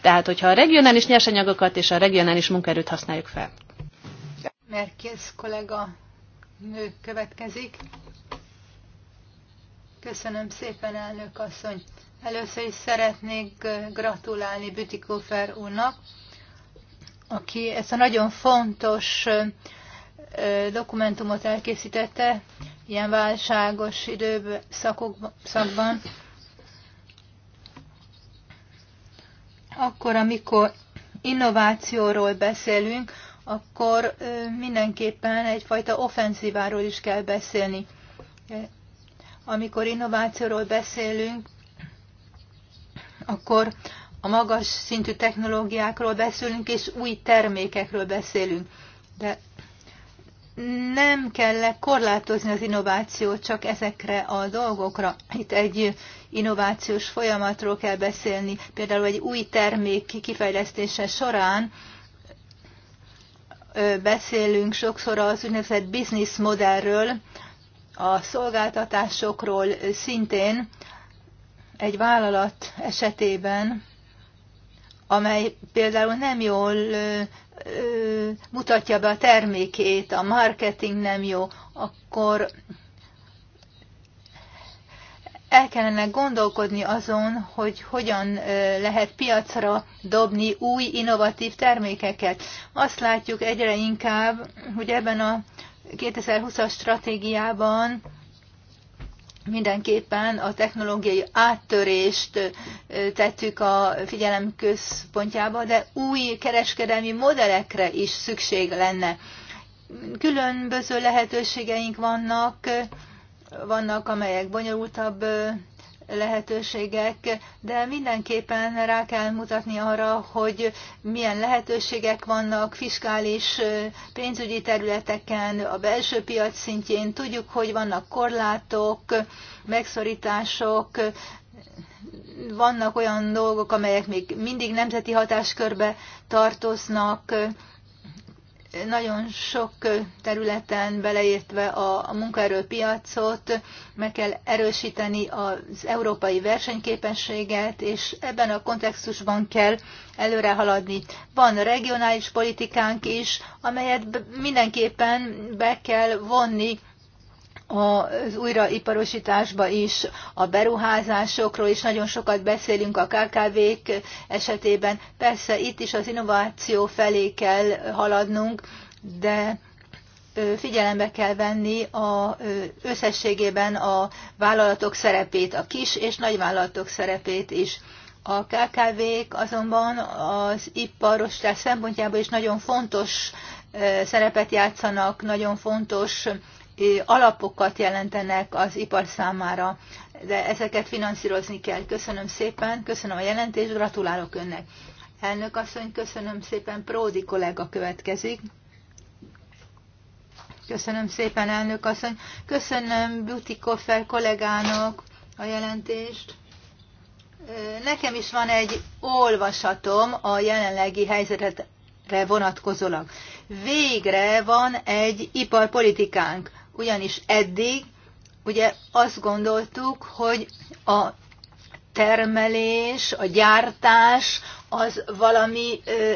Tehát, hogyha a regionális nyersanyagokat és a regionális munkaerőt használjuk fel. Merkész kollega nő következik. Köszönöm szépen, elnök asszony. Először is szeretnék gratulálni Bütikofer úrnak, aki ezt a nagyon fontos dokumentumot elkészítette ilyen válságos időszakban. Akkor, amikor innovációról beszélünk, akkor mindenképpen egyfajta offenzíváról is kell beszélni. Amikor innovációról beszélünk, akkor a magas szintű technológiákról beszélünk, és új termékekről beszélünk. De nem kell korlátozni az innovációt csak ezekre a dolgokra. Itt egy innovációs folyamatról kell beszélni. Például egy új termék kifejlesztése során beszélünk sokszor az úgynevezett business modellről, a szolgáltatásokról szintén egy vállalat esetében, amely például nem jól mutatja be a termékét, a marketing nem jó, akkor el kellene gondolkodni azon, hogy hogyan lehet piacra dobni új, innovatív termékeket. Azt látjuk egyre inkább, hogy ebben a 2020-as stratégiában mindenképpen a technológiai áttörést tettük a figyelem központjába, de új kereskedelmi modellekre is szükség lenne. Különböző lehetőségeink vannak, vannak, amelyek bonyolultabb lehetőségek, de mindenképpen rá kell mutatni arra, hogy milyen lehetőségek vannak fiskális pénzügyi területeken, a belső piac szintjén. Tudjuk, hogy vannak korlátok, megszorítások, vannak olyan dolgok, amelyek még mindig nemzeti hatáskörbe tartoznak, nagyon sok területen beleértve a, munkaerőpiacot, meg kell erősíteni az európai versenyképességet, és ebben a kontextusban kell előre haladni. Van regionális politikánk is, amelyet mindenképpen be kell vonni az újraiparosításba is, a beruházásokról is nagyon sokat beszélünk a KKV-k esetében. Persze itt is az innováció felé kell haladnunk, de figyelembe kell venni a, összességében a vállalatok szerepét, a kis és nagy vállalatok szerepét is. A KKV-k azonban az iparosítás szempontjából is nagyon fontos szerepet játszanak, nagyon fontos alapokat jelentenek az ipar számára, de ezeket finanszírozni kell. Köszönöm szépen, köszönöm a jelentést, gratulálok önnek. Elnök asszony, köszönöm szépen, Pródi kollega következik. Köszönöm szépen, elnök asszony. Köszönöm Beauty Koffer kollégának a jelentést. Nekem is van egy olvasatom a jelenlegi helyzetre vonatkozólag. Végre van egy iparpolitikánk ugyanis eddig ugye azt gondoltuk, hogy a termelés, a gyártás az valami ö,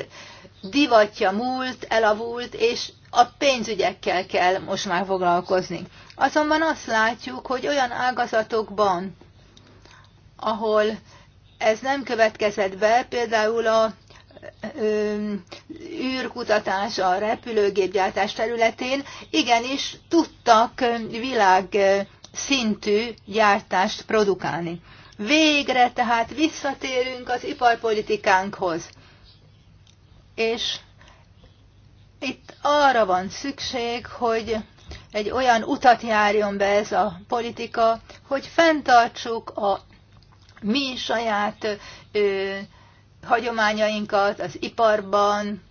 divatja múlt, elavult, és a pénzügyekkel kell most már foglalkozni. Azonban azt látjuk, hogy olyan ágazatokban, ahol ez nem következett be, például a űrkutatás, a repülőgépgyártás területén igenis tudtak világ szintű gyártást produkálni. Végre tehát visszatérünk az iparpolitikánkhoz. És itt arra van szükség, hogy egy olyan utat járjon be ez a politika, hogy fenntartsuk a mi saját ö, hagyományainkat, az iparban,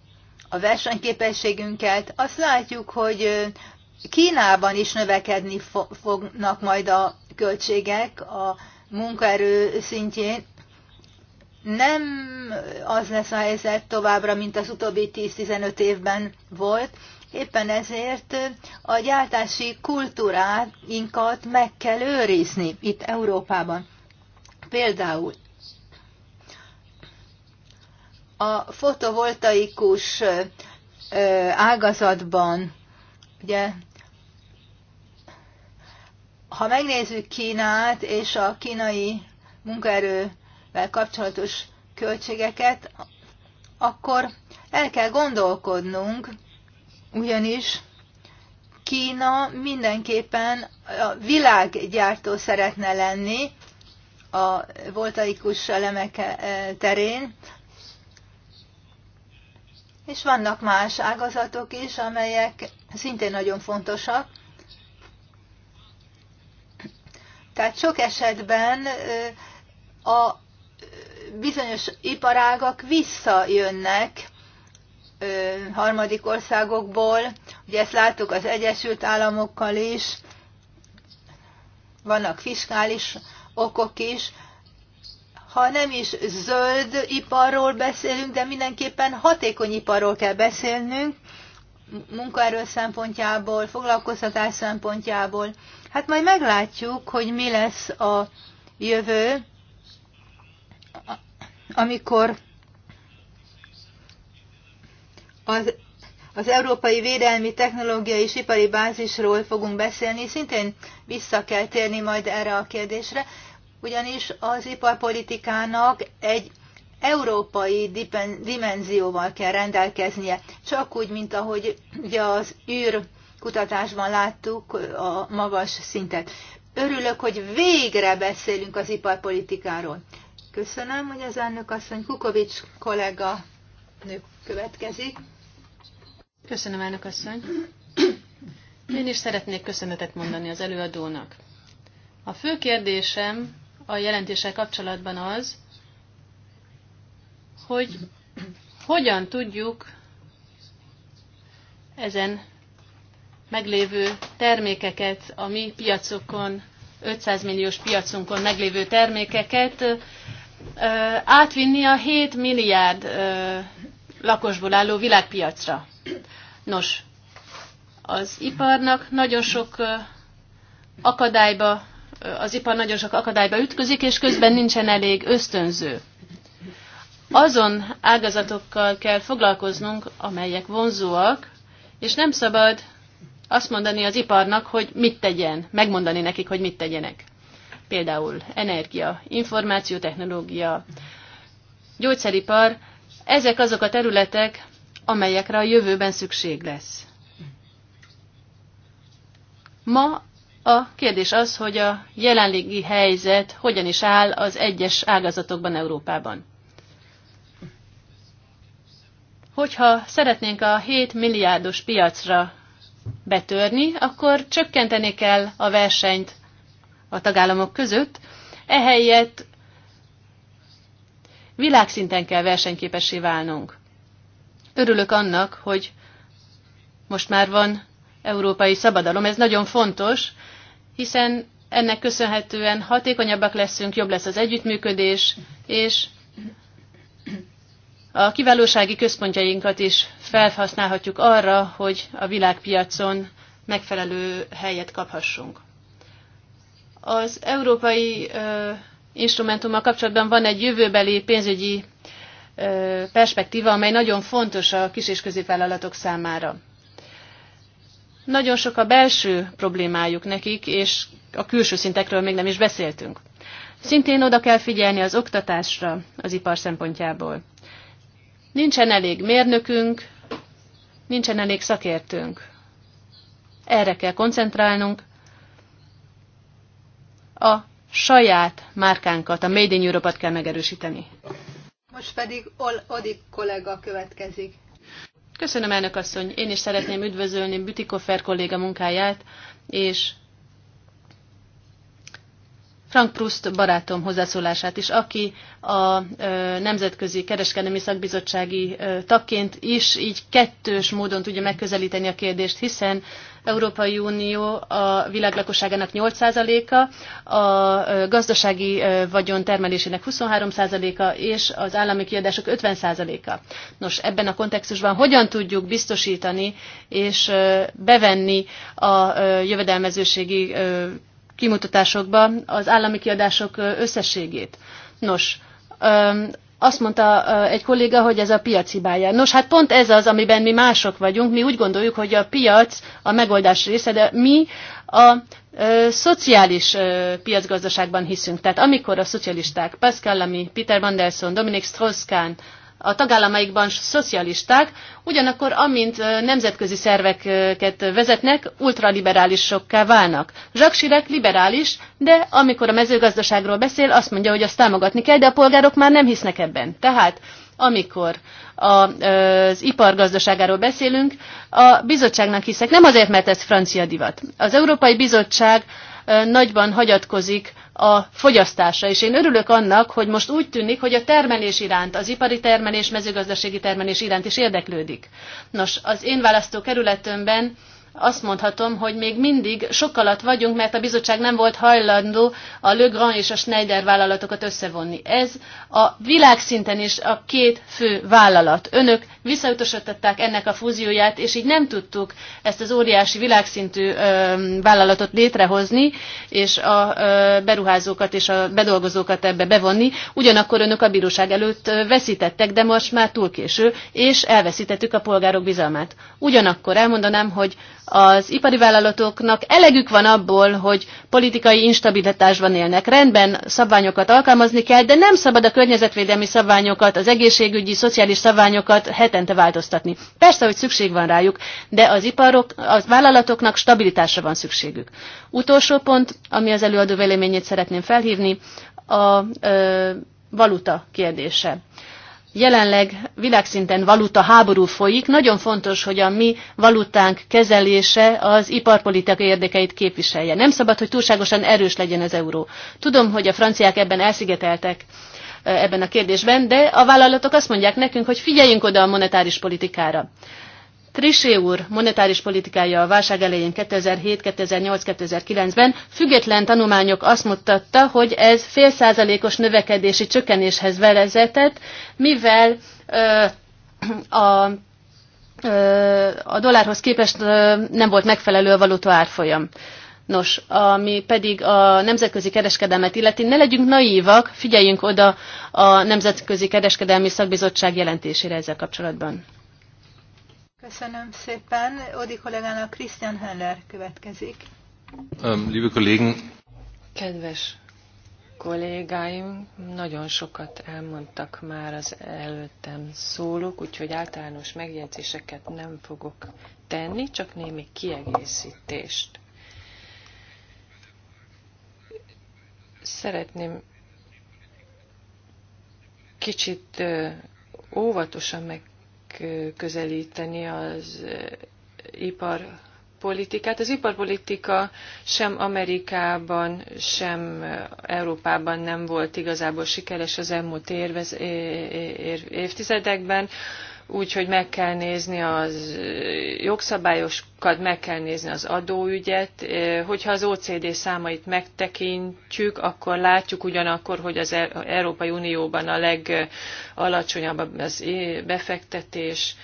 a versenyképességünket, azt látjuk, hogy Kínában is növekedni fognak majd a költségek a munkaerő szintjén. Nem az lesz a helyzet továbbra, mint az utóbbi 10-15 évben volt. Éppen ezért a gyártási kultúráinkat meg kell őrizni itt Európában. Például a fotovoltaikus ágazatban, ugye, ha megnézzük Kínát és a kínai munkaerővel kapcsolatos költségeket, akkor el kell gondolkodnunk, ugyanis Kína mindenképpen a világgyártó szeretne lenni a voltaikus elemek terén, és vannak más ágazatok is, amelyek szintén nagyon fontosak. Tehát sok esetben a bizonyos iparágak visszajönnek harmadik országokból. Ugye ezt láttuk az Egyesült Államokkal is, vannak fiskális okok is, ha nem is zöld iparról beszélünk, de mindenképpen hatékony iparról kell beszélnünk, munkaerő szempontjából, foglalkoztatás szempontjából. Hát majd meglátjuk, hogy mi lesz a jövő, amikor az, az Európai Védelmi Technológiai és Ipari Bázisról fogunk beszélni, szintén vissza kell térni majd erre a kérdésre ugyanis az iparpolitikának egy európai dimenzióval kell rendelkeznie, csak úgy, mint ahogy ugye az űr kutatásban láttuk a magas szintet. Örülök, hogy végre beszélünk az iparpolitikáról. Köszönöm, hogy az elnök asszony Kukovics kollega nő következik. Köszönöm, elnök asszony. Én is szeretnék köszönetet mondani az előadónak. A fő kérdésem a jelentéssel kapcsolatban az, hogy hogyan tudjuk ezen meglévő termékeket, a mi piacokon, 500 milliós piacunkon meglévő termékeket átvinni a 7 milliárd lakosból álló világpiacra. Nos, az iparnak nagyon sok akadályba az ipar nagyon sok akadályba ütközik, és közben nincsen elég ösztönző. Azon ágazatokkal kell foglalkoznunk, amelyek vonzóak, és nem szabad azt mondani az iparnak, hogy mit tegyen, megmondani nekik, hogy mit tegyenek. Például energia, technológia, gyógyszeripar, ezek azok a területek, amelyekre a jövőben szükség lesz. Ma a kérdés az, hogy a jelenlegi helyzet hogyan is áll az egyes ágazatokban Európában. Hogyha szeretnénk a 7 milliárdos piacra betörni, akkor csökkenteni kell a versenyt a tagállamok között, ehelyett világszinten kell versenyképessé válnunk. Örülök annak, hogy most már van európai szabadalom. Ez nagyon fontos, hiszen ennek köszönhetően hatékonyabbak leszünk, jobb lesz az együttműködés, és a kiválósági központjainkat is felhasználhatjuk arra, hogy a világpiacon megfelelő helyet kaphassunk. Az európai ö, instrumentummal kapcsolatban van egy jövőbeli pénzügyi ö, perspektíva, amely nagyon fontos a kis- és középvállalatok számára. Nagyon sok a belső problémájuk nekik, és a külső szintekről még nem is beszéltünk. Szintén oda kell figyelni az oktatásra az ipar szempontjából. Nincsen elég mérnökünk, nincsen elég szakértőnk. Erre kell koncentrálnunk. A saját márkánkat, a Made in europe ot kell megerősíteni. Most pedig Odik kollega következik. Köszönöm, elnök asszony. Én is szeretném üdvözölni Bütikofer kolléga munkáját, és Frank Proust barátom hozzászólását is, aki a Nemzetközi Kereskedelmi Szakbizottsági tagként is így kettős módon tudja megközelíteni a kérdést, hiszen Európai Unió a világ lakosságának 8%-a, a gazdasági vagyon termelésének 23%-a és az állami kiadások 50%-a. Nos, ebben a kontextusban hogyan tudjuk biztosítani és bevenni a jövedelmezőségi kimutatásokba az állami kiadások összességét? Nos, azt mondta egy kolléga, hogy ez a piac hibája. Nos, hát pont ez az, amiben mi mások vagyunk. Mi úgy gondoljuk, hogy a piac a megoldás része, de mi a ö, szociális ö, piacgazdaságban hiszünk. Tehát amikor a szocialisták, Pascal Lamy, Peter Mandelson, Dominik Strauss-Kahn, a tagállamaikban szocialisták, ugyanakkor amint nemzetközi szerveket vezetnek, ultraliberálisokká válnak. Jacques Chirac liberális, de amikor a mezőgazdaságról beszél, azt mondja, hogy azt támogatni kell, de a polgárok már nem hisznek ebben. Tehát amikor az ipar gazdaságáról beszélünk, a bizottságnak hiszek, nem azért, mert ez francia divat. Az Európai Bizottság nagyban hagyatkozik a fogyasztásra. És én örülök annak, hogy most úgy tűnik, hogy a termelés iránt, az ipari termelés, mezőgazdasági termelés iránt is érdeklődik. Nos, az én választókerületömben azt mondhatom, hogy még mindig sok alatt vagyunk, mert a bizottság nem volt hajlandó a Le Grand és a Schneider vállalatokat összevonni. Ez a világszinten is a két fő vállalat. Önök visszautasították ennek a fúzióját, és így nem tudtuk ezt az óriási világszintű ö, vállalatot létrehozni, és a ö, beruházókat és a bedolgozókat ebbe bevonni. Ugyanakkor önök a bíróság előtt veszítettek, de most már túl késő, és elveszítettük a polgárok bizalmát. Ugyanakkor elmondanám, hogy az ipari vállalatoknak elegük van abból, hogy politikai instabilitásban élnek. Rendben, szabványokat alkalmazni kell, de nem szabad a környezetvédelmi szabványokat, az egészségügyi, szociális szabványokat hetente változtatni. Persze, hogy szükség van rájuk, de az, iparok, az vállalatoknak stabilitásra van szükségük. Utolsó pont, ami az előadó véleményét szeretném felhívni, a ö, valuta kérdése jelenleg világszinten valuta háború folyik, nagyon fontos, hogy a mi valutánk kezelése az iparpolitikai érdekeit képviselje. Nem szabad, hogy túlságosan erős legyen az euró. Tudom, hogy a franciák ebben elszigeteltek eh, ebben a kérdésben, de a vállalatok azt mondják nekünk, hogy figyeljünk oda a monetáris politikára. Trisé úr monetáris politikája a válság elején 2007-2008-2009-ben független tanulmányok azt mutatta, hogy ez fél százalékos növekedési csökkenéshez vezetett, mivel ö, a, ö, a dollárhoz képest ö, nem volt megfelelő a valuta árfolyam. Nos, ami pedig a nemzetközi kereskedelmet illeti, ne legyünk naívak, figyeljünk oda a Nemzetközi Kereskedelmi Szakbizottság jelentésére ezzel kapcsolatban. Köszönöm szépen. Odi kollégának Christian Heller következik. Um, liebe Kollegen. Kedves kollégáim nagyon sokat elmondtak már az előttem szólók, úgyhogy általános megjegyzéseket nem fogok tenni, csak némi kiegészítést. Szeretném kicsit óvatosan meg megközelíteni az ipar politikát. Az iparpolitika sem Amerikában, sem Európában nem volt igazából sikeres az elmúlt évtizedekben úgyhogy meg kell nézni az jogszabályoskat, meg kell nézni az adóügyet. Hogyha az OCD számait megtekintjük, akkor látjuk ugyanakkor, hogy az e- Európai Unióban a legalacsonyabb az befektetés,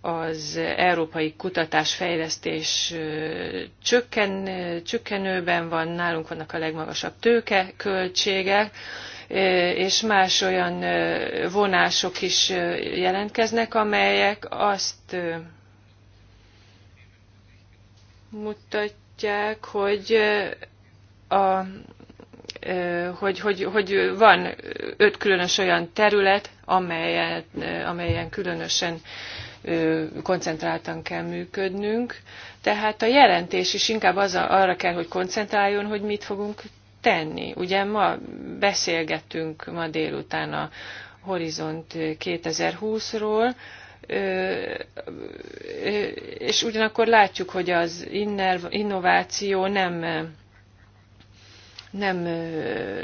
az európai kutatásfejlesztés csökken, csökkenőben van, nálunk vannak a legmagasabb tőkeköltségek, és más olyan vonások is jelentkeznek, amelyek azt mutatják, hogy a hogy, hogy, hogy van öt különös olyan terület, amelyen, amelyen különösen koncentráltan kell működnünk. Tehát a jelentés is inkább az, arra kell, hogy koncentráljon, hogy mit fogunk tenni. Ugye ma beszélgettünk ma délután a Horizont 2020-ról, és ugyanakkor látjuk, hogy az innováció nem nem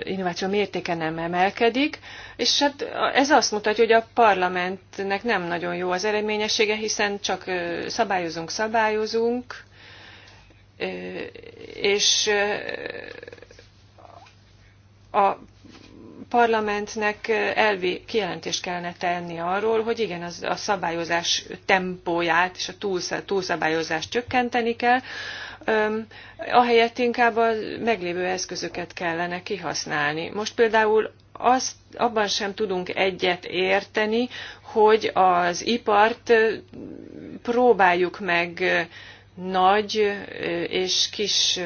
innováció mértéke nem emelkedik, és hát ez azt mutatja, hogy a parlamentnek nem nagyon jó az eredményessége, hiszen csak szabályozunk, szabályozunk, és a parlamentnek elvi kijelentést kellene tenni arról, hogy igen, az, a szabályozás tempóját és a túlszabályozást csökkenteni kell, ahelyett inkább a meglévő eszközöket kellene kihasználni. Most például azt, abban sem tudunk egyet érteni, hogy az ipart próbáljuk meg nagy és kis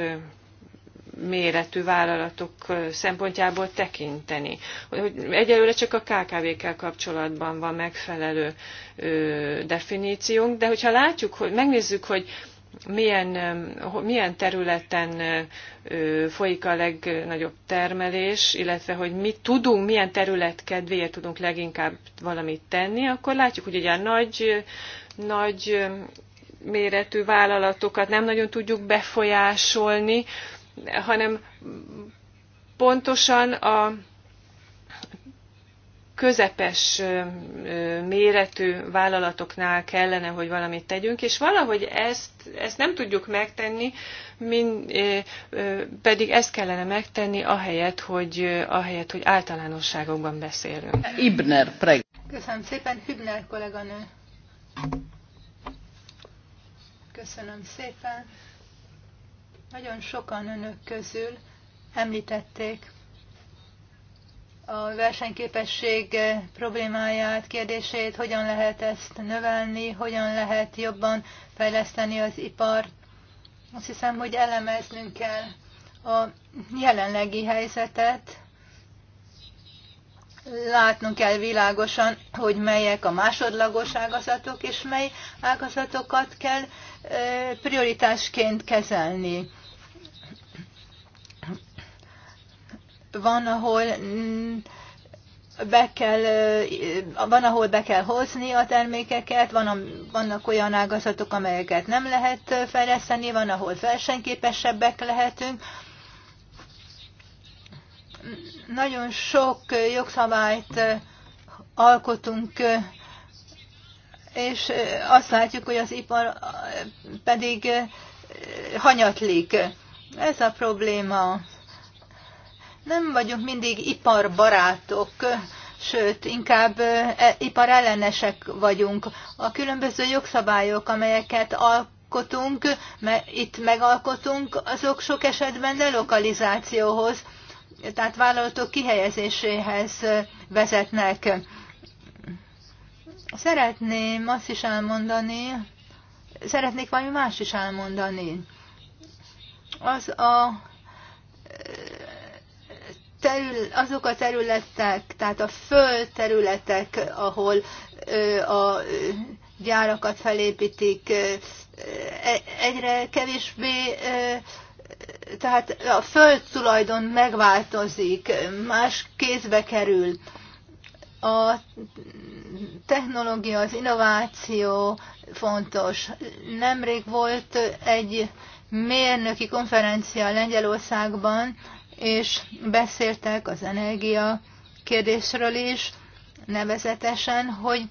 méretű vállalatok szempontjából tekinteni. Hogy egyelőre csak a KKV-kkel kapcsolatban van megfelelő definíciónk, de hogyha látjuk, hogy megnézzük, hogy milyen, milyen területen folyik a legnagyobb termelés, illetve hogy mi tudunk, milyen terület kedvéért tudunk leginkább valamit tenni, akkor látjuk, hogy ugye a nagy, nagy méretű vállalatokat nem nagyon tudjuk befolyásolni, hanem pontosan a közepes méretű vállalatoknál kellene, hogy valamit tegyünk, és valahogy ezt, ezt nem tudjuk megtenni, min, pedig ezt kellene megtenni, ahelyett, hogy, ahelyett, hogy általánosságokban beszélünk. Ibner, preg. Köszönöm szépen, Hübner kolléganő. Köszönöm szépen. Nagyon sokan önök közül említették a versenyképesség problémáját, kérdését, hogyan lehet ezt növelni, hogyan lehet jobban fejleszteni az ipart. Azt hiszem, hogy elemeznünk kell a jelenlegi helyzetet, látnunk kell világosan, hogy melyek a másodlagos ágazatok, és mely ágazatokat kell eh, prioritásként kezelni. van, ahol mm, be kell, van, ahol be kell hozni a termékeket, van, vannak olyan ágazatok, amelyeket nem lehet fejleszteni, van, ahol versenyképesebbek lehetünk. Nagyon sok jogszabályt alkotunk, és azt látjuk, hogy az ipar pedig hanyatlik. Ez a probléma nem vagyunk mindig iparbarátok, sőt, inkább e, iparellenesek vagyunk. A különböző jogszabályok, amelyeket alkotunk, itt megalkotunk, azok sok esetben delokalizációhoz, tehát vállalatok kihelyezéséhez vezetnek. Szeretném azt is elmondani, szeretnék valami más is elmondani. Az a terül, azok a területek, tehát a földterületek, ahol ö, a gyárakat felépítik, e, egyre kevésbé, tehát a földtulajdon megváltozik, más kézbe kerül. A technológia, az innováció fontos. Nemrég volt egy mérnöki konferencia Lengyelországban, és beszéltek az energia kérdésről is, nevezetesen, hogy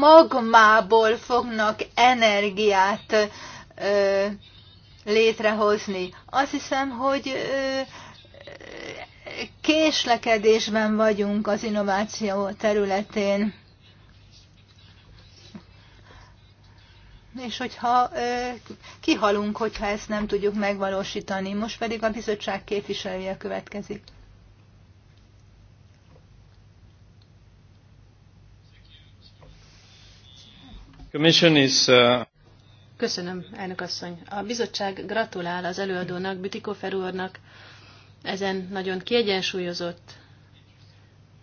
magmából fognak energiát ö, létrehozni. Azt hiszem, hogy ö, késlekedésben vagyunk az innováció területén. és hogyha kihalunk, hogyha ezt nem tudjuk megvalósítani. Most pedig a bizottság képviselője következik. Uh, Köszönöm, elnök asszony. A bizottság gratulál az előadónak, Bütikó úrnak ezen nagyon kiegyensúlyozott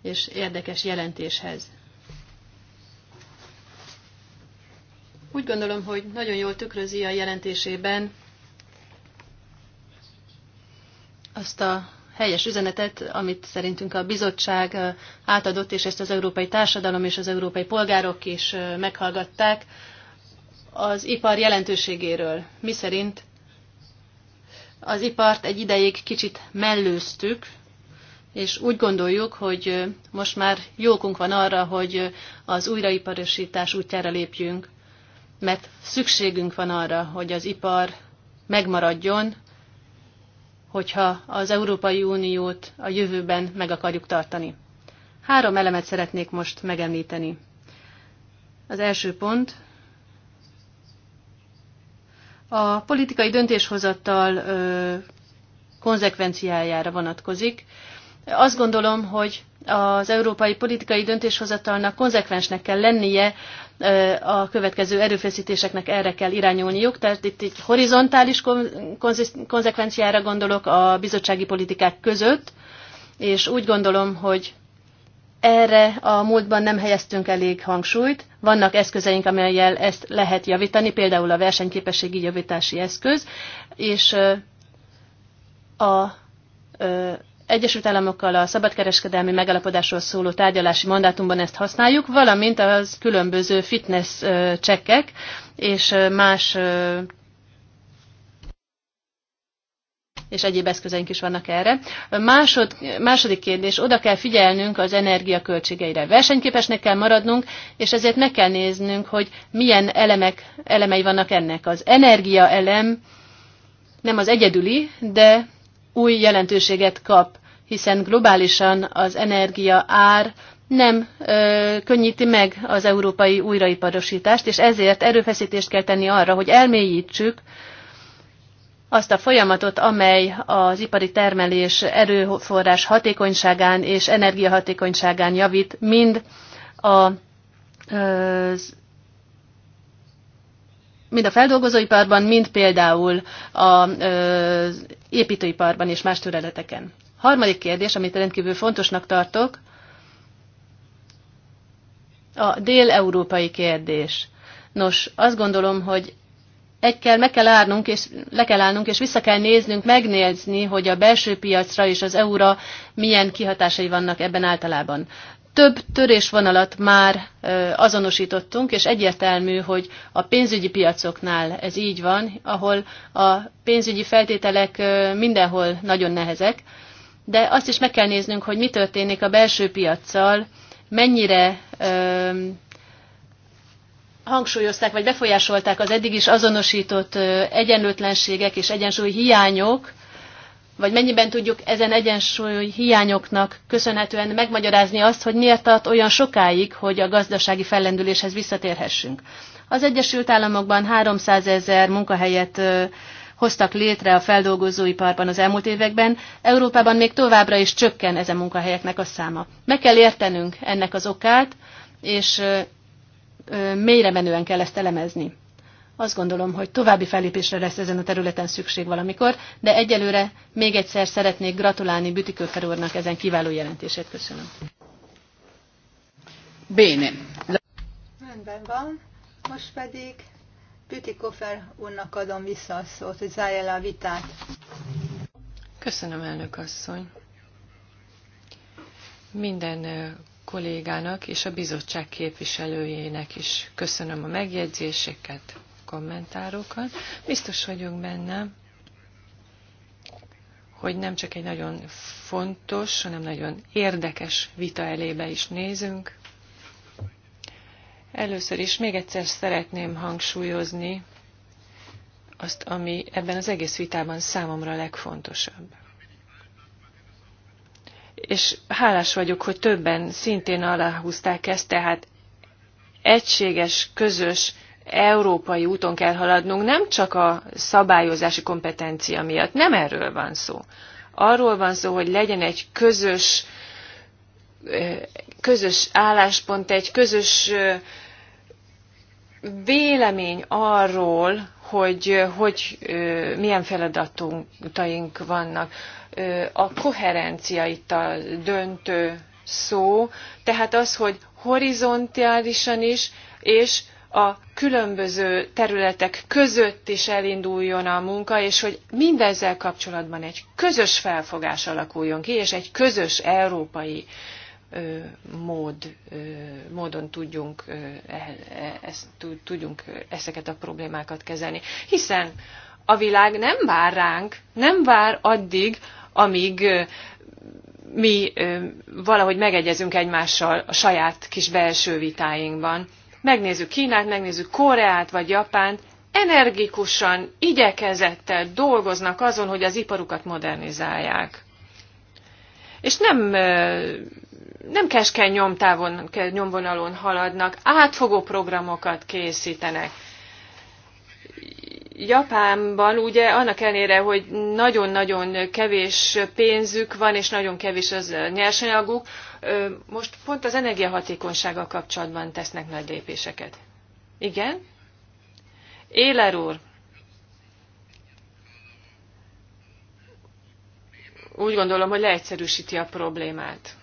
és érdekes jelentéshez. Úgy gondolom, hogy nagyon jól tükrözi a jelentésében azt a helyes üzenetet, amit szerintünk a bizottság átadott, és ezt az európai társadalom és az európai polgárok is meghallgatták, az ipar jelentőségéről, miszerint az ipart egy ideig kicsit mellőztük, és úgy gondoljuk, hogy most már jókunk van arra, hogy az újraiparosítás útjára lépjünk mert szükségünk van arra, hogy az ipar megmaradjon, hogyha az Európai Uniót a jövőben meg akarjuk tartani. Három elemet szeretnék most megemlíteni. Az első pont, a politikai döntéshozattal ö, konzekvenciájára vonatkozik. Azt gondolom, hogy az európai politikai döntéshozatalnak konzekvensnek kell lennie a következő erőfeszítéseknek erre kell irányulniuk. Tehát itt, egy horizontális konzekvenciára gondolok a bizottsági politikák között, és úgy gondolom, hogy erre a múltban nem helyeztünk elég hangsúlyt. Vannak eszközeink, amelyel ezt lehet javítani, például a versenyképességi javítási eszköz, és a Egyesült Államokkal a szabadkereskedelmi megalapodásról szóló tárgyalási mandátumban ezt használjuk, valamint az különböző fitness csekkek és más és egyéb eszközeink is vannak erre. Másod, második kérdés, oda kell figyelnünk az energiaköltségeire. Versenyképesnek kell maradnunk, és ezért meg kell néznünk, hogy milyen elemek, elemei vannak ennek. Az energia elem nem az egyedüli, de új jelentőséget kap hiszen globálisan az energia ár nem ö, könnyíti meg az európai újraiparosítást, és ezért erőfeszítést kell tenni arra, hogy elmélyítsük azt a folyamatot, amely az ipari termelés erőforrás hatékonyságán és energiahatékonyságán javít, mind a, ö, mind a feldolgozóiparban, mind például az építőiparban és más töreleteken. Harmadik kérdés, amit rendkívül fontosnak tartok, a dél-európai kérdés. Nos, azt gondolom, hogy egy kell, meg kell állnunk, és le kell állnunk, és vissza kell néznünk, megnézni, hogy a belső piacra és az euróra milyen kihatásai vannak ebben általában. Több törésvonalat már azonosítottunk, és egyértelmű, hogy a pénzügyi piacoknál ez így van, ahol a pénzügyi feltételek mindenhol nagyon nehezek, de azt is meg kell néznünk, hogy mi történik a belső piaccal, mennyire ö, hangsúlyozták vagy befolyásolták az eddig is azonosított egyenlőtlenségek és egyensúly hiányok, vagy mennyiben tudjuk ezen egyensúly hiányoknak köszönhetően megmagyarázni azt, hogy miért tart olyan sokáig, hogy a gazdasági fellendüléshez visszatérhessünk. Az Egyesült Államokban 300 ezer munkahelyet hoztak létre a feldolgozóiparban az elmúlt években, Európában még továbbra is csökken ezen munkahelyeknek a száma. Meg kell értenünk ennek az okát, és mélyre menően kell ezt elemezni. Azt gondolom, hogy további fellépésre lesz ezen a területen szükség valamikor, de egyelőre még egyszer szeretnék gratulálni Bütikőfer úrnak ezen kiváló jelentését. Köszönöm. Béne. Rendben van. Most pedig Bütikofer úrnak adom vissza a szót, hogy zárja le a vitát. Köszönöm, elnök asszony. Minden kollégának és a bizottság képviselőjének is köszönöm a megjegyzéseket, kommentárokat. Biztos vagyok benne, hogy nem csak egy nagyon fontos, hanem nagyon érdekes vita elébe is nézünk. Először is még egyszer szeretném hangsúlyozni azt, ami ebben az egész vitában számomra a legfontosabb. És hálás vagyok, hogy többen szintén aláhúzták ezt, tehát egységes, közös, európai úton kell haladnunk, nem csak a szabályozási kompetencia miatt, nem erről van szó. Arról van szó, hogy legyen egy közös, közös álláspont, egy közös vélemény arról, hogy, hogy milyen feladatunk vannak. A koherencia itt a döntő szó, tehát az, hogy horizontálisan is, és a különböző területek között is elinduljon a munka, és hogy mindezzel kapcsolatban egy közös felfogás alakuljon ki, és egy közös európai mód, módon tudjunk, eh, eh, ezt, tudjunk ezeket a problémákat kezelni. Hiszen a világ nem vár ránk, nem vár addig, amíg mi valahogy megegyezünk egymással a saját kis belső vitáinkban. Megnézzük Kínát, megnézzük Koreát vagy Japánt, energikusan, igyekezettel dolgoznak azon, hogy az iparukat modernizálják. És nem nem keskeny nyomtávon, nyomvonalon haladnak, átfogó programokat készítenek. Japánban ugye annak ellenére, hogy nagyon-nagyon kevés pénzük van, és nagyon kevés az nyersanyaguk, most pont az energiahatékonysága kapcsolatban tesznek nagy lépéseket. Igen? Éler úr, úgy gondolom, hogy leegyszerűsíti a problémát.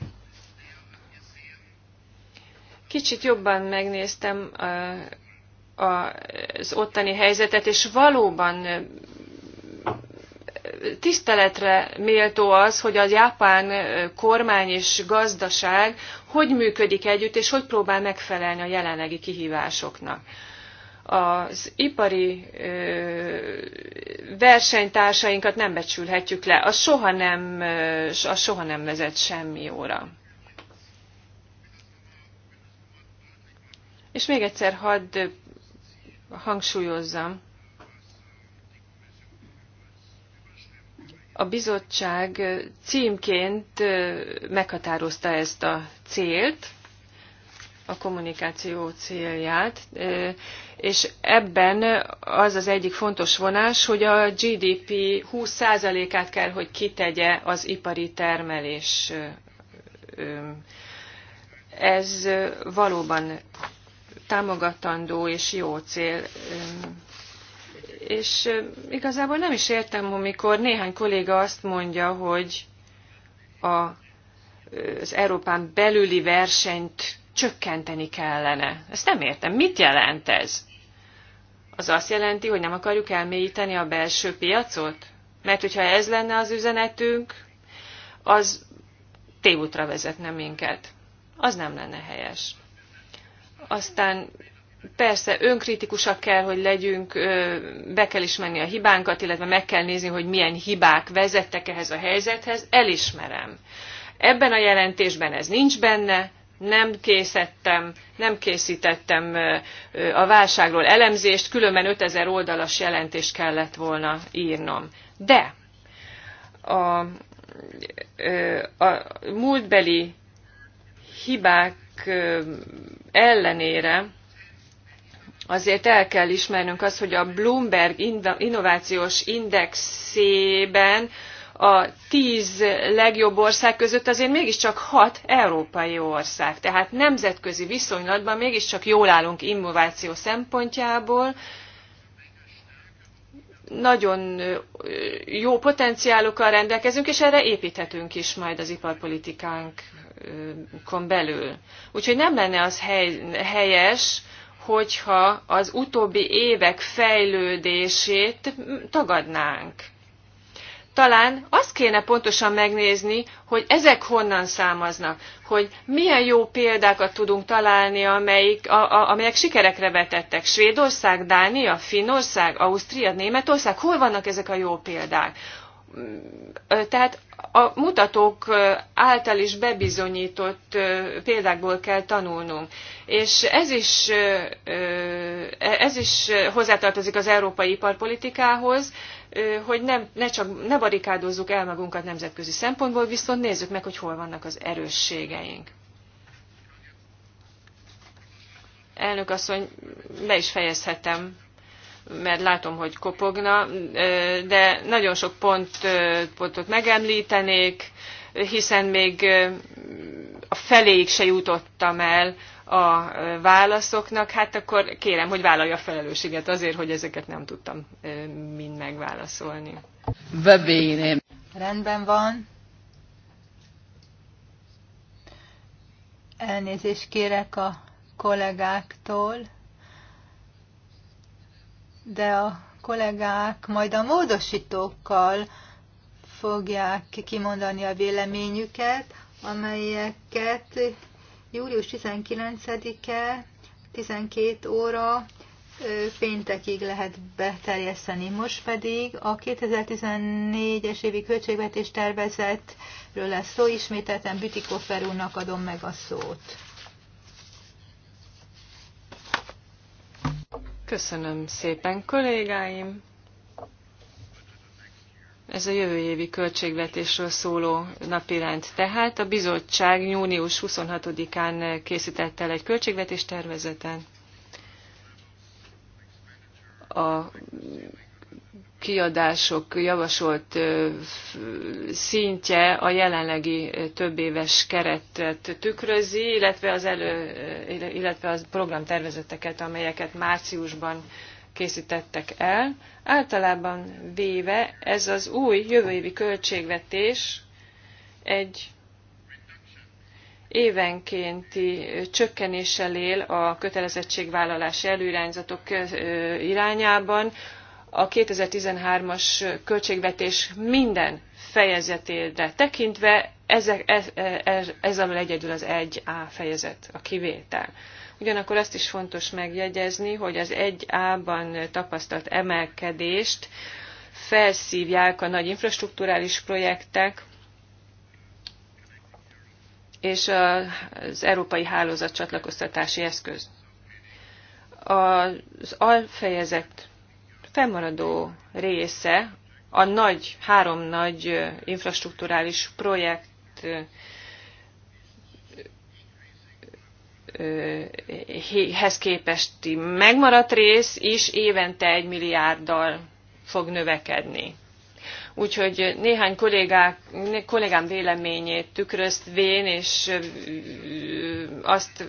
Kicsit jobban megnéztem az ottani helyzetet, és valóban tiszteletre méltó az, hogy a japán kormány és gazdaság hogy működik együtt, és hogy próbál megfelelni a jelenlegi kihívásoknak. Az ipari versenytársainkat nem becsülhetjük le, az soha nem, az soha nem vezet semmi óra. És még egyszer hadd hangsúlyozzam, a bizottság címként meghatározta ezt a célt, a kommunikáció célját, és ebben az az egyik fontos vonás, hogy a GDP 20%-át kell, hogy kitegye az ipari termelés. Ez valóban támogatandó és jó cél. És igazából nem is értem, amikor néhány kolléga azt mondja, hogy a, az Európán belüli versenyt csökkenteni kellene. Ezt nem értem. Mit jelent ez? Az azt jelenti, hogy nem akarjuk elmélyíteni a belső piacot? Mert hogyha ez lenne az üzenetünk, az tévútra vezetne minket. Az nem lenne helyes. Aztán persze önkritikusak kell, hogy legyünk, be kell ismerni a hibánkat, illetve meg kell nézni, hogy milyen hibák vezettek ehhez a helyzethez, elismerem. Ebben a jelentésben ez nincs benne, nem készítettem, nem készítettem a válságról elemzést, különben 5000 oldalas jelentést kellett volna írnom. De a, a múltbeli hibák ellenére azért el kell ismernünk azt, hogy a Bloomberg Innovációs Indexében a tíz legjobb ország között azért mégiscsak hat európai ország. Tehát nemzetközi viszonylatban mégiscsak jól állunk innováció szempontjából, nagyon jó potenciálokkal rendelkezünk, és erre építhetünk is majd az iparpolitikánk belül. Úgyhogy nem lenne az hely, helyes, hogyha az utóbbi évek fejlődését tagadnánk. Talán azt kéne pontosan megnézni, hogy ezek honnan származnak, hogy milyen jó példákat tudunk találni, amelyik, a, a, amelyek sikerekre vetettek. Svédország, Dánia, Finnország, Ausztria, Németország, hol vannak ezek a jó példák? Tehát a mutatók által is bebizonyított példákból kell tanulnunk. És ez is, ez is hozzátartozik az európai iparpolitikához, hogy nem, ne, csak, ne barikádozzuk el magunkat nemzetközi szempontból, viszont nézzük meg, hogy hol vannak az erősségeink. Elnök asszony, be is fejezhetem mert látom, hogy kopogna, de nagyon sok pont, pontot megemlítenék, hiszen még a feléig se jutottam el a válaszoknak, hát akkor kérem, hogy vállalja a felelősséget azért, hogy ezeket nem tudtam mind megválaszolni. Bebénem. Rendben van. Elnézést kérek a kollégáktól de a kollégák majd a módosítókkal fogják kimondani a véleményüket, amelyeket július 19-e 12 óra péntekig lehet beterjeszteni. Most pedig a 2014-es évi költségvetés tervezetről lesz szó. Ismételten Bütikofer úrnak adom meg a szót. Köszönöm szépen, kollégáim! Ez a jövő évi költségvetésről szóló napirend. Tehát a bizottság június 26-án készített el egy költségvetés tervezeten. A kiadások javasolt szintje a jelenlegi több éves keretet tükrözi, illetve az, elő, illetve az programtervezeteket, amelyeket márciusban készítettek el. Általában véve ez az új jövőévi költségvetés egy évenkénti csökkenéssel él a kötelezettségvállalási előirányzatok irányában, a 2013-as költségvetés minden fejezetére tekintve ezek, ez, ez, e, ez alól egyedül az 1A fejezet a kivétel. Ugyanakkor azt is fontos megjegyezni, hogy az 1A-ban tapasztalt emelkedést felszívják a nagy infrastruktúrális projektek, és az európai hálózat csatlakoztatási eszköz. Az alfejezet fennmaradó része a nagy, három nagy infrastruktúrális projekt hez képesti megmaradt rész is évente egy milliárddal fog növekedni. Úgyhogy néhány kollégák, kollégám véleményét tükröztvén, és azt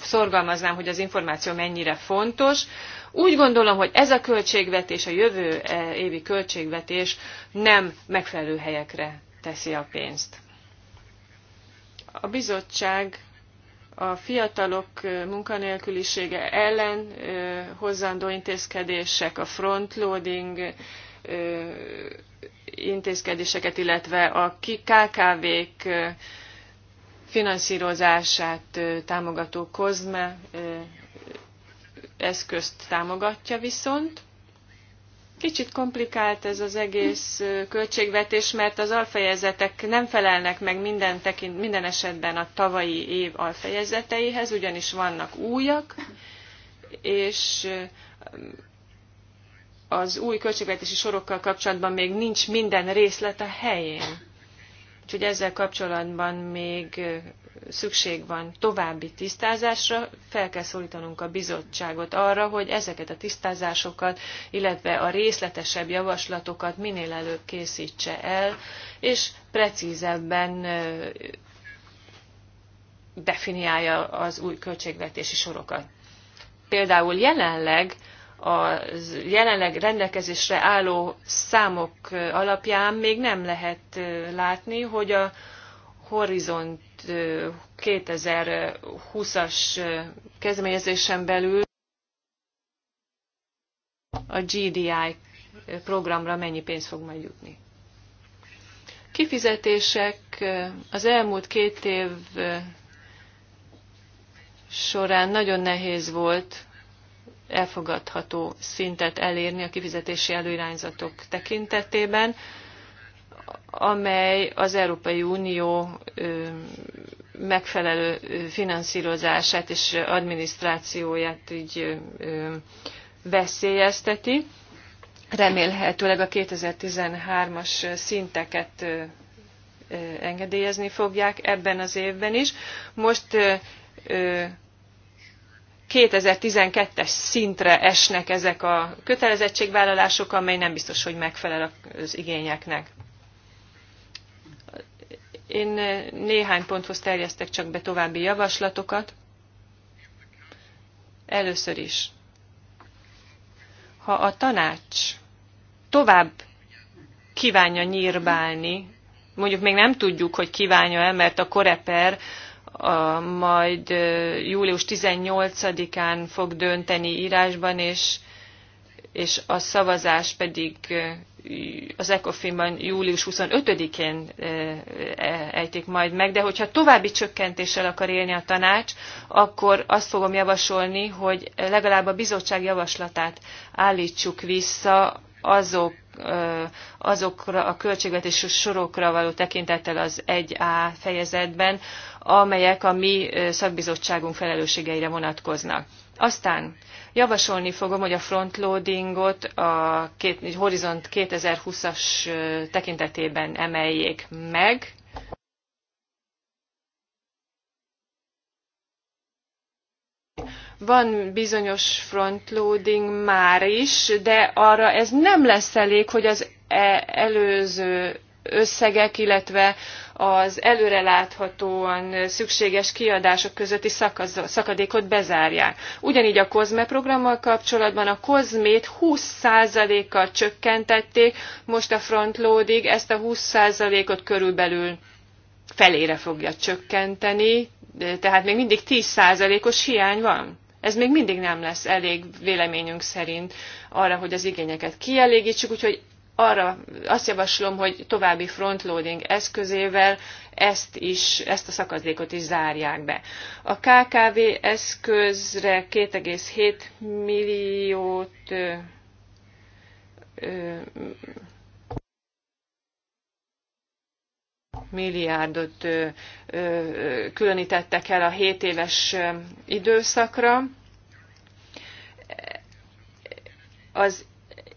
szorgalmaznám, hogy az információ mennyire fontos. Úgy gondolom, hogy ez a költségvetés, a jövő e, évi költségvetés nem megfelelő helyekre teszi a pénzt. A bizottság a fiatalok e, munkanélkülisége ellen e, hozzandó intézkedések, a frontloading intézkedéseket, illetve a KKV-k finanszírozását támogató COSME eszközt támogatja viszont. Kicsit komplikált ez az egész költségvetés, mert az alfejezetek nem felelnek meg minden, tekint, minden esetben a tavalyi év alfejezeteihez, ugyanis vannak újak, és az új költségvetési sorokkal kapcsolatban még nincs minden részlet a helyén. Úgyhogy ezzel kapcsolatban még szükség van további tisztázásra, fel kell szólítanunk a bizottságot arra, hogy ezeket a tisztázásokat, illetve a részletesebb javaslatokat minél előbb készítse el, és precízebben definiálja az új költségvetési sorokat. Például jelenleg a jelenleg rendelkezésre álló számok alapján még nem lehet látni, hogy a Horizont 2020-as kezdeményezésen belül a GDI programra mennyi pénz fog majd jutni. Kifizetések az elmúlt két év során nagyon nehéz volt elfogadható szintet elérni a kifizetési előirányzatok tekintetében, amely az Európai Unió megfelelő finanszírozását és adminisztrációját így veszélyezteti. Remélhetőleg a 2013-as szinteket engedélyezni fogják ebben az évben is. Most 2012-es szintre esnek ezek a kötelezettségvállalások, amely nem biztos, hogy megfelel az igényeknek. Én néhány ponthoz terjesztek csak be további javaslatokat. Először is, ha a tanács tovább kívánja nyírbálni, mondjuk még nem tudjuk, hogy kívánja-e, mert a koreper majd július 18-án fog dönteni írásban, és, és a szavazás pedig az ECOFIN-ban július 25-én e, ejtik majd meg, de hogyha további csökkentéssel akar élni a tanács, akkor azt fogom javasolni, hogy legalább a bizottság javaslatát állítsuk vissza azok, azokra a költségvetési sorokra való tekintettel az 1A fejezetben, amelyek a mi szakbizottságunk felelősségeire vonatkoznak. Aztán javasolni fogom, hogy a frontloadingot a Horizont 2020-as tekintetében emeljék meg, van bizonyos frontloading már is, de arra ez nem lesz elég, hogy az e- előző összegek, illetve az előreláthatóan szükséges kiadások közötti szakasz, szakadékot bezárják. Ugyanígy a COSME programmal kapcsolatban a COSME-t 20%-kal csökkentették, most a frontloading ezt a 20%-ot körülbelül felére fogja csökkenteni, tehát még mindig 10%-os hiány van. Ez még mindig nem lesz elég véleményünk szerint arra, hogy az igényeket kielégítsük, úgyhogy arra azt javaslom, hogy további frontloading eszközével ezt, is, ezt a szakadékot is zárják be. A KKV eszközre 2,7 milliót ö, ö, milliárdot ö, ö, különítettek el a 7 éves időszakra. Az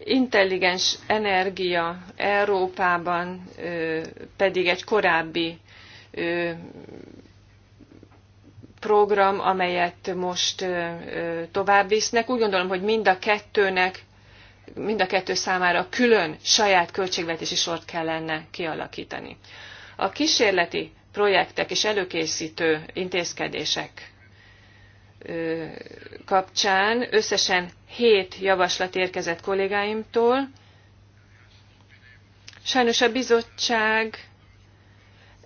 intelligens energia Európában pedig egy korábbi program, amelyet most tovább visznek. Úgy gondolom, hogy mind a kettőnek, mind a kettő számára külön saját költségvetési sort kellene kialakítani. A kísérleti projektek és előkészítő intézkedések kapcsán összesen hét javaslat érkezett kollégáimtól. Sajnos a bizottság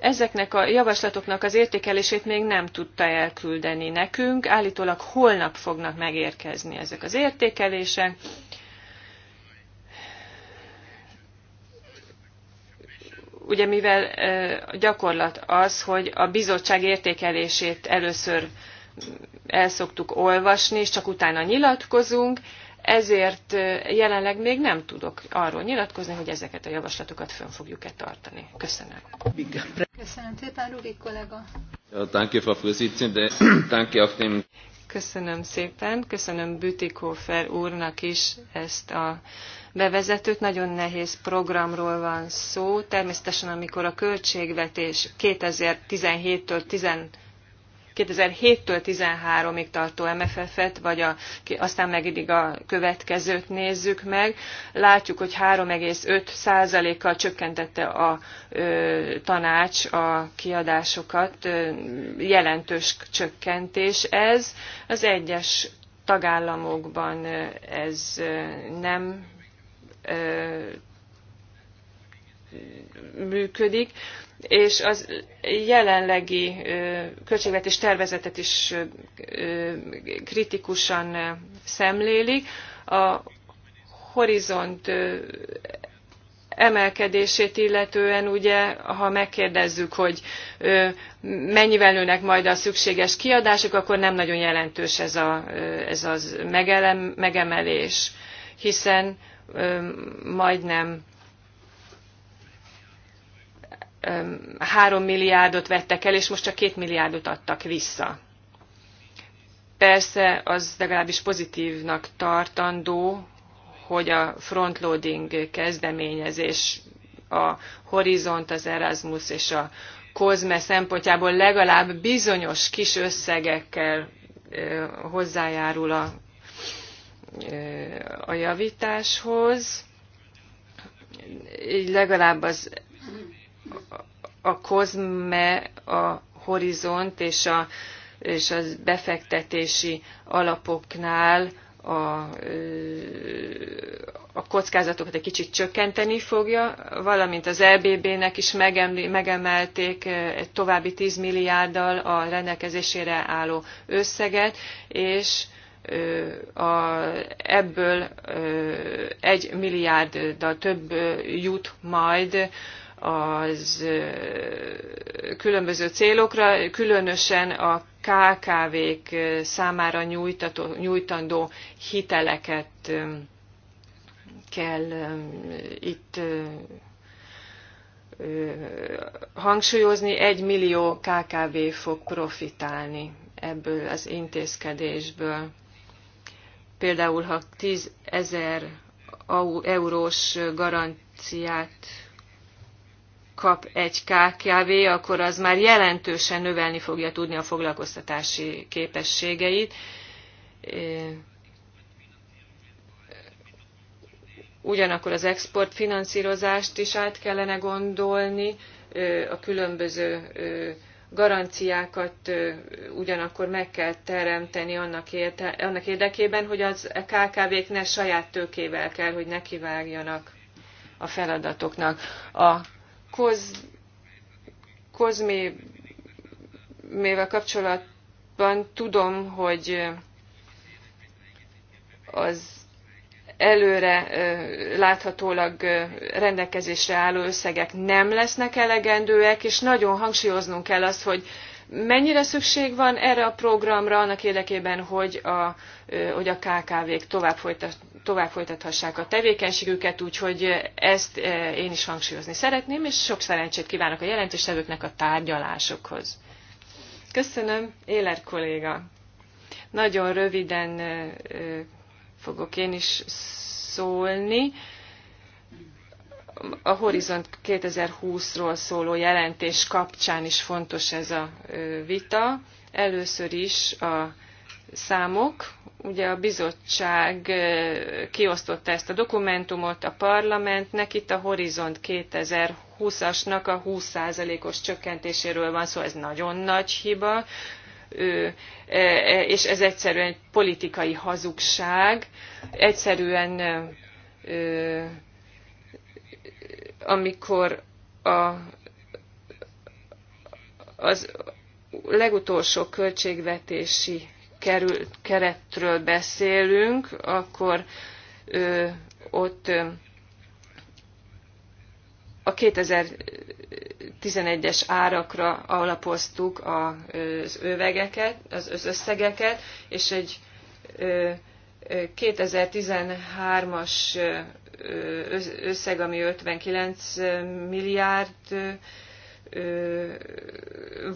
ezeknek a javaslatoknak az értékelését még nem tudta elküldeni nekünk. Állítólag holnap fognak megérkezni ezek az értékelések. Ugye mivel gyakorlat az, hogy a bizottság értékelését először el szoktuk olvasni, és csak utána nyilatkozunk, ezért jelenleg még nem tudok arról nyilatkozni, hogy ezeket a javaslatokat fönn fogjuk-e tartani. Köszönöm. Köszönöm szépen, Rubik kollega. Köszönöm szépen, köszönöm Bütikófer úrnak is ezt a bevezetőt. Nagyon nehéz programról van szó. Természetesen, amikor a költségvetés 2017-től 2007-től 13-ig tartó MFF-et, vagy a, aztán meg eddig a következőt nézzük meg, látjuk, hogy 3,5%-kal csökkentette a ö, tanács a kiadásokat, ö, jelentős csökkentés ez. Az egyes tagállamokban ez nem működik és az jelenlegi költségvetés tervezetet is kritikusan szemlélik. A horizont emelkedését illetően ugye, ha megkérdezzük, hogy mennyivel nőnek majd a szükséges kiadások, akkor nem nagyon jelentős ez, a, ez az megelem, megemelés, hiszen majdnem 3 milliárdot vettek el, és most csak 2 milliárdot adtak vissza. Persze az legalábbis pozitívnak tartandó, hogy a frontloading kezdeményezés, a Horizont, az Erasmus és a Kozme szempontjából legalább bizonyos kis összegekkel hozzájárul a, a javításhoz. Így legalább az a kozme, a Horizont és a és az befektetési alapoknál a, a kockázatokat egy kicsit csökkenteni fogja, valamint az EBB-nek is megemli, megemelték egy további 10 milliárddal a rendelkezésére álló összeget, és a, ebből egy milliárddal több jut majd az különböző célokra, különösen a KKV-k számára nyújtató, nyújtandó hiteleket kell itt hangsúlyozni, egy millió KKV fog profitálni ebből az intézkedésből. Például, ha 10 ezer eurós garanciát kap egy KKV, akkor az már jelentősen növelni fogja tudni a foglalkoztatási képességeit. Ugyanakkor az exportfinanszírozást is át kellene gondolni, a különböző garanciákat ugyanakkor meg kell teremteni annak, érdekében, hogy az KKV-k ne saját tőkével kell, hogy nekivágjanak a feladatoknak. A koz, kozmével kapcsolatban tudom, hogy az előre láthatólag rendelkezésre álló összegek nem lesznek elegendőek, és nagyon hangsúlyoznunk kell azt, hogy Mennyire szükség van erre a programra annak érdekében, hogy a, hogy a KKV-k tovább, folytat, tovább folytathassák a tevékenységüket, úgyhogy ezt én is hangsúlyozni szeretném, és sok szerencsét kívánok a jelentéstevőknek a tárgyalásokhoz. Köszönöm, Éler kolléga. Nagyon röviden fogok én is szólni a Horizont 2020-ról szóló jelentés kapcsán is fontos ez a vita. Először is a számok. Ugye a bizottság kiosztotta ezt a dokumentumot a parlamentnek, itt a Horizont 2020-asnak a 20%-os csökkentéséről van szó, ez nagyon nagy hiba, e, e, és ez egyszerűen politikai hazugság, egyszerűen amikor a, az legutolsó költségvetési kerül, keretről beszélünk, akkor ö, ott ö, a 2011-es árakra alapoztuk az övegeket, az összegeket, és egy 2013-as összeg, ami 59 milliárd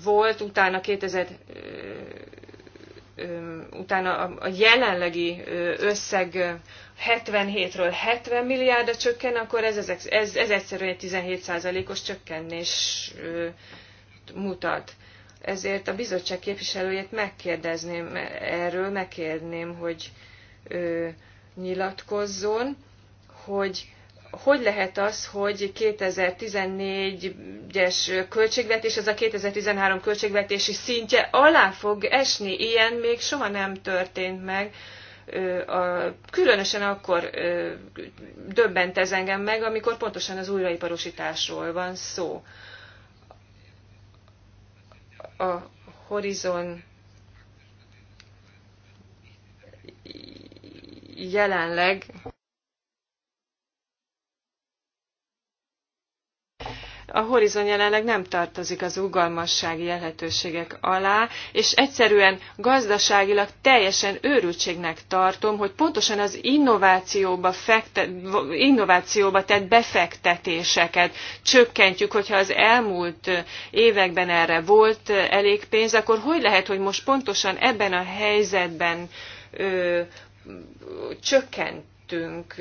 volt, utána 2000 utána a jelenlegi összeg 77-ről 70 milliárdra csökken, akkor ez, ez, ez, ez egyszerűen egy 17%-os csökkenés mutat. Ezért a bizottság képviselőjét megkérdezném erről, megkérném, hogy ö, nyilatkozzon hogy hogy lehet az, hogy 2014-es költségvetés, ez a 2013 költségvetési szintje alá fog esni? Ilyen még soha nem történt meg. Különösen akkor döbbent ez engem meg, amikor pontosan az újraiparosításról van szó. A Horizon jelenleg a horizon jelenleg nem tartozik az ugalmassági lehetőségek alá, és egyszerűen gazdaságilag teljesen őrültségnek tartom, hogy pontosan az innovációba, fekte, innovációba tett befektetéseket csökkentjük, hogyha az elmúlt években erre volt elég pénz, akkor hogy lehet, hogy most pontosan ebben a helyzetben ö, csökkent tettünk.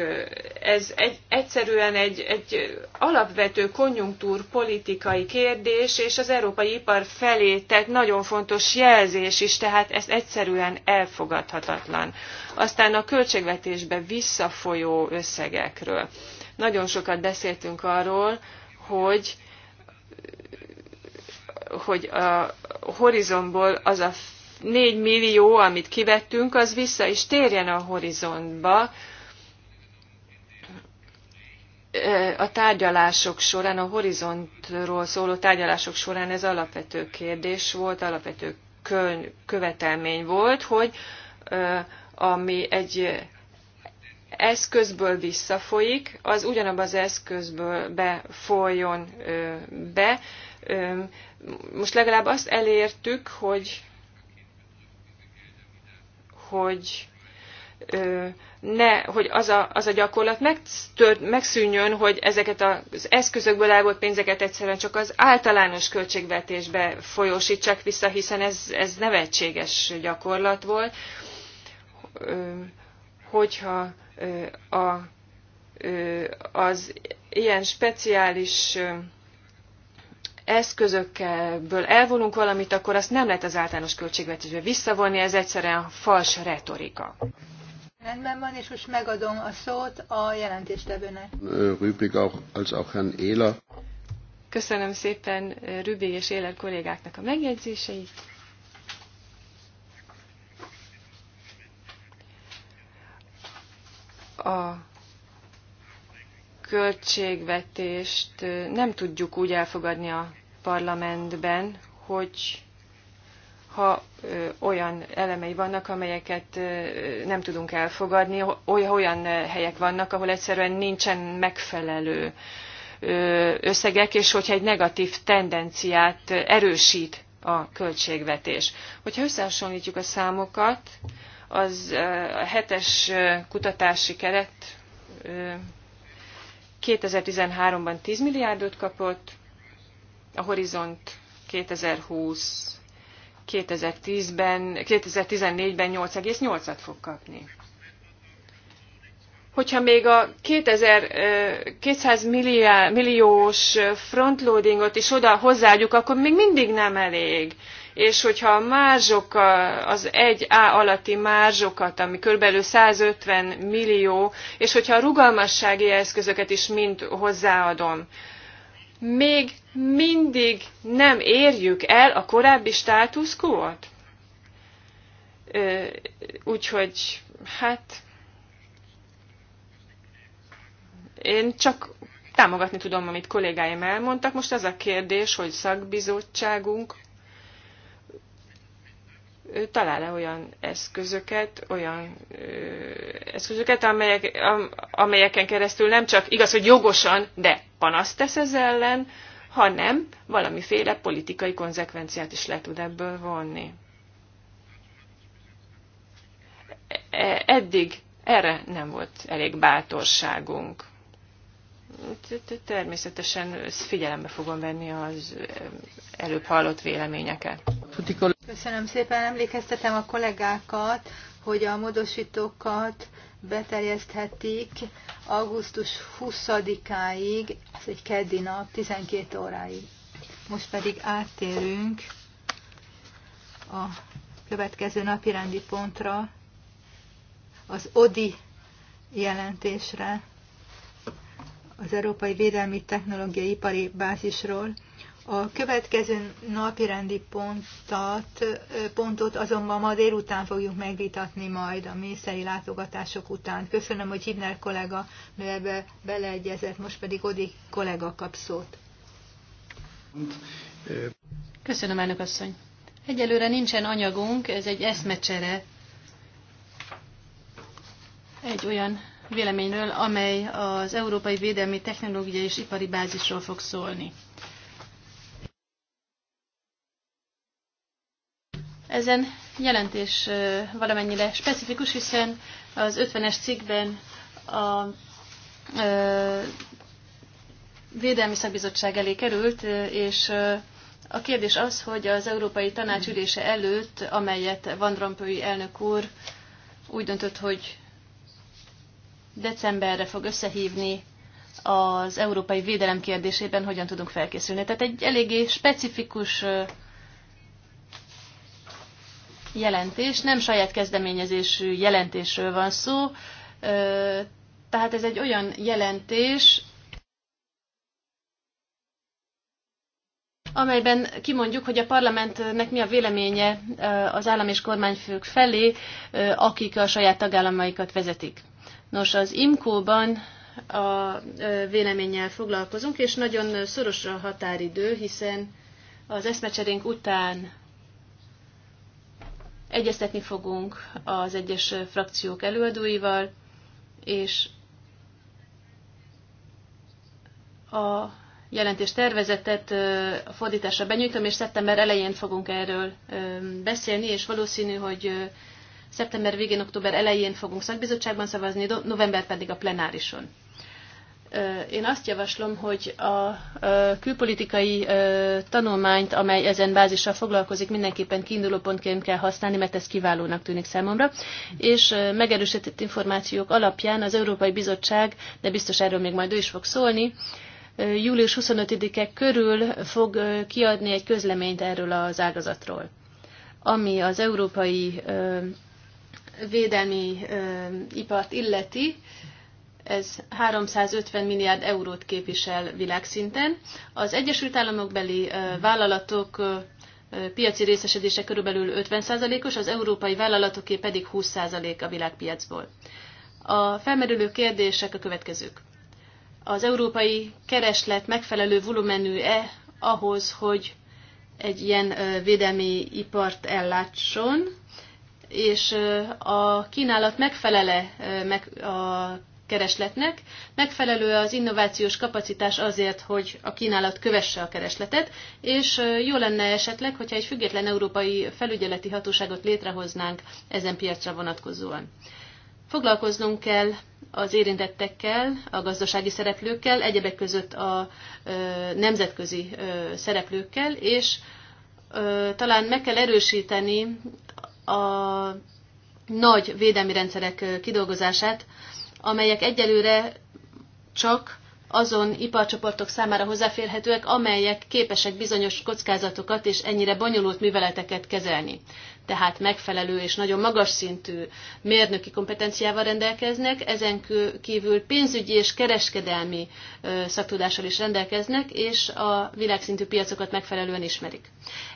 Ez egy, egyszerűen egy, egy alapvető konjunktúr politikai kérdés, és az európai ipar felé tett nagyon fontos jelzés is, tehát ez egyszerűen elfogadhatatlan. Aztán a költségvetésbe visszafolyó összegekről. Nagyon sokat beszéltünk arról, hogy hogy a horizontból az a 4 millió, amit kivettünk, az vissza is térjen a horizontba, a tárgyalások során, a horizontról szóló tárgyalások során ez alapvető kérdés volt, alapvető követelmény volt, hogy ami egy eszközből visszafolyik, az ugyanabban az eszközből befolyjon be. Most legalább azt elértük, hogy hogy ne, hogy az a, az a gyakorlat megtört, megszűnjön, hogy ezeket az eszközökből elvolt pénzeket egyszerűen csak az általános költségvetésbe folyósítsák vissza, hiszen ez, ez nevetséges gyakorlat volt. Hogyha a, az ilyen speciális eszközökből elvonunk valamit, akkor azt nem lehet az általános költségvetésbe visszavonni, ez egyszerűen fals retorika. Rendben van, és most megadom a szót a jelentéstevőnek. Rübig auch, als auch Herrn Ehler. Köszönöm szépen Rübig és Éler kollégáknak a megjegyzéseit. A költségvetést nem tudjuk úgy elfogadni a parlamentben, hogy ha olyan elemei vannak, amelyeket nem tudunk elfogadni, olyan helyek vannak, ahol egyszerűen nincsen megfelelő összegek, és hogyha egy negatív tendenciát erősít a költségvetés. Hogyha összehasonlítjuk a számokat, az a hetes kutatási keret 2013-ban 10 milliárdot kapott, a Horizont 2020 2010-ben, 2014-ben 8,8-at fog kapni. Hogyha még a 2000, milliós frontloadingot is oda hozzáadjuk, akkor még mindig nem elég és hogyha a mázsok, az 1A alatti mázsokat, ami kb. 150 millió, és hogyha a rugalmassági eszközöket is mind hozzáadom, még mindig nem érjük el a korábbi státuszkót? Úgyhogy, hát, én csak támogatni tudom, amit kollégáim elmondtak. Most az a kérdés, hogy szakbizottságunk talál-e olyan eszközöket, olyan ö, eszközöket, amelyek, am, amelyeken keresztül nem csak igaz, hogy jogosan, de panaszt tesz ez ellen, hanem valamiféle politikai konzekvenciát is le tud ebből vonni. E, eddig erre nem volt elég bátorságunk. Természetesen figyelembe fogom venni az előbb hallott véleményeket. Köszönöm szépen, emlékeztetem a kollégákat, hogy a módosítókat beterjeszthetik augusztus 20-áig, ez egy keddi nap, 12 óráig. Most pedig áttérünk a következő napi rendi pontra, az ODI jelentésre az Európai Védelmi Technológiai Ipari Bázisról. A következő napirendi pontot, pontot azonban ma délután fogjuk megvitatni majd a mészei látogatások után. Köszönöm, hogy Hibner kollega ebbe beleegyezett, most pedig Odi kollega kap szót. Köszönöm, elnök asszony. Egyelőre nincsen anyagunk, ez egy eszmecsere egy olyan véleményről, amely az Európai Védelmi Technológiai és Ipari Bázisról fog szólni. Ezen jelentés valamennyire specifikus, hiszen az 50-es cikkben a Védelmi Szakbizottság elé került, és a kérdés az, hogy az Európai Tanács ülése előtt, amelyet Van Rompuy elnök úr úgy döntött, hogy decemberre fog összehívni az európai védelem kérdésében hogyan tudunk felkészülni. Tehát egy eléggé specifikus jelentés, nem saját kezdeményezésű jelentésről van szó, tehát ez egy olyan jelentés, amelyben kimondjuk, hogy a parlamentnek mi a véleménye az állam és kormányfők felé, akik a saját tagállamaikat vezetik. Nos, az IMCO-ban a véleménnyel foglalkozunk, és nagyon szoros a határidő, hiszen az eszmecserénk után egyeztetni fogunk az egyes frakciók előadóival, és a jelentés tervezetet a fordításra benyújtom, és szeptember elején fogunk erről beszélni, és valószínű, hogy Szeptember végén, október elején fogunk szakbizottságban szavazni, november pedig a plenárison. Én azt javaslom, hogy a külpolitikai tanulmányt, amely ezen bázissal foglalkozik, mindenképpen pontként kell használni, mert ez kiválónak tűnik számomra, és megerősített információk alapján az Európai Bizottság, de biztos erről még majd ő is fog szólni, július 25-e körül fog kiadni egy közleményt erről az ágazatról ami az európai védelmi ö, ipart illeti, ez 350 milliárd eurót képvisel világszinten. Az Egyesült Államok beli ö, vállalatok ö, piaci részesedése körülbelül 50%-os, az európai vállalatoké pedig 20% a világpiacból. A felmerülő kérdések a következők. Az európai kereslet megfelelő volumenű-e ahhoz, hogy egy ilyen védelmi ipart ellátson, és a kínálat megfelele a keresletnek, megfelelő az innovációs kapacitás azért, hogy a kínálat kövesse a keresletet, és jó lenne esetleg, hogyha egy független európai felügyeleti hatóságot létrehoznánk ezen piacra vonatkozóan. Foglalkoznunk kell az érintettekkel, a gazdasági szereplőkkel, egyebek között a nemzetközi szereplőkkel, és talán meg kell erősíteni a nagy védelmi rendszerek kidolgozását, amelyek egyelőre csak azon iparcsoportok számára hozzáférhetőek, amelyek képesek bizonyos kockázatokat és ennyire bonyolult műveleteket kezelni. Tehát megfelelő és nagyon magas szintű mérnöki kompetenciával rendelkeznek, ezen kívül pénzügyi és kereskedelmi szaktudással is rendelkeznek, és a világszintű piacokat megfelelően ismerik.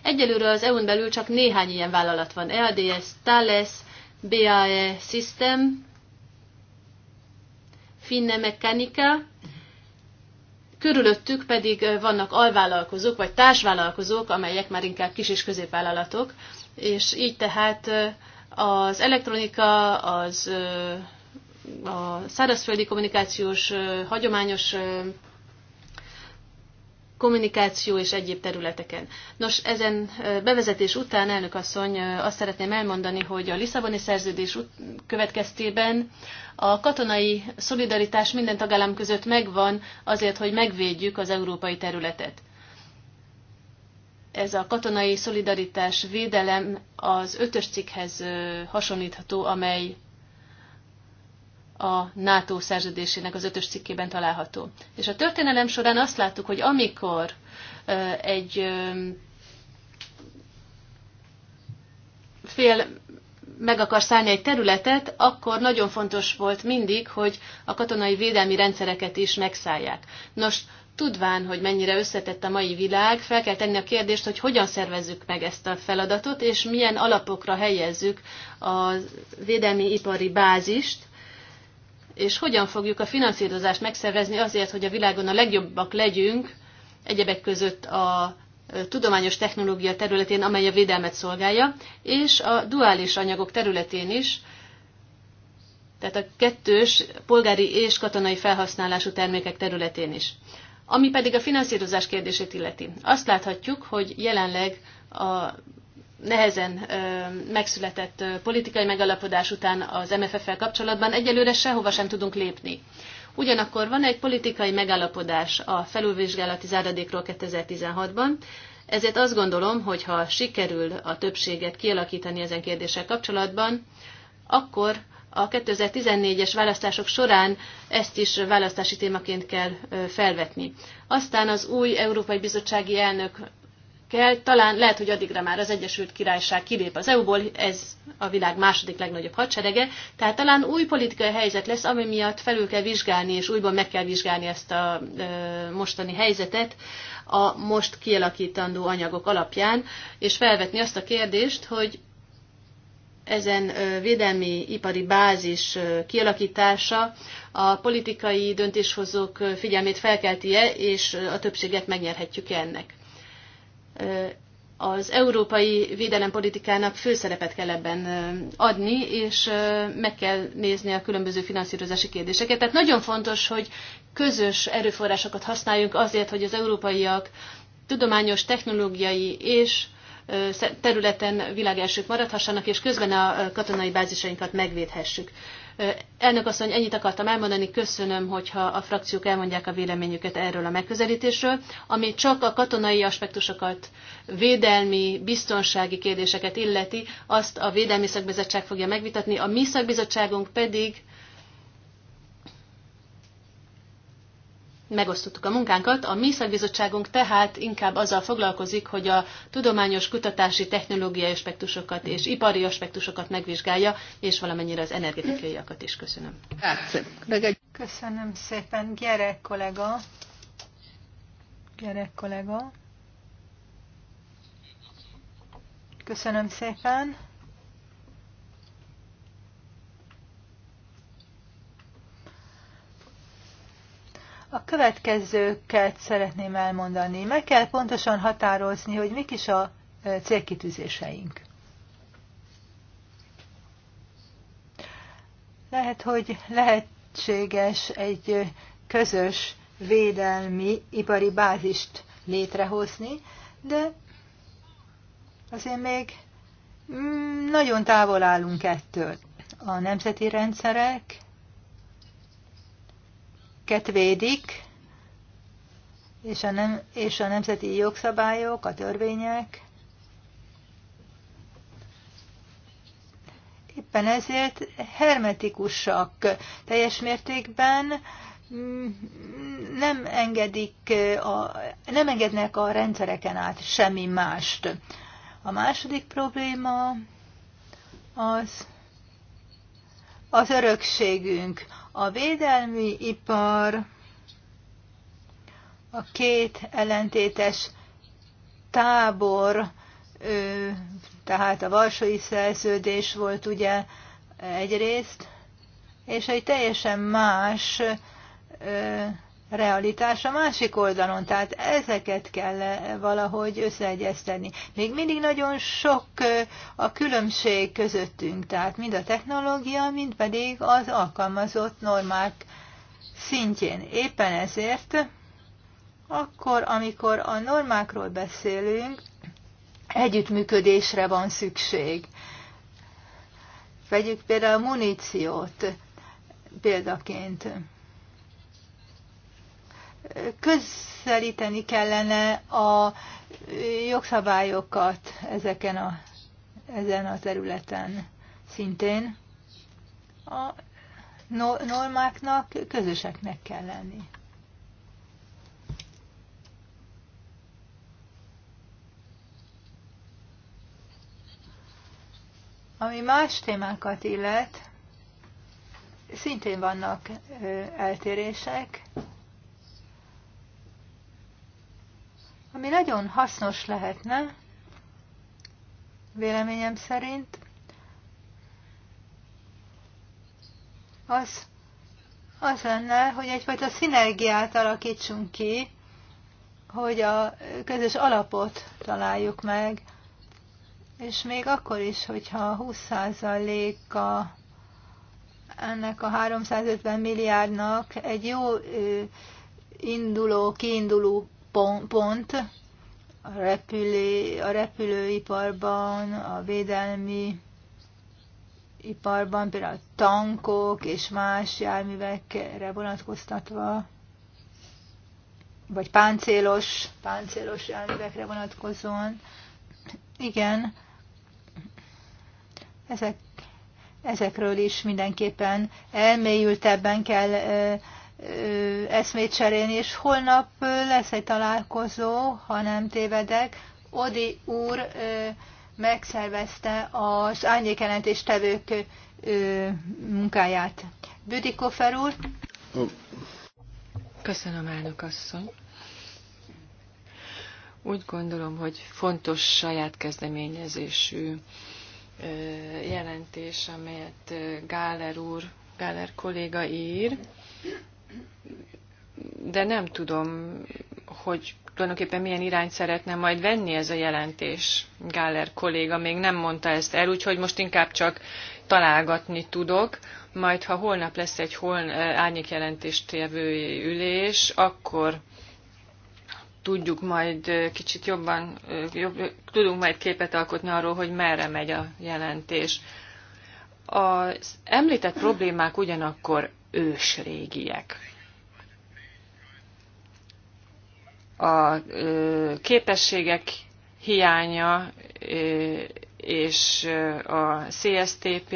Egyelőre az EU-n belül csak néhány ilyen vállalat van. EADS, Thales, BAE System, Finne Mechanica, körülöttük pedig vannak alvállalkozók vagy társvállalkozók, amelyek már inkább kis és középvállalatok, és így tehát az elektronika, az a szárazföldi kommunikációs hagyományos kommunikáció és egyéb területeken. Nos, ezen bevezetés után, elnök asszony, azt szeretném elmondani, hogy a Lisszaboni szerződés következtében a katonai szolidaritás minden tagállam között megvan azért, hogy megvédjük az európai területet. Ez a katonai szolidaritás védelem az ötös cikkhez hasonlítható, amely a NATO szerződésének az ötös cikkében található. És a történelem során azt láttuk, hogy amikor egy fél meg akar szállni egy területet, akkor nagyon fontos volt mindig, hogy a katonai védelmi rendszereket is megszállják. Nos, tudván, hogy mennyire összetett a mai világ, fel kell tenni a kérdést, hogy hogyan szervezzük meg ezt a feladatot, és milyen alapokra helyezzük a védelmi ipari bázist, és hogyan fogjuk a finanszírozást megszervezni azért, hogy a világon a legjobbak legyünk, egyebek között a tudományos technológia területén, amely a védelmet szolgálja, és a duális anyagok területén is, tehát a kettős polgári és katonai felhasználású termékek területén is. Ami pedig a finanszírozás kérdését illeti. Azt láthatjuk, hogy jelenleg a nehezen megszületett politikai megalapodás után az MFF-fel kapcsolatban egyelőre sehova sem tudunk lépni. Ugyanakkor van egy politikai megállapodás a felülvizsgálati záradékról 2016-ban, ezért azt gondolom, hogy ha sikerül a többséget kialakítani ezen kérdéssel kapcsolatban, akkor a 2014-es választások során ezt is választási témaként kell felvetni. Aztán az új Európai Bizottsági Elnök kell. Talán lehet, hogy addigra már az Egyesült Királyság kilép az EU-ból, ez a világ második legnagyobb hadserege, tehát talán új politikai helyzet lesz, ami miatt felül kell vizsgálni, és újban meg kell vizsgálni ezt a ö, mostani helyzetet a most kialakítandó anyagok alapján, és felvetni azt a kérdést, hogy ezen védelmi ipari bázis kialakítása a politikai döntéshozók figyelmét felkelti-e, és a többséget megnyerhetjük -e ennek az európai védelempolitikának főszerepet kell ebben adni, és meg kell nézni a különböző finanszírozási kérdéseket. Tehát nagyon fontos, hogy közös erőforrásokat használjunk azért, hogy az európaiak tudományos, technológiai és területen világelsők maradhassanak, és közben a katonai bázisainkat megvédhessük. Elnök asszony, ennyit akartam elmondani, köszönöm, hogyha a frakciók elmondják a véleményüket erről a megközelítésről, ami csak a katonai aspektusokat, védelmi, biztonsági kérdéseket illeti, azt a Védelmi Szakbizottság fogja megvitatni, a mi szakbizottságunk pedig megosztottuk a munkánkat. A mi szakbizottságunk tehát inkább azzal foglalkozik, hogy a tudományos, kutatási, technológiai aspektusokat és ipari aspektusokat megvizsgálja, és valamennyire az energetikaiakat is köszönöm. Köszönöm szépen, gyerek kollega. Gyerek kollega. Köszönöm szépen. A következőket szeretném elmondani. Meg kell pontosan határozni, hogy mik is a e, célkitűzéseink. Lehet, hogy lehetséges egy e, közös védelmi ipari bázist létrehozni, de azért még mm, nagyon távol állunk ettől. A nemzeti rendszerek védik, és a, nem, és a nemzeti jogszabályok, a törvények. Éppen ezért hermetikusak teljes mértékben, mm, nem, engedik a, nem engednek a rendszereken át semmi mást. A második probléma az az örökségünk, a védelmi ipar a két ellentétes tábor, tehát a Varsói Szerződés volt ugye egyrészt, és egy teljesen más realitás a másik oldalon, tehát ezeket kell valahogy összeegyezteni. Még mindig nagyon sok a különbség közöttünk, tehát mind a technológia, mind pedig az alkalmazott normák szintjén. Éppen ezért akkor, amikor a normákról beszélünk, együttműködésre van szükség. Vegyük például a muníciót példaként közelíteni kellene a jogszabályokat ezeken a, ezen a területen szintén. A normáknak közöseknek kell lenni. Ami más témákat illet, szintén vannak eltérések, ami nagyon hasznos lehetne, véleményem szerint, az, az lenne, hogy egyfajta szinergiát alakítsunk ki, hogy a közös alapot találjuk meg, és még akkor is, hogyha 20%-a ennek a 350 milliárdnak egy jó induló, kiinduló pont a, repülé, a repülőiparban, a védelmi iparban, például a tankok és más járművekre vonatkoztatva, vagy páncélos, páncélos járművekre vonatkozóan. Igen, ezek, ezekről is mindenképpen elmélyültebben kell eszmét cserélni, és holnap lesz egy találkozó, ha nem tévedek. Odi úr megszervezte az ö, munkáját. Büdikofer úr. Köszönöm, elnök asszony. Úgy gondolom, hogy fontos saját kezdeményezésű jelentés, amelyet Gáler úr, Gáler kolléga ír, de nem tudom, hogy tulajdonképpen milyen irányt szeretne majd venni ez a jelentés. Gáller kolléga még nem mondta ezt el, úgyhogy most inkább csak találgatni tudok. Majd, ha holnap lesz egy holn, árnyékjelentést jövő ülés, akkor tudjuk majd kicsit jobban, jobb, tudunk majd képet alkotni arról, hogy merre megy a jelentés. Az említett problémák ugyanakkor ősrégiek. A képességek hiánya és a CSTP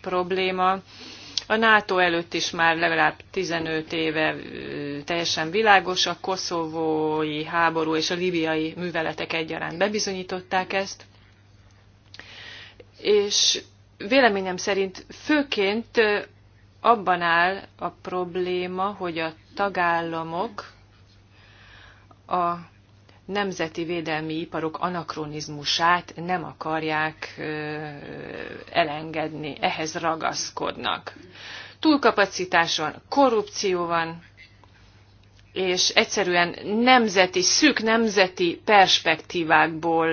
probléma a NATO előtt is már legalább 15 éve teljesen világos, a koszovói háború és a libiai műveletek egyaránt bebizonyították ezt. És véleményem szerint főként abban áll a probléma, hogy a tagállamok a nemzeti védelmi iparok anakronizmusát nem akarják elengedni, ehhez ragaszkodnak. Túlkapacitás van, korrupció van, és egyszerűen nemzeti, szűk nemzeti perspektívákból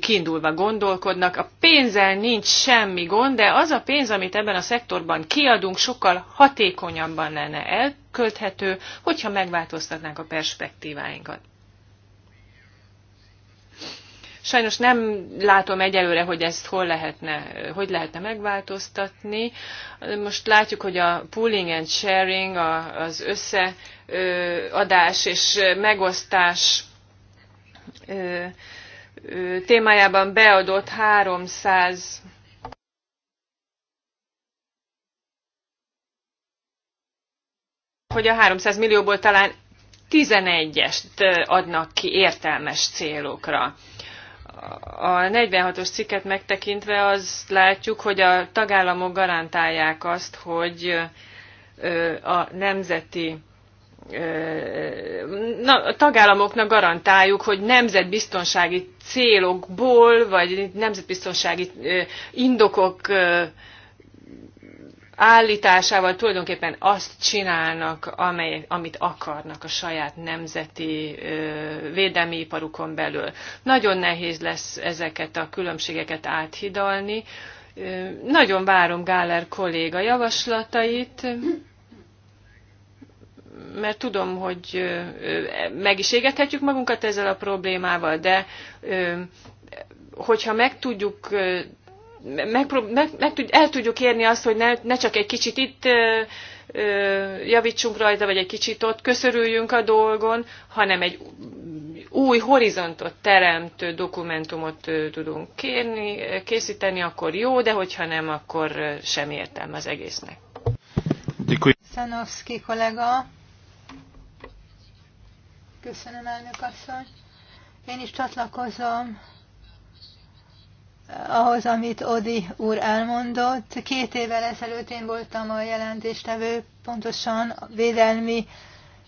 kiindulva gondolkodnak. A pénzzel nincs semmi gond, de az a pénz, amit ebben a szektorban kiadunk, sokkal hatékonyabban lenne elkölthető, hogyha megváltoztatnánk a perspektíváinkat. Sajnos nem látom egyelőre, hogy ezt hol lehetne, hogy lehetne megváltoztatni. Most látjuk, hogy a pooling and sharing, az összeadás és megosztás témájában beadott 300 hogy a 300 millióból talán 11-est adnak ki értelmes célokra a 46-os cikket megtekintve azt látjuk, hogy a tagállamok garantálják azt, hogy a nemzeti na, a tagállamoknak garantáljuk, hogy nemzetbiztonsági célokból, vagy nemzetbiztonsági indokok állításával tulajdonképpen azt csinálnak, amely, amit akarnak a saját nemzeti ö, védelmi iparukon belül. Nagyon nehéz lesz ezeket a különbségeket áthidalni. Ö, nagyon várom Gáler kolléga javaslatait, mert tudom, hogy ö, meg is égethetjük magunkat ezzel a problémával, de ö, hogyha meg tudjuk megprób- meg, meg, el tudjuk érni azt, hogy ne, ne csak egy kicsit itt ö, ö, javítsunk rajta, vagy egy kicsit ott köszörüljünk a dolgon, hanem egy új horizontot teremtő dokumentumot ö, tudunk kérni, készíteni, akkor jó, de hogyha nem, akkor sem értem az egésznek. Szanovszki kollega. Köszönöm, elnök asszony. Én is csatlakozom ahhoz, amit Odi úr elmondott. Két évvel ezelőtt én voltam a jelentéstevő, pontosan a védelmi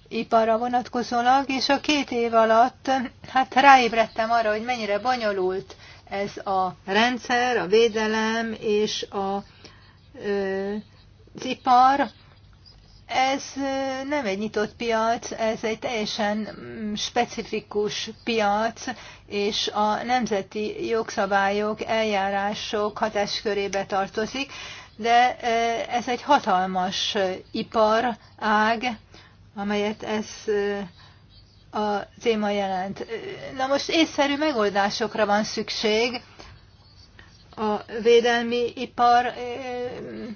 iparra vonatkozólag, és a két év alatt hát ráébredtem arra, hogy mennyire bonyolult ez a rendszer, a védelem és a, ö, az ipar, ez nem egy nyitott piac, ez egy teljesen mm, specifikus piac, és a nemzeti jogszabályok, eljárások hatáskörébe tartozik, de ez egy hatalmas iparág, amelyet ez a téma jelent. Na most észszerű megoldásokra van szükség, a védelmi ipar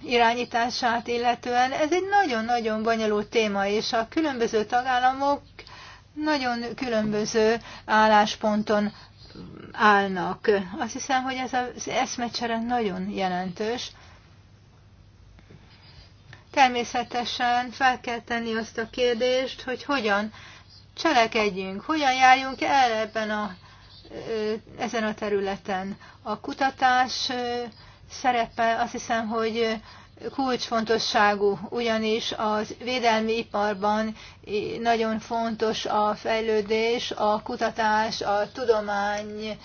irányítását illetően. Ez egy nagyon-nagyon bonyolult téma, és a különböző tagállamok nagyon különböző állásponton állnak. Azt hiszem, hogy ez az eszmecsere nagyon jelentős. Természetesen fel kell tenni azt a kérdést, hogy hogyan cselekedjünk, hogyan járjunk el ebben a ezen a területen. A kutatás szerepe azt hiszem, hogy kulcsfontosságú, ugyanis az védelmi iparban nagyon fontos a fejlődés, a kutatás, a tudomány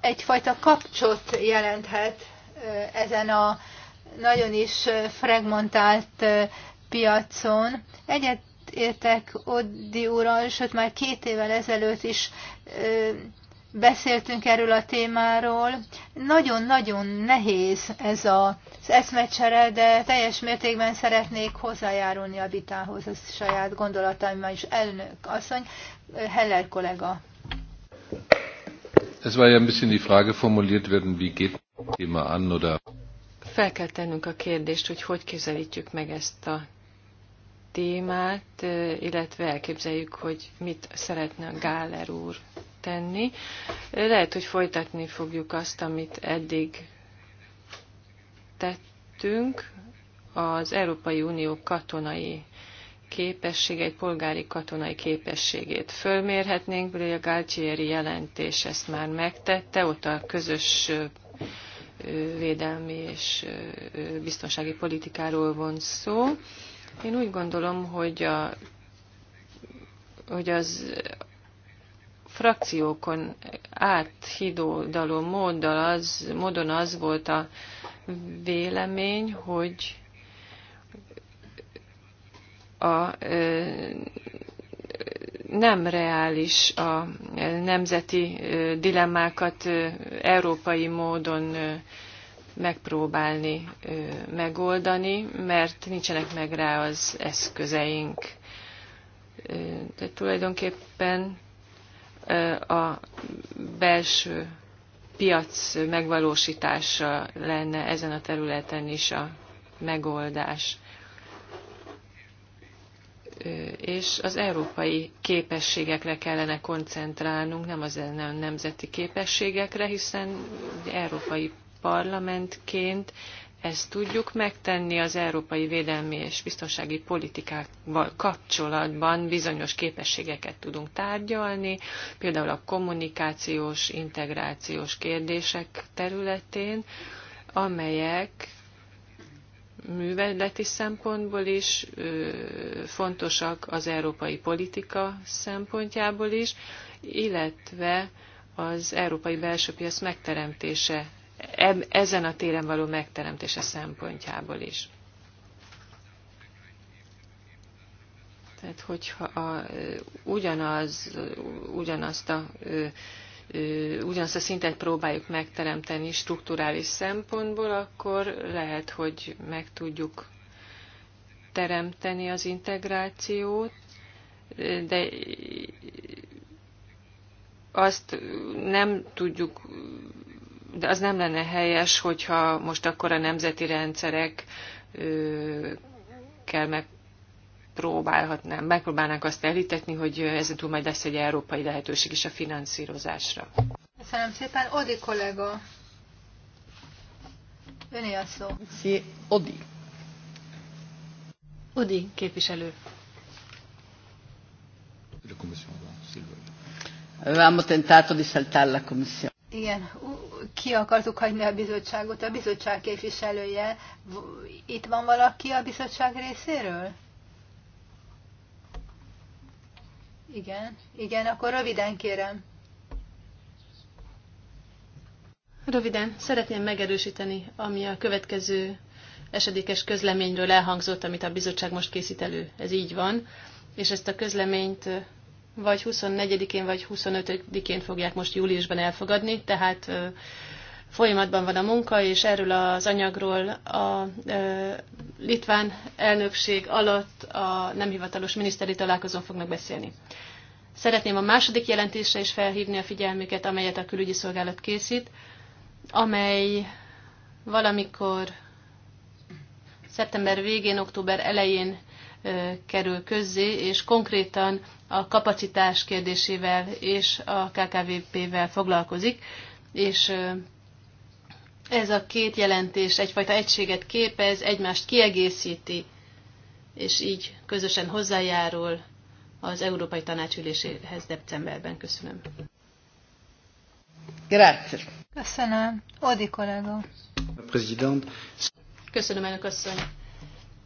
egyfajta kapcsot jelenthet ezen a nagyon is fragmentált piacon. Egyet egyetértek Oddi úrral, sőt már két évvel ezelőtt is beszéltünk erről a témáról. Nagyon-nagyon nehéz ez az eszmecsere, de teljes mértékben szeretnék hozzájárulni a vitához a saját gondolataimmal is. Elnök asszony, Heller kollega. Ez war ja ein bisschen die Frage formuliert werden, wie geht Thema an, oder? Fel kell tennünk a kérdést, hogy hogy közelítjük meg ezt a témát, illetve elképzeljük, hogy mit szeretne Gáler úr tenni. Lehet, hogy folytatni fogjuk azt, amit eddig tettünk, az Európai Unió katonai képességeit, polgári katonai képességét fölmérhetnénk, de a Galtieri jelentés ezt már megtette, ott a közös védelmi és biztonsági politikáról van szó. Én úgy gondolom, hogy, a, hogy az frakciókon áthidódaló módon az, módon az volt a vélemény, hogy a, nem reális a nemzeti dilemmákat európai módon megpróbálni megoldani, mert nincsenek meg rá az eszközeink. De tulajdonképpen a belső piac megvalósítása lenne ezen a területen is a megoldás. És az európai képességekre kellene koncentrálnunk, nem az nem nemzeti képességekre, hiszen európai parlamentként ezt tudjuk megtenni az európai védelmi és biztonsági politikával kapcsolatban bizonyos képességeket tudunk tárgyalni, például a kommunikációs, integrációs kérdések területén, amelyek műveleti szempontból is fontosak az európai politika szempontjából is, illetve az európai belső piac megteremtése ezen a téren való megteremtése szempontjából is. Tehát, hogyha a, ugyanaz, ugyanazt a ugyanazt a szintet próbáljuk megteremteni struktúrális szempontból, akkor lehet, hogy meg tudjuk teremteni az integrációt, de azt nem tudjuk de az nem lenne helyes, hogyha most akkor a nemzeti rendszerek kell meg próbálhatnám, megpróbálnánk azt elítetni, hogy túl majd lesz egy európai lehetőség is a finanszírozásra. Köszönöm szépen. Odi kollega. Öné a szó. Szé Odi. Odi képviselő. Avevamo tentato di saltare la commissione. Igen, ki akartuk hagyni a bizottságot? A bizottság képviselője. Itt van valaki a bizottság részéről? Igen, igen, akkor röviden kérem. Röviden, szeretném megerősíteni, ami a következő esedékes közleményről elhangzott, amit a bizottság most készít elő. Ez így van, és ezt a közleményt vagy 24-én, vagy 25-én fogják most júliusban elfogadni, tehát folyamatban van a munka, és erről az anyagról a litván elnökség alatt a nem hivatalos miniszteri találkozón fognak beszélni. Szeretném a második jelentésre is felhívni a figyelmüket, amelyet a külügyi szolgálat készít, amely valamikor szeptember végén, október elején kerül közzé, és konkrétan a kapacitás kérdésével és a KKVP-vel foglalkozik, és ez a két jelentés egyfajta egységet képez, egymást kiegészíti, és így közösen hozzájárul az Európai Tanács üléséhez decemberben. Köszönöm. Grazie. Köszönöm. Odi kollega. Köszönöm, elnök asszony.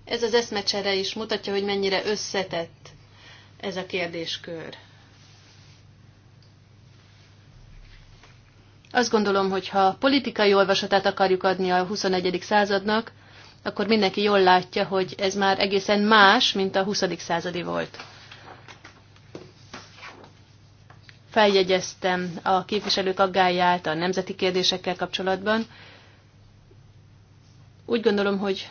Ez az eszmecsere is mutatja, hogy mennyire összetett ez a kérdéskör. Azt gondolom, hogy ha politikai olvasatát akarjuk adni a 21. századnak, akkor mindenki jól látja, hogy ez már egészen más, mint a 20. századi volt. Feljegyeztem a képviselők aggáját a nemzeti kérdésekkel kapcsolatban. Úgy gondolom, hogy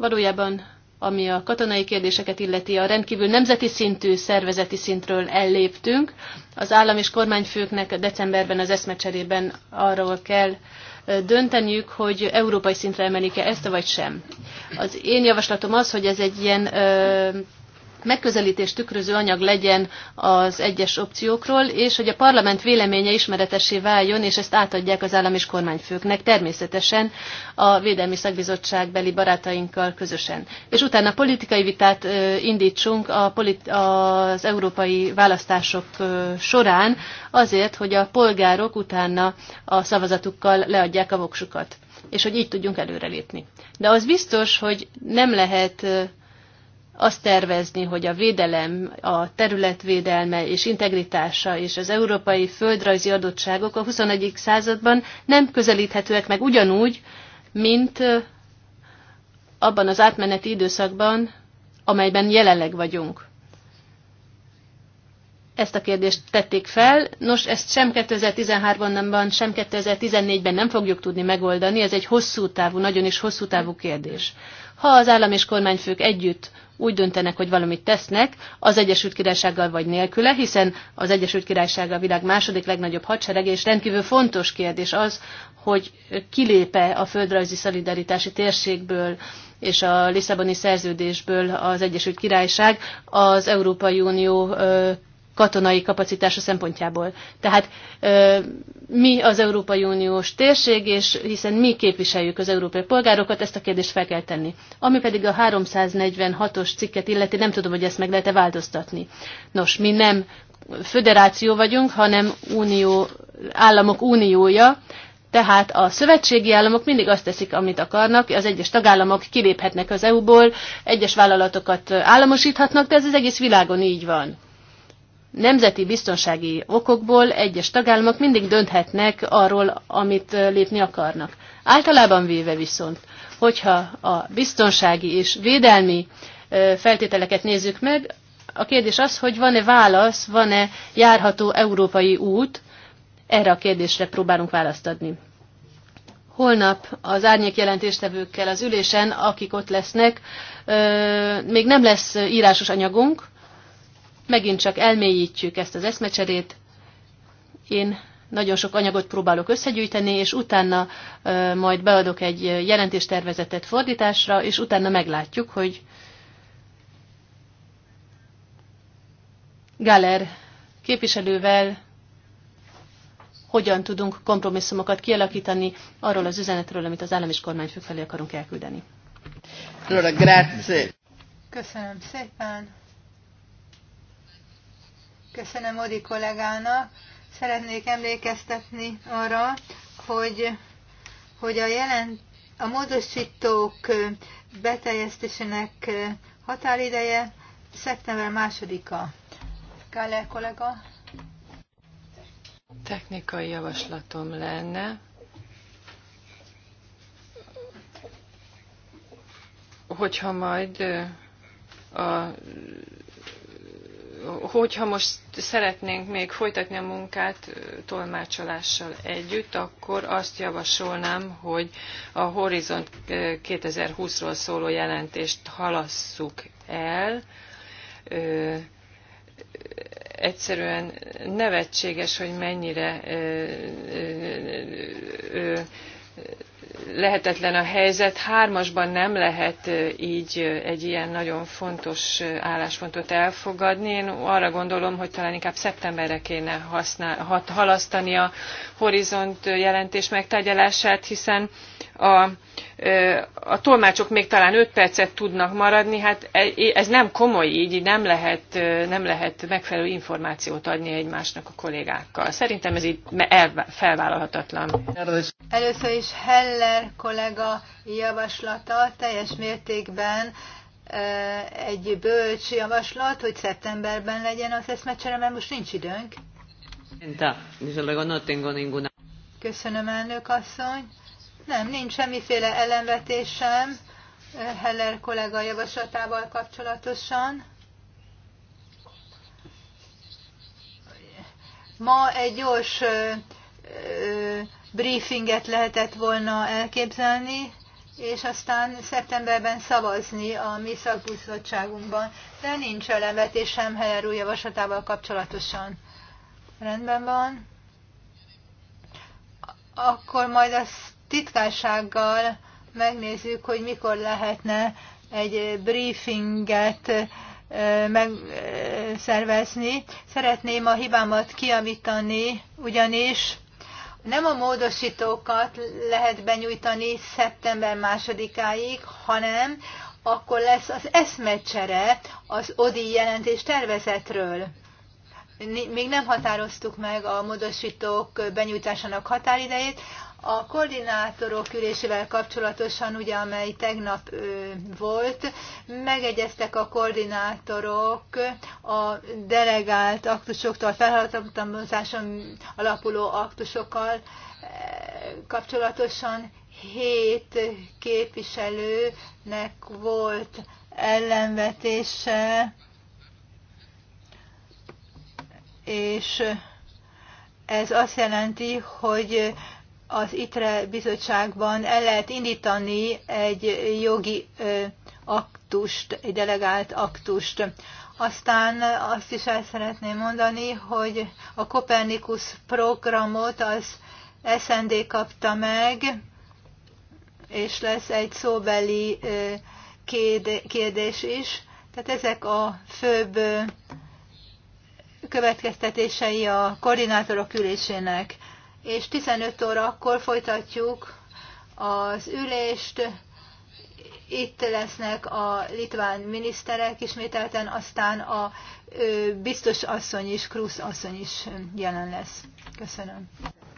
Valójában, ami a katonai kérdéseket illeti, a rendkívül nemzeti szintű szervezeti szintről elléptünk. Az állam és kormányfőknek decemberben az eszmecserében arról kell dönteniük, hogy európai szintre emelik-e ezt, vagy sem. Az én javaslatom az, hogy ez egy ilyen megközelítés tükröző anyag legyen az egyes opciókról, és hogy a parlament véleménye ismeretessé váljon, és ezt átadják az állam és kormányfőknek, természetesen a Védelmi Szakbizottság beli barátainkkal közösen. És utána politikai vitát indítsunk a az európai választások során, azért, hogy a polgárok utána a szavazatukkal leadják a voksukat és hogy így tudjunk előrelépni. De az biztos, hogy nem lehet azt tervezni, hogy a védelem, a területvédelme és integritása és az európai földrajzi adottságok a 21. században nem közelíthetőek meg ugyanúgy, mint abban az átmeneti időszakban, amelyben jelenleg vagyunk. Ezt a kérdést tették fel. Nos, ezt sem 2013-ban, sem 2014-ben nem fogjuk tudni megoldani. Ez egy hosszú távú, nagyon is hosszú távú kérdés. Ha az állam és kormányfők együtt úgy döntenek, hogy valamit tesznek az Egyesült Királysággal vagy nélküle, hiszen az Egyesült Királyság a világ második legnagyobb hadserege, és rendkívül fontos kérdés az, hogy kilépe a földrajzi szolidaritási térségből és a Lisszaboni szerződésből az Egyesült Királyság az Európai Unió katonai kapacitása szempontjából. Tehát mi az Európai Uniós térség, és hiszen mi képviseljük az európai polgárokat, ezt a kérdést fel kell tenni. Ami pedig a 346-os cikket illeti, nem tudom, hogy ezt meg lehet-e változtatni. Nos, mi nem föderáció vagyunk, hanem unió, államok uniója, tehát a szövetségi államok mindig azt teszik, amit akarnak, az egyes tagállamok kiléphetnek az EU-ból, egyes vállalatokat államosíthatnak, de ez az egész világon így van nemzeti biztonsági okokból egyes tagállamok mindig dönthetnek arról, amit lépni akarnak. Általában véve viszont, hogyha a biztonsági és védelmi feltételeket nézzük meg, a kérdés az, hogy van-e válasz, van-e járható európai út, erre a kérdésre próbálunk választ adni. Holnap az árnyék jelentéstevőkkel az ülésen, akik ott lesznek, még nem lesz írásos anyagunk, Megint csak elmélyítjük ezt az eszmecserét. Én nagyon sok anyagot próbálok összegyűjteni, és utána majd beadok egy jelentéstervezetet fordításra, és utána meglátjuk, hogy Galer képviselővel hogyan tudunk kompromisszumokat kialakítani arról az üzenetről, amit az állam és kormányfők felé akarunk elküldeni. Köszönöm szépen! Köszönöm Odi kollégának. Szeretnék emlékeztetni arra, hogy, hogy a, jelent, a módosítók beteljesztésének határideje szeptember másodika. a Kále kollega. Technikai javaslatom lenne, hogyha majd a hogyha most szeretnénk még folytatni a munkát tolmácsolással együtt, akkor azt javasolnám, hogy a Horizont 2020-ról szóló jelentést halasszuk el. Egyszerűen nevetséges, hogy mennyire lehetetlen a helyzet. Hármasban nem lehet így egy ilyen nagyon fontos álláspontot elfogadni. Én arra gondolom, hogy talán inkább szeptemberre kéne használ, hat, halasztani a horizont jelentés megtárgyalását, hiszen a, a tolmácsok még talán 5 percet tudnak maradni, hát ez nem komoly így, nem lehet, nem lehet megfelelő információt adni egymásnak a kollégákkal. Szerintem ez így felvállalhatatlan. Először is Heller kollega javaslata teljes mértékben egy bölcs javaslat, hogy szeptemberben legyen az eszmecsere, mert most nincs időnk. Köszönöm, elnök asszony. Nem, nincs semmiféle ellenvetésem sem eh, Heller kollega javaslatával kapcsolatosan. Ma egy gyors eh, eh, briefinget lehetett volna elképzelni, és aztán szeptemberben szavazni a mi szakbizottságunkban, de nincs elemetés sem Heller új javaslatával kapcsolatosan. Rendben van. Akkor majd az titkársággal megnézzük, hogy mikor lehetne egy briefinget megszervezni. Szeretném a hibámat kiamítani, ugyanis nem a módosítókat lehet benyújtani szeptember másodikáig, hanem akkor lesz az eszmecsere az ODI jelentés tervezetről. Még nem határoztuk meg a módosítók benyújtásának határidejét. A koordinátorok ülésével kapcsolatosan, ugye, amely tegnap ö, volt, megegyeztek a koordinátorok a delegált aktusoktól, felhatalmazáson alapuló aktusokkal kapcsolatosan hét képviselőnek volt ellenvetése, és ez azt jelenti, hogy az ITRE bizottságban el lehet indítani egy jogi aktust, egy delegált aktust. Aztán azt is el szeretném mondani, hogy a Kopernikus programot az SND kapta meg, és lesz egy szóbeli kérdés is. Tehát ezek a főbb következtetései a koordinátorok ülésének és 15 órakor folytatjuk az ülést. Itt lesznek a litván miniszterek ismételten, aztán a biztos asszony is, Krusz asszony is jelen lesz. Köszönöm.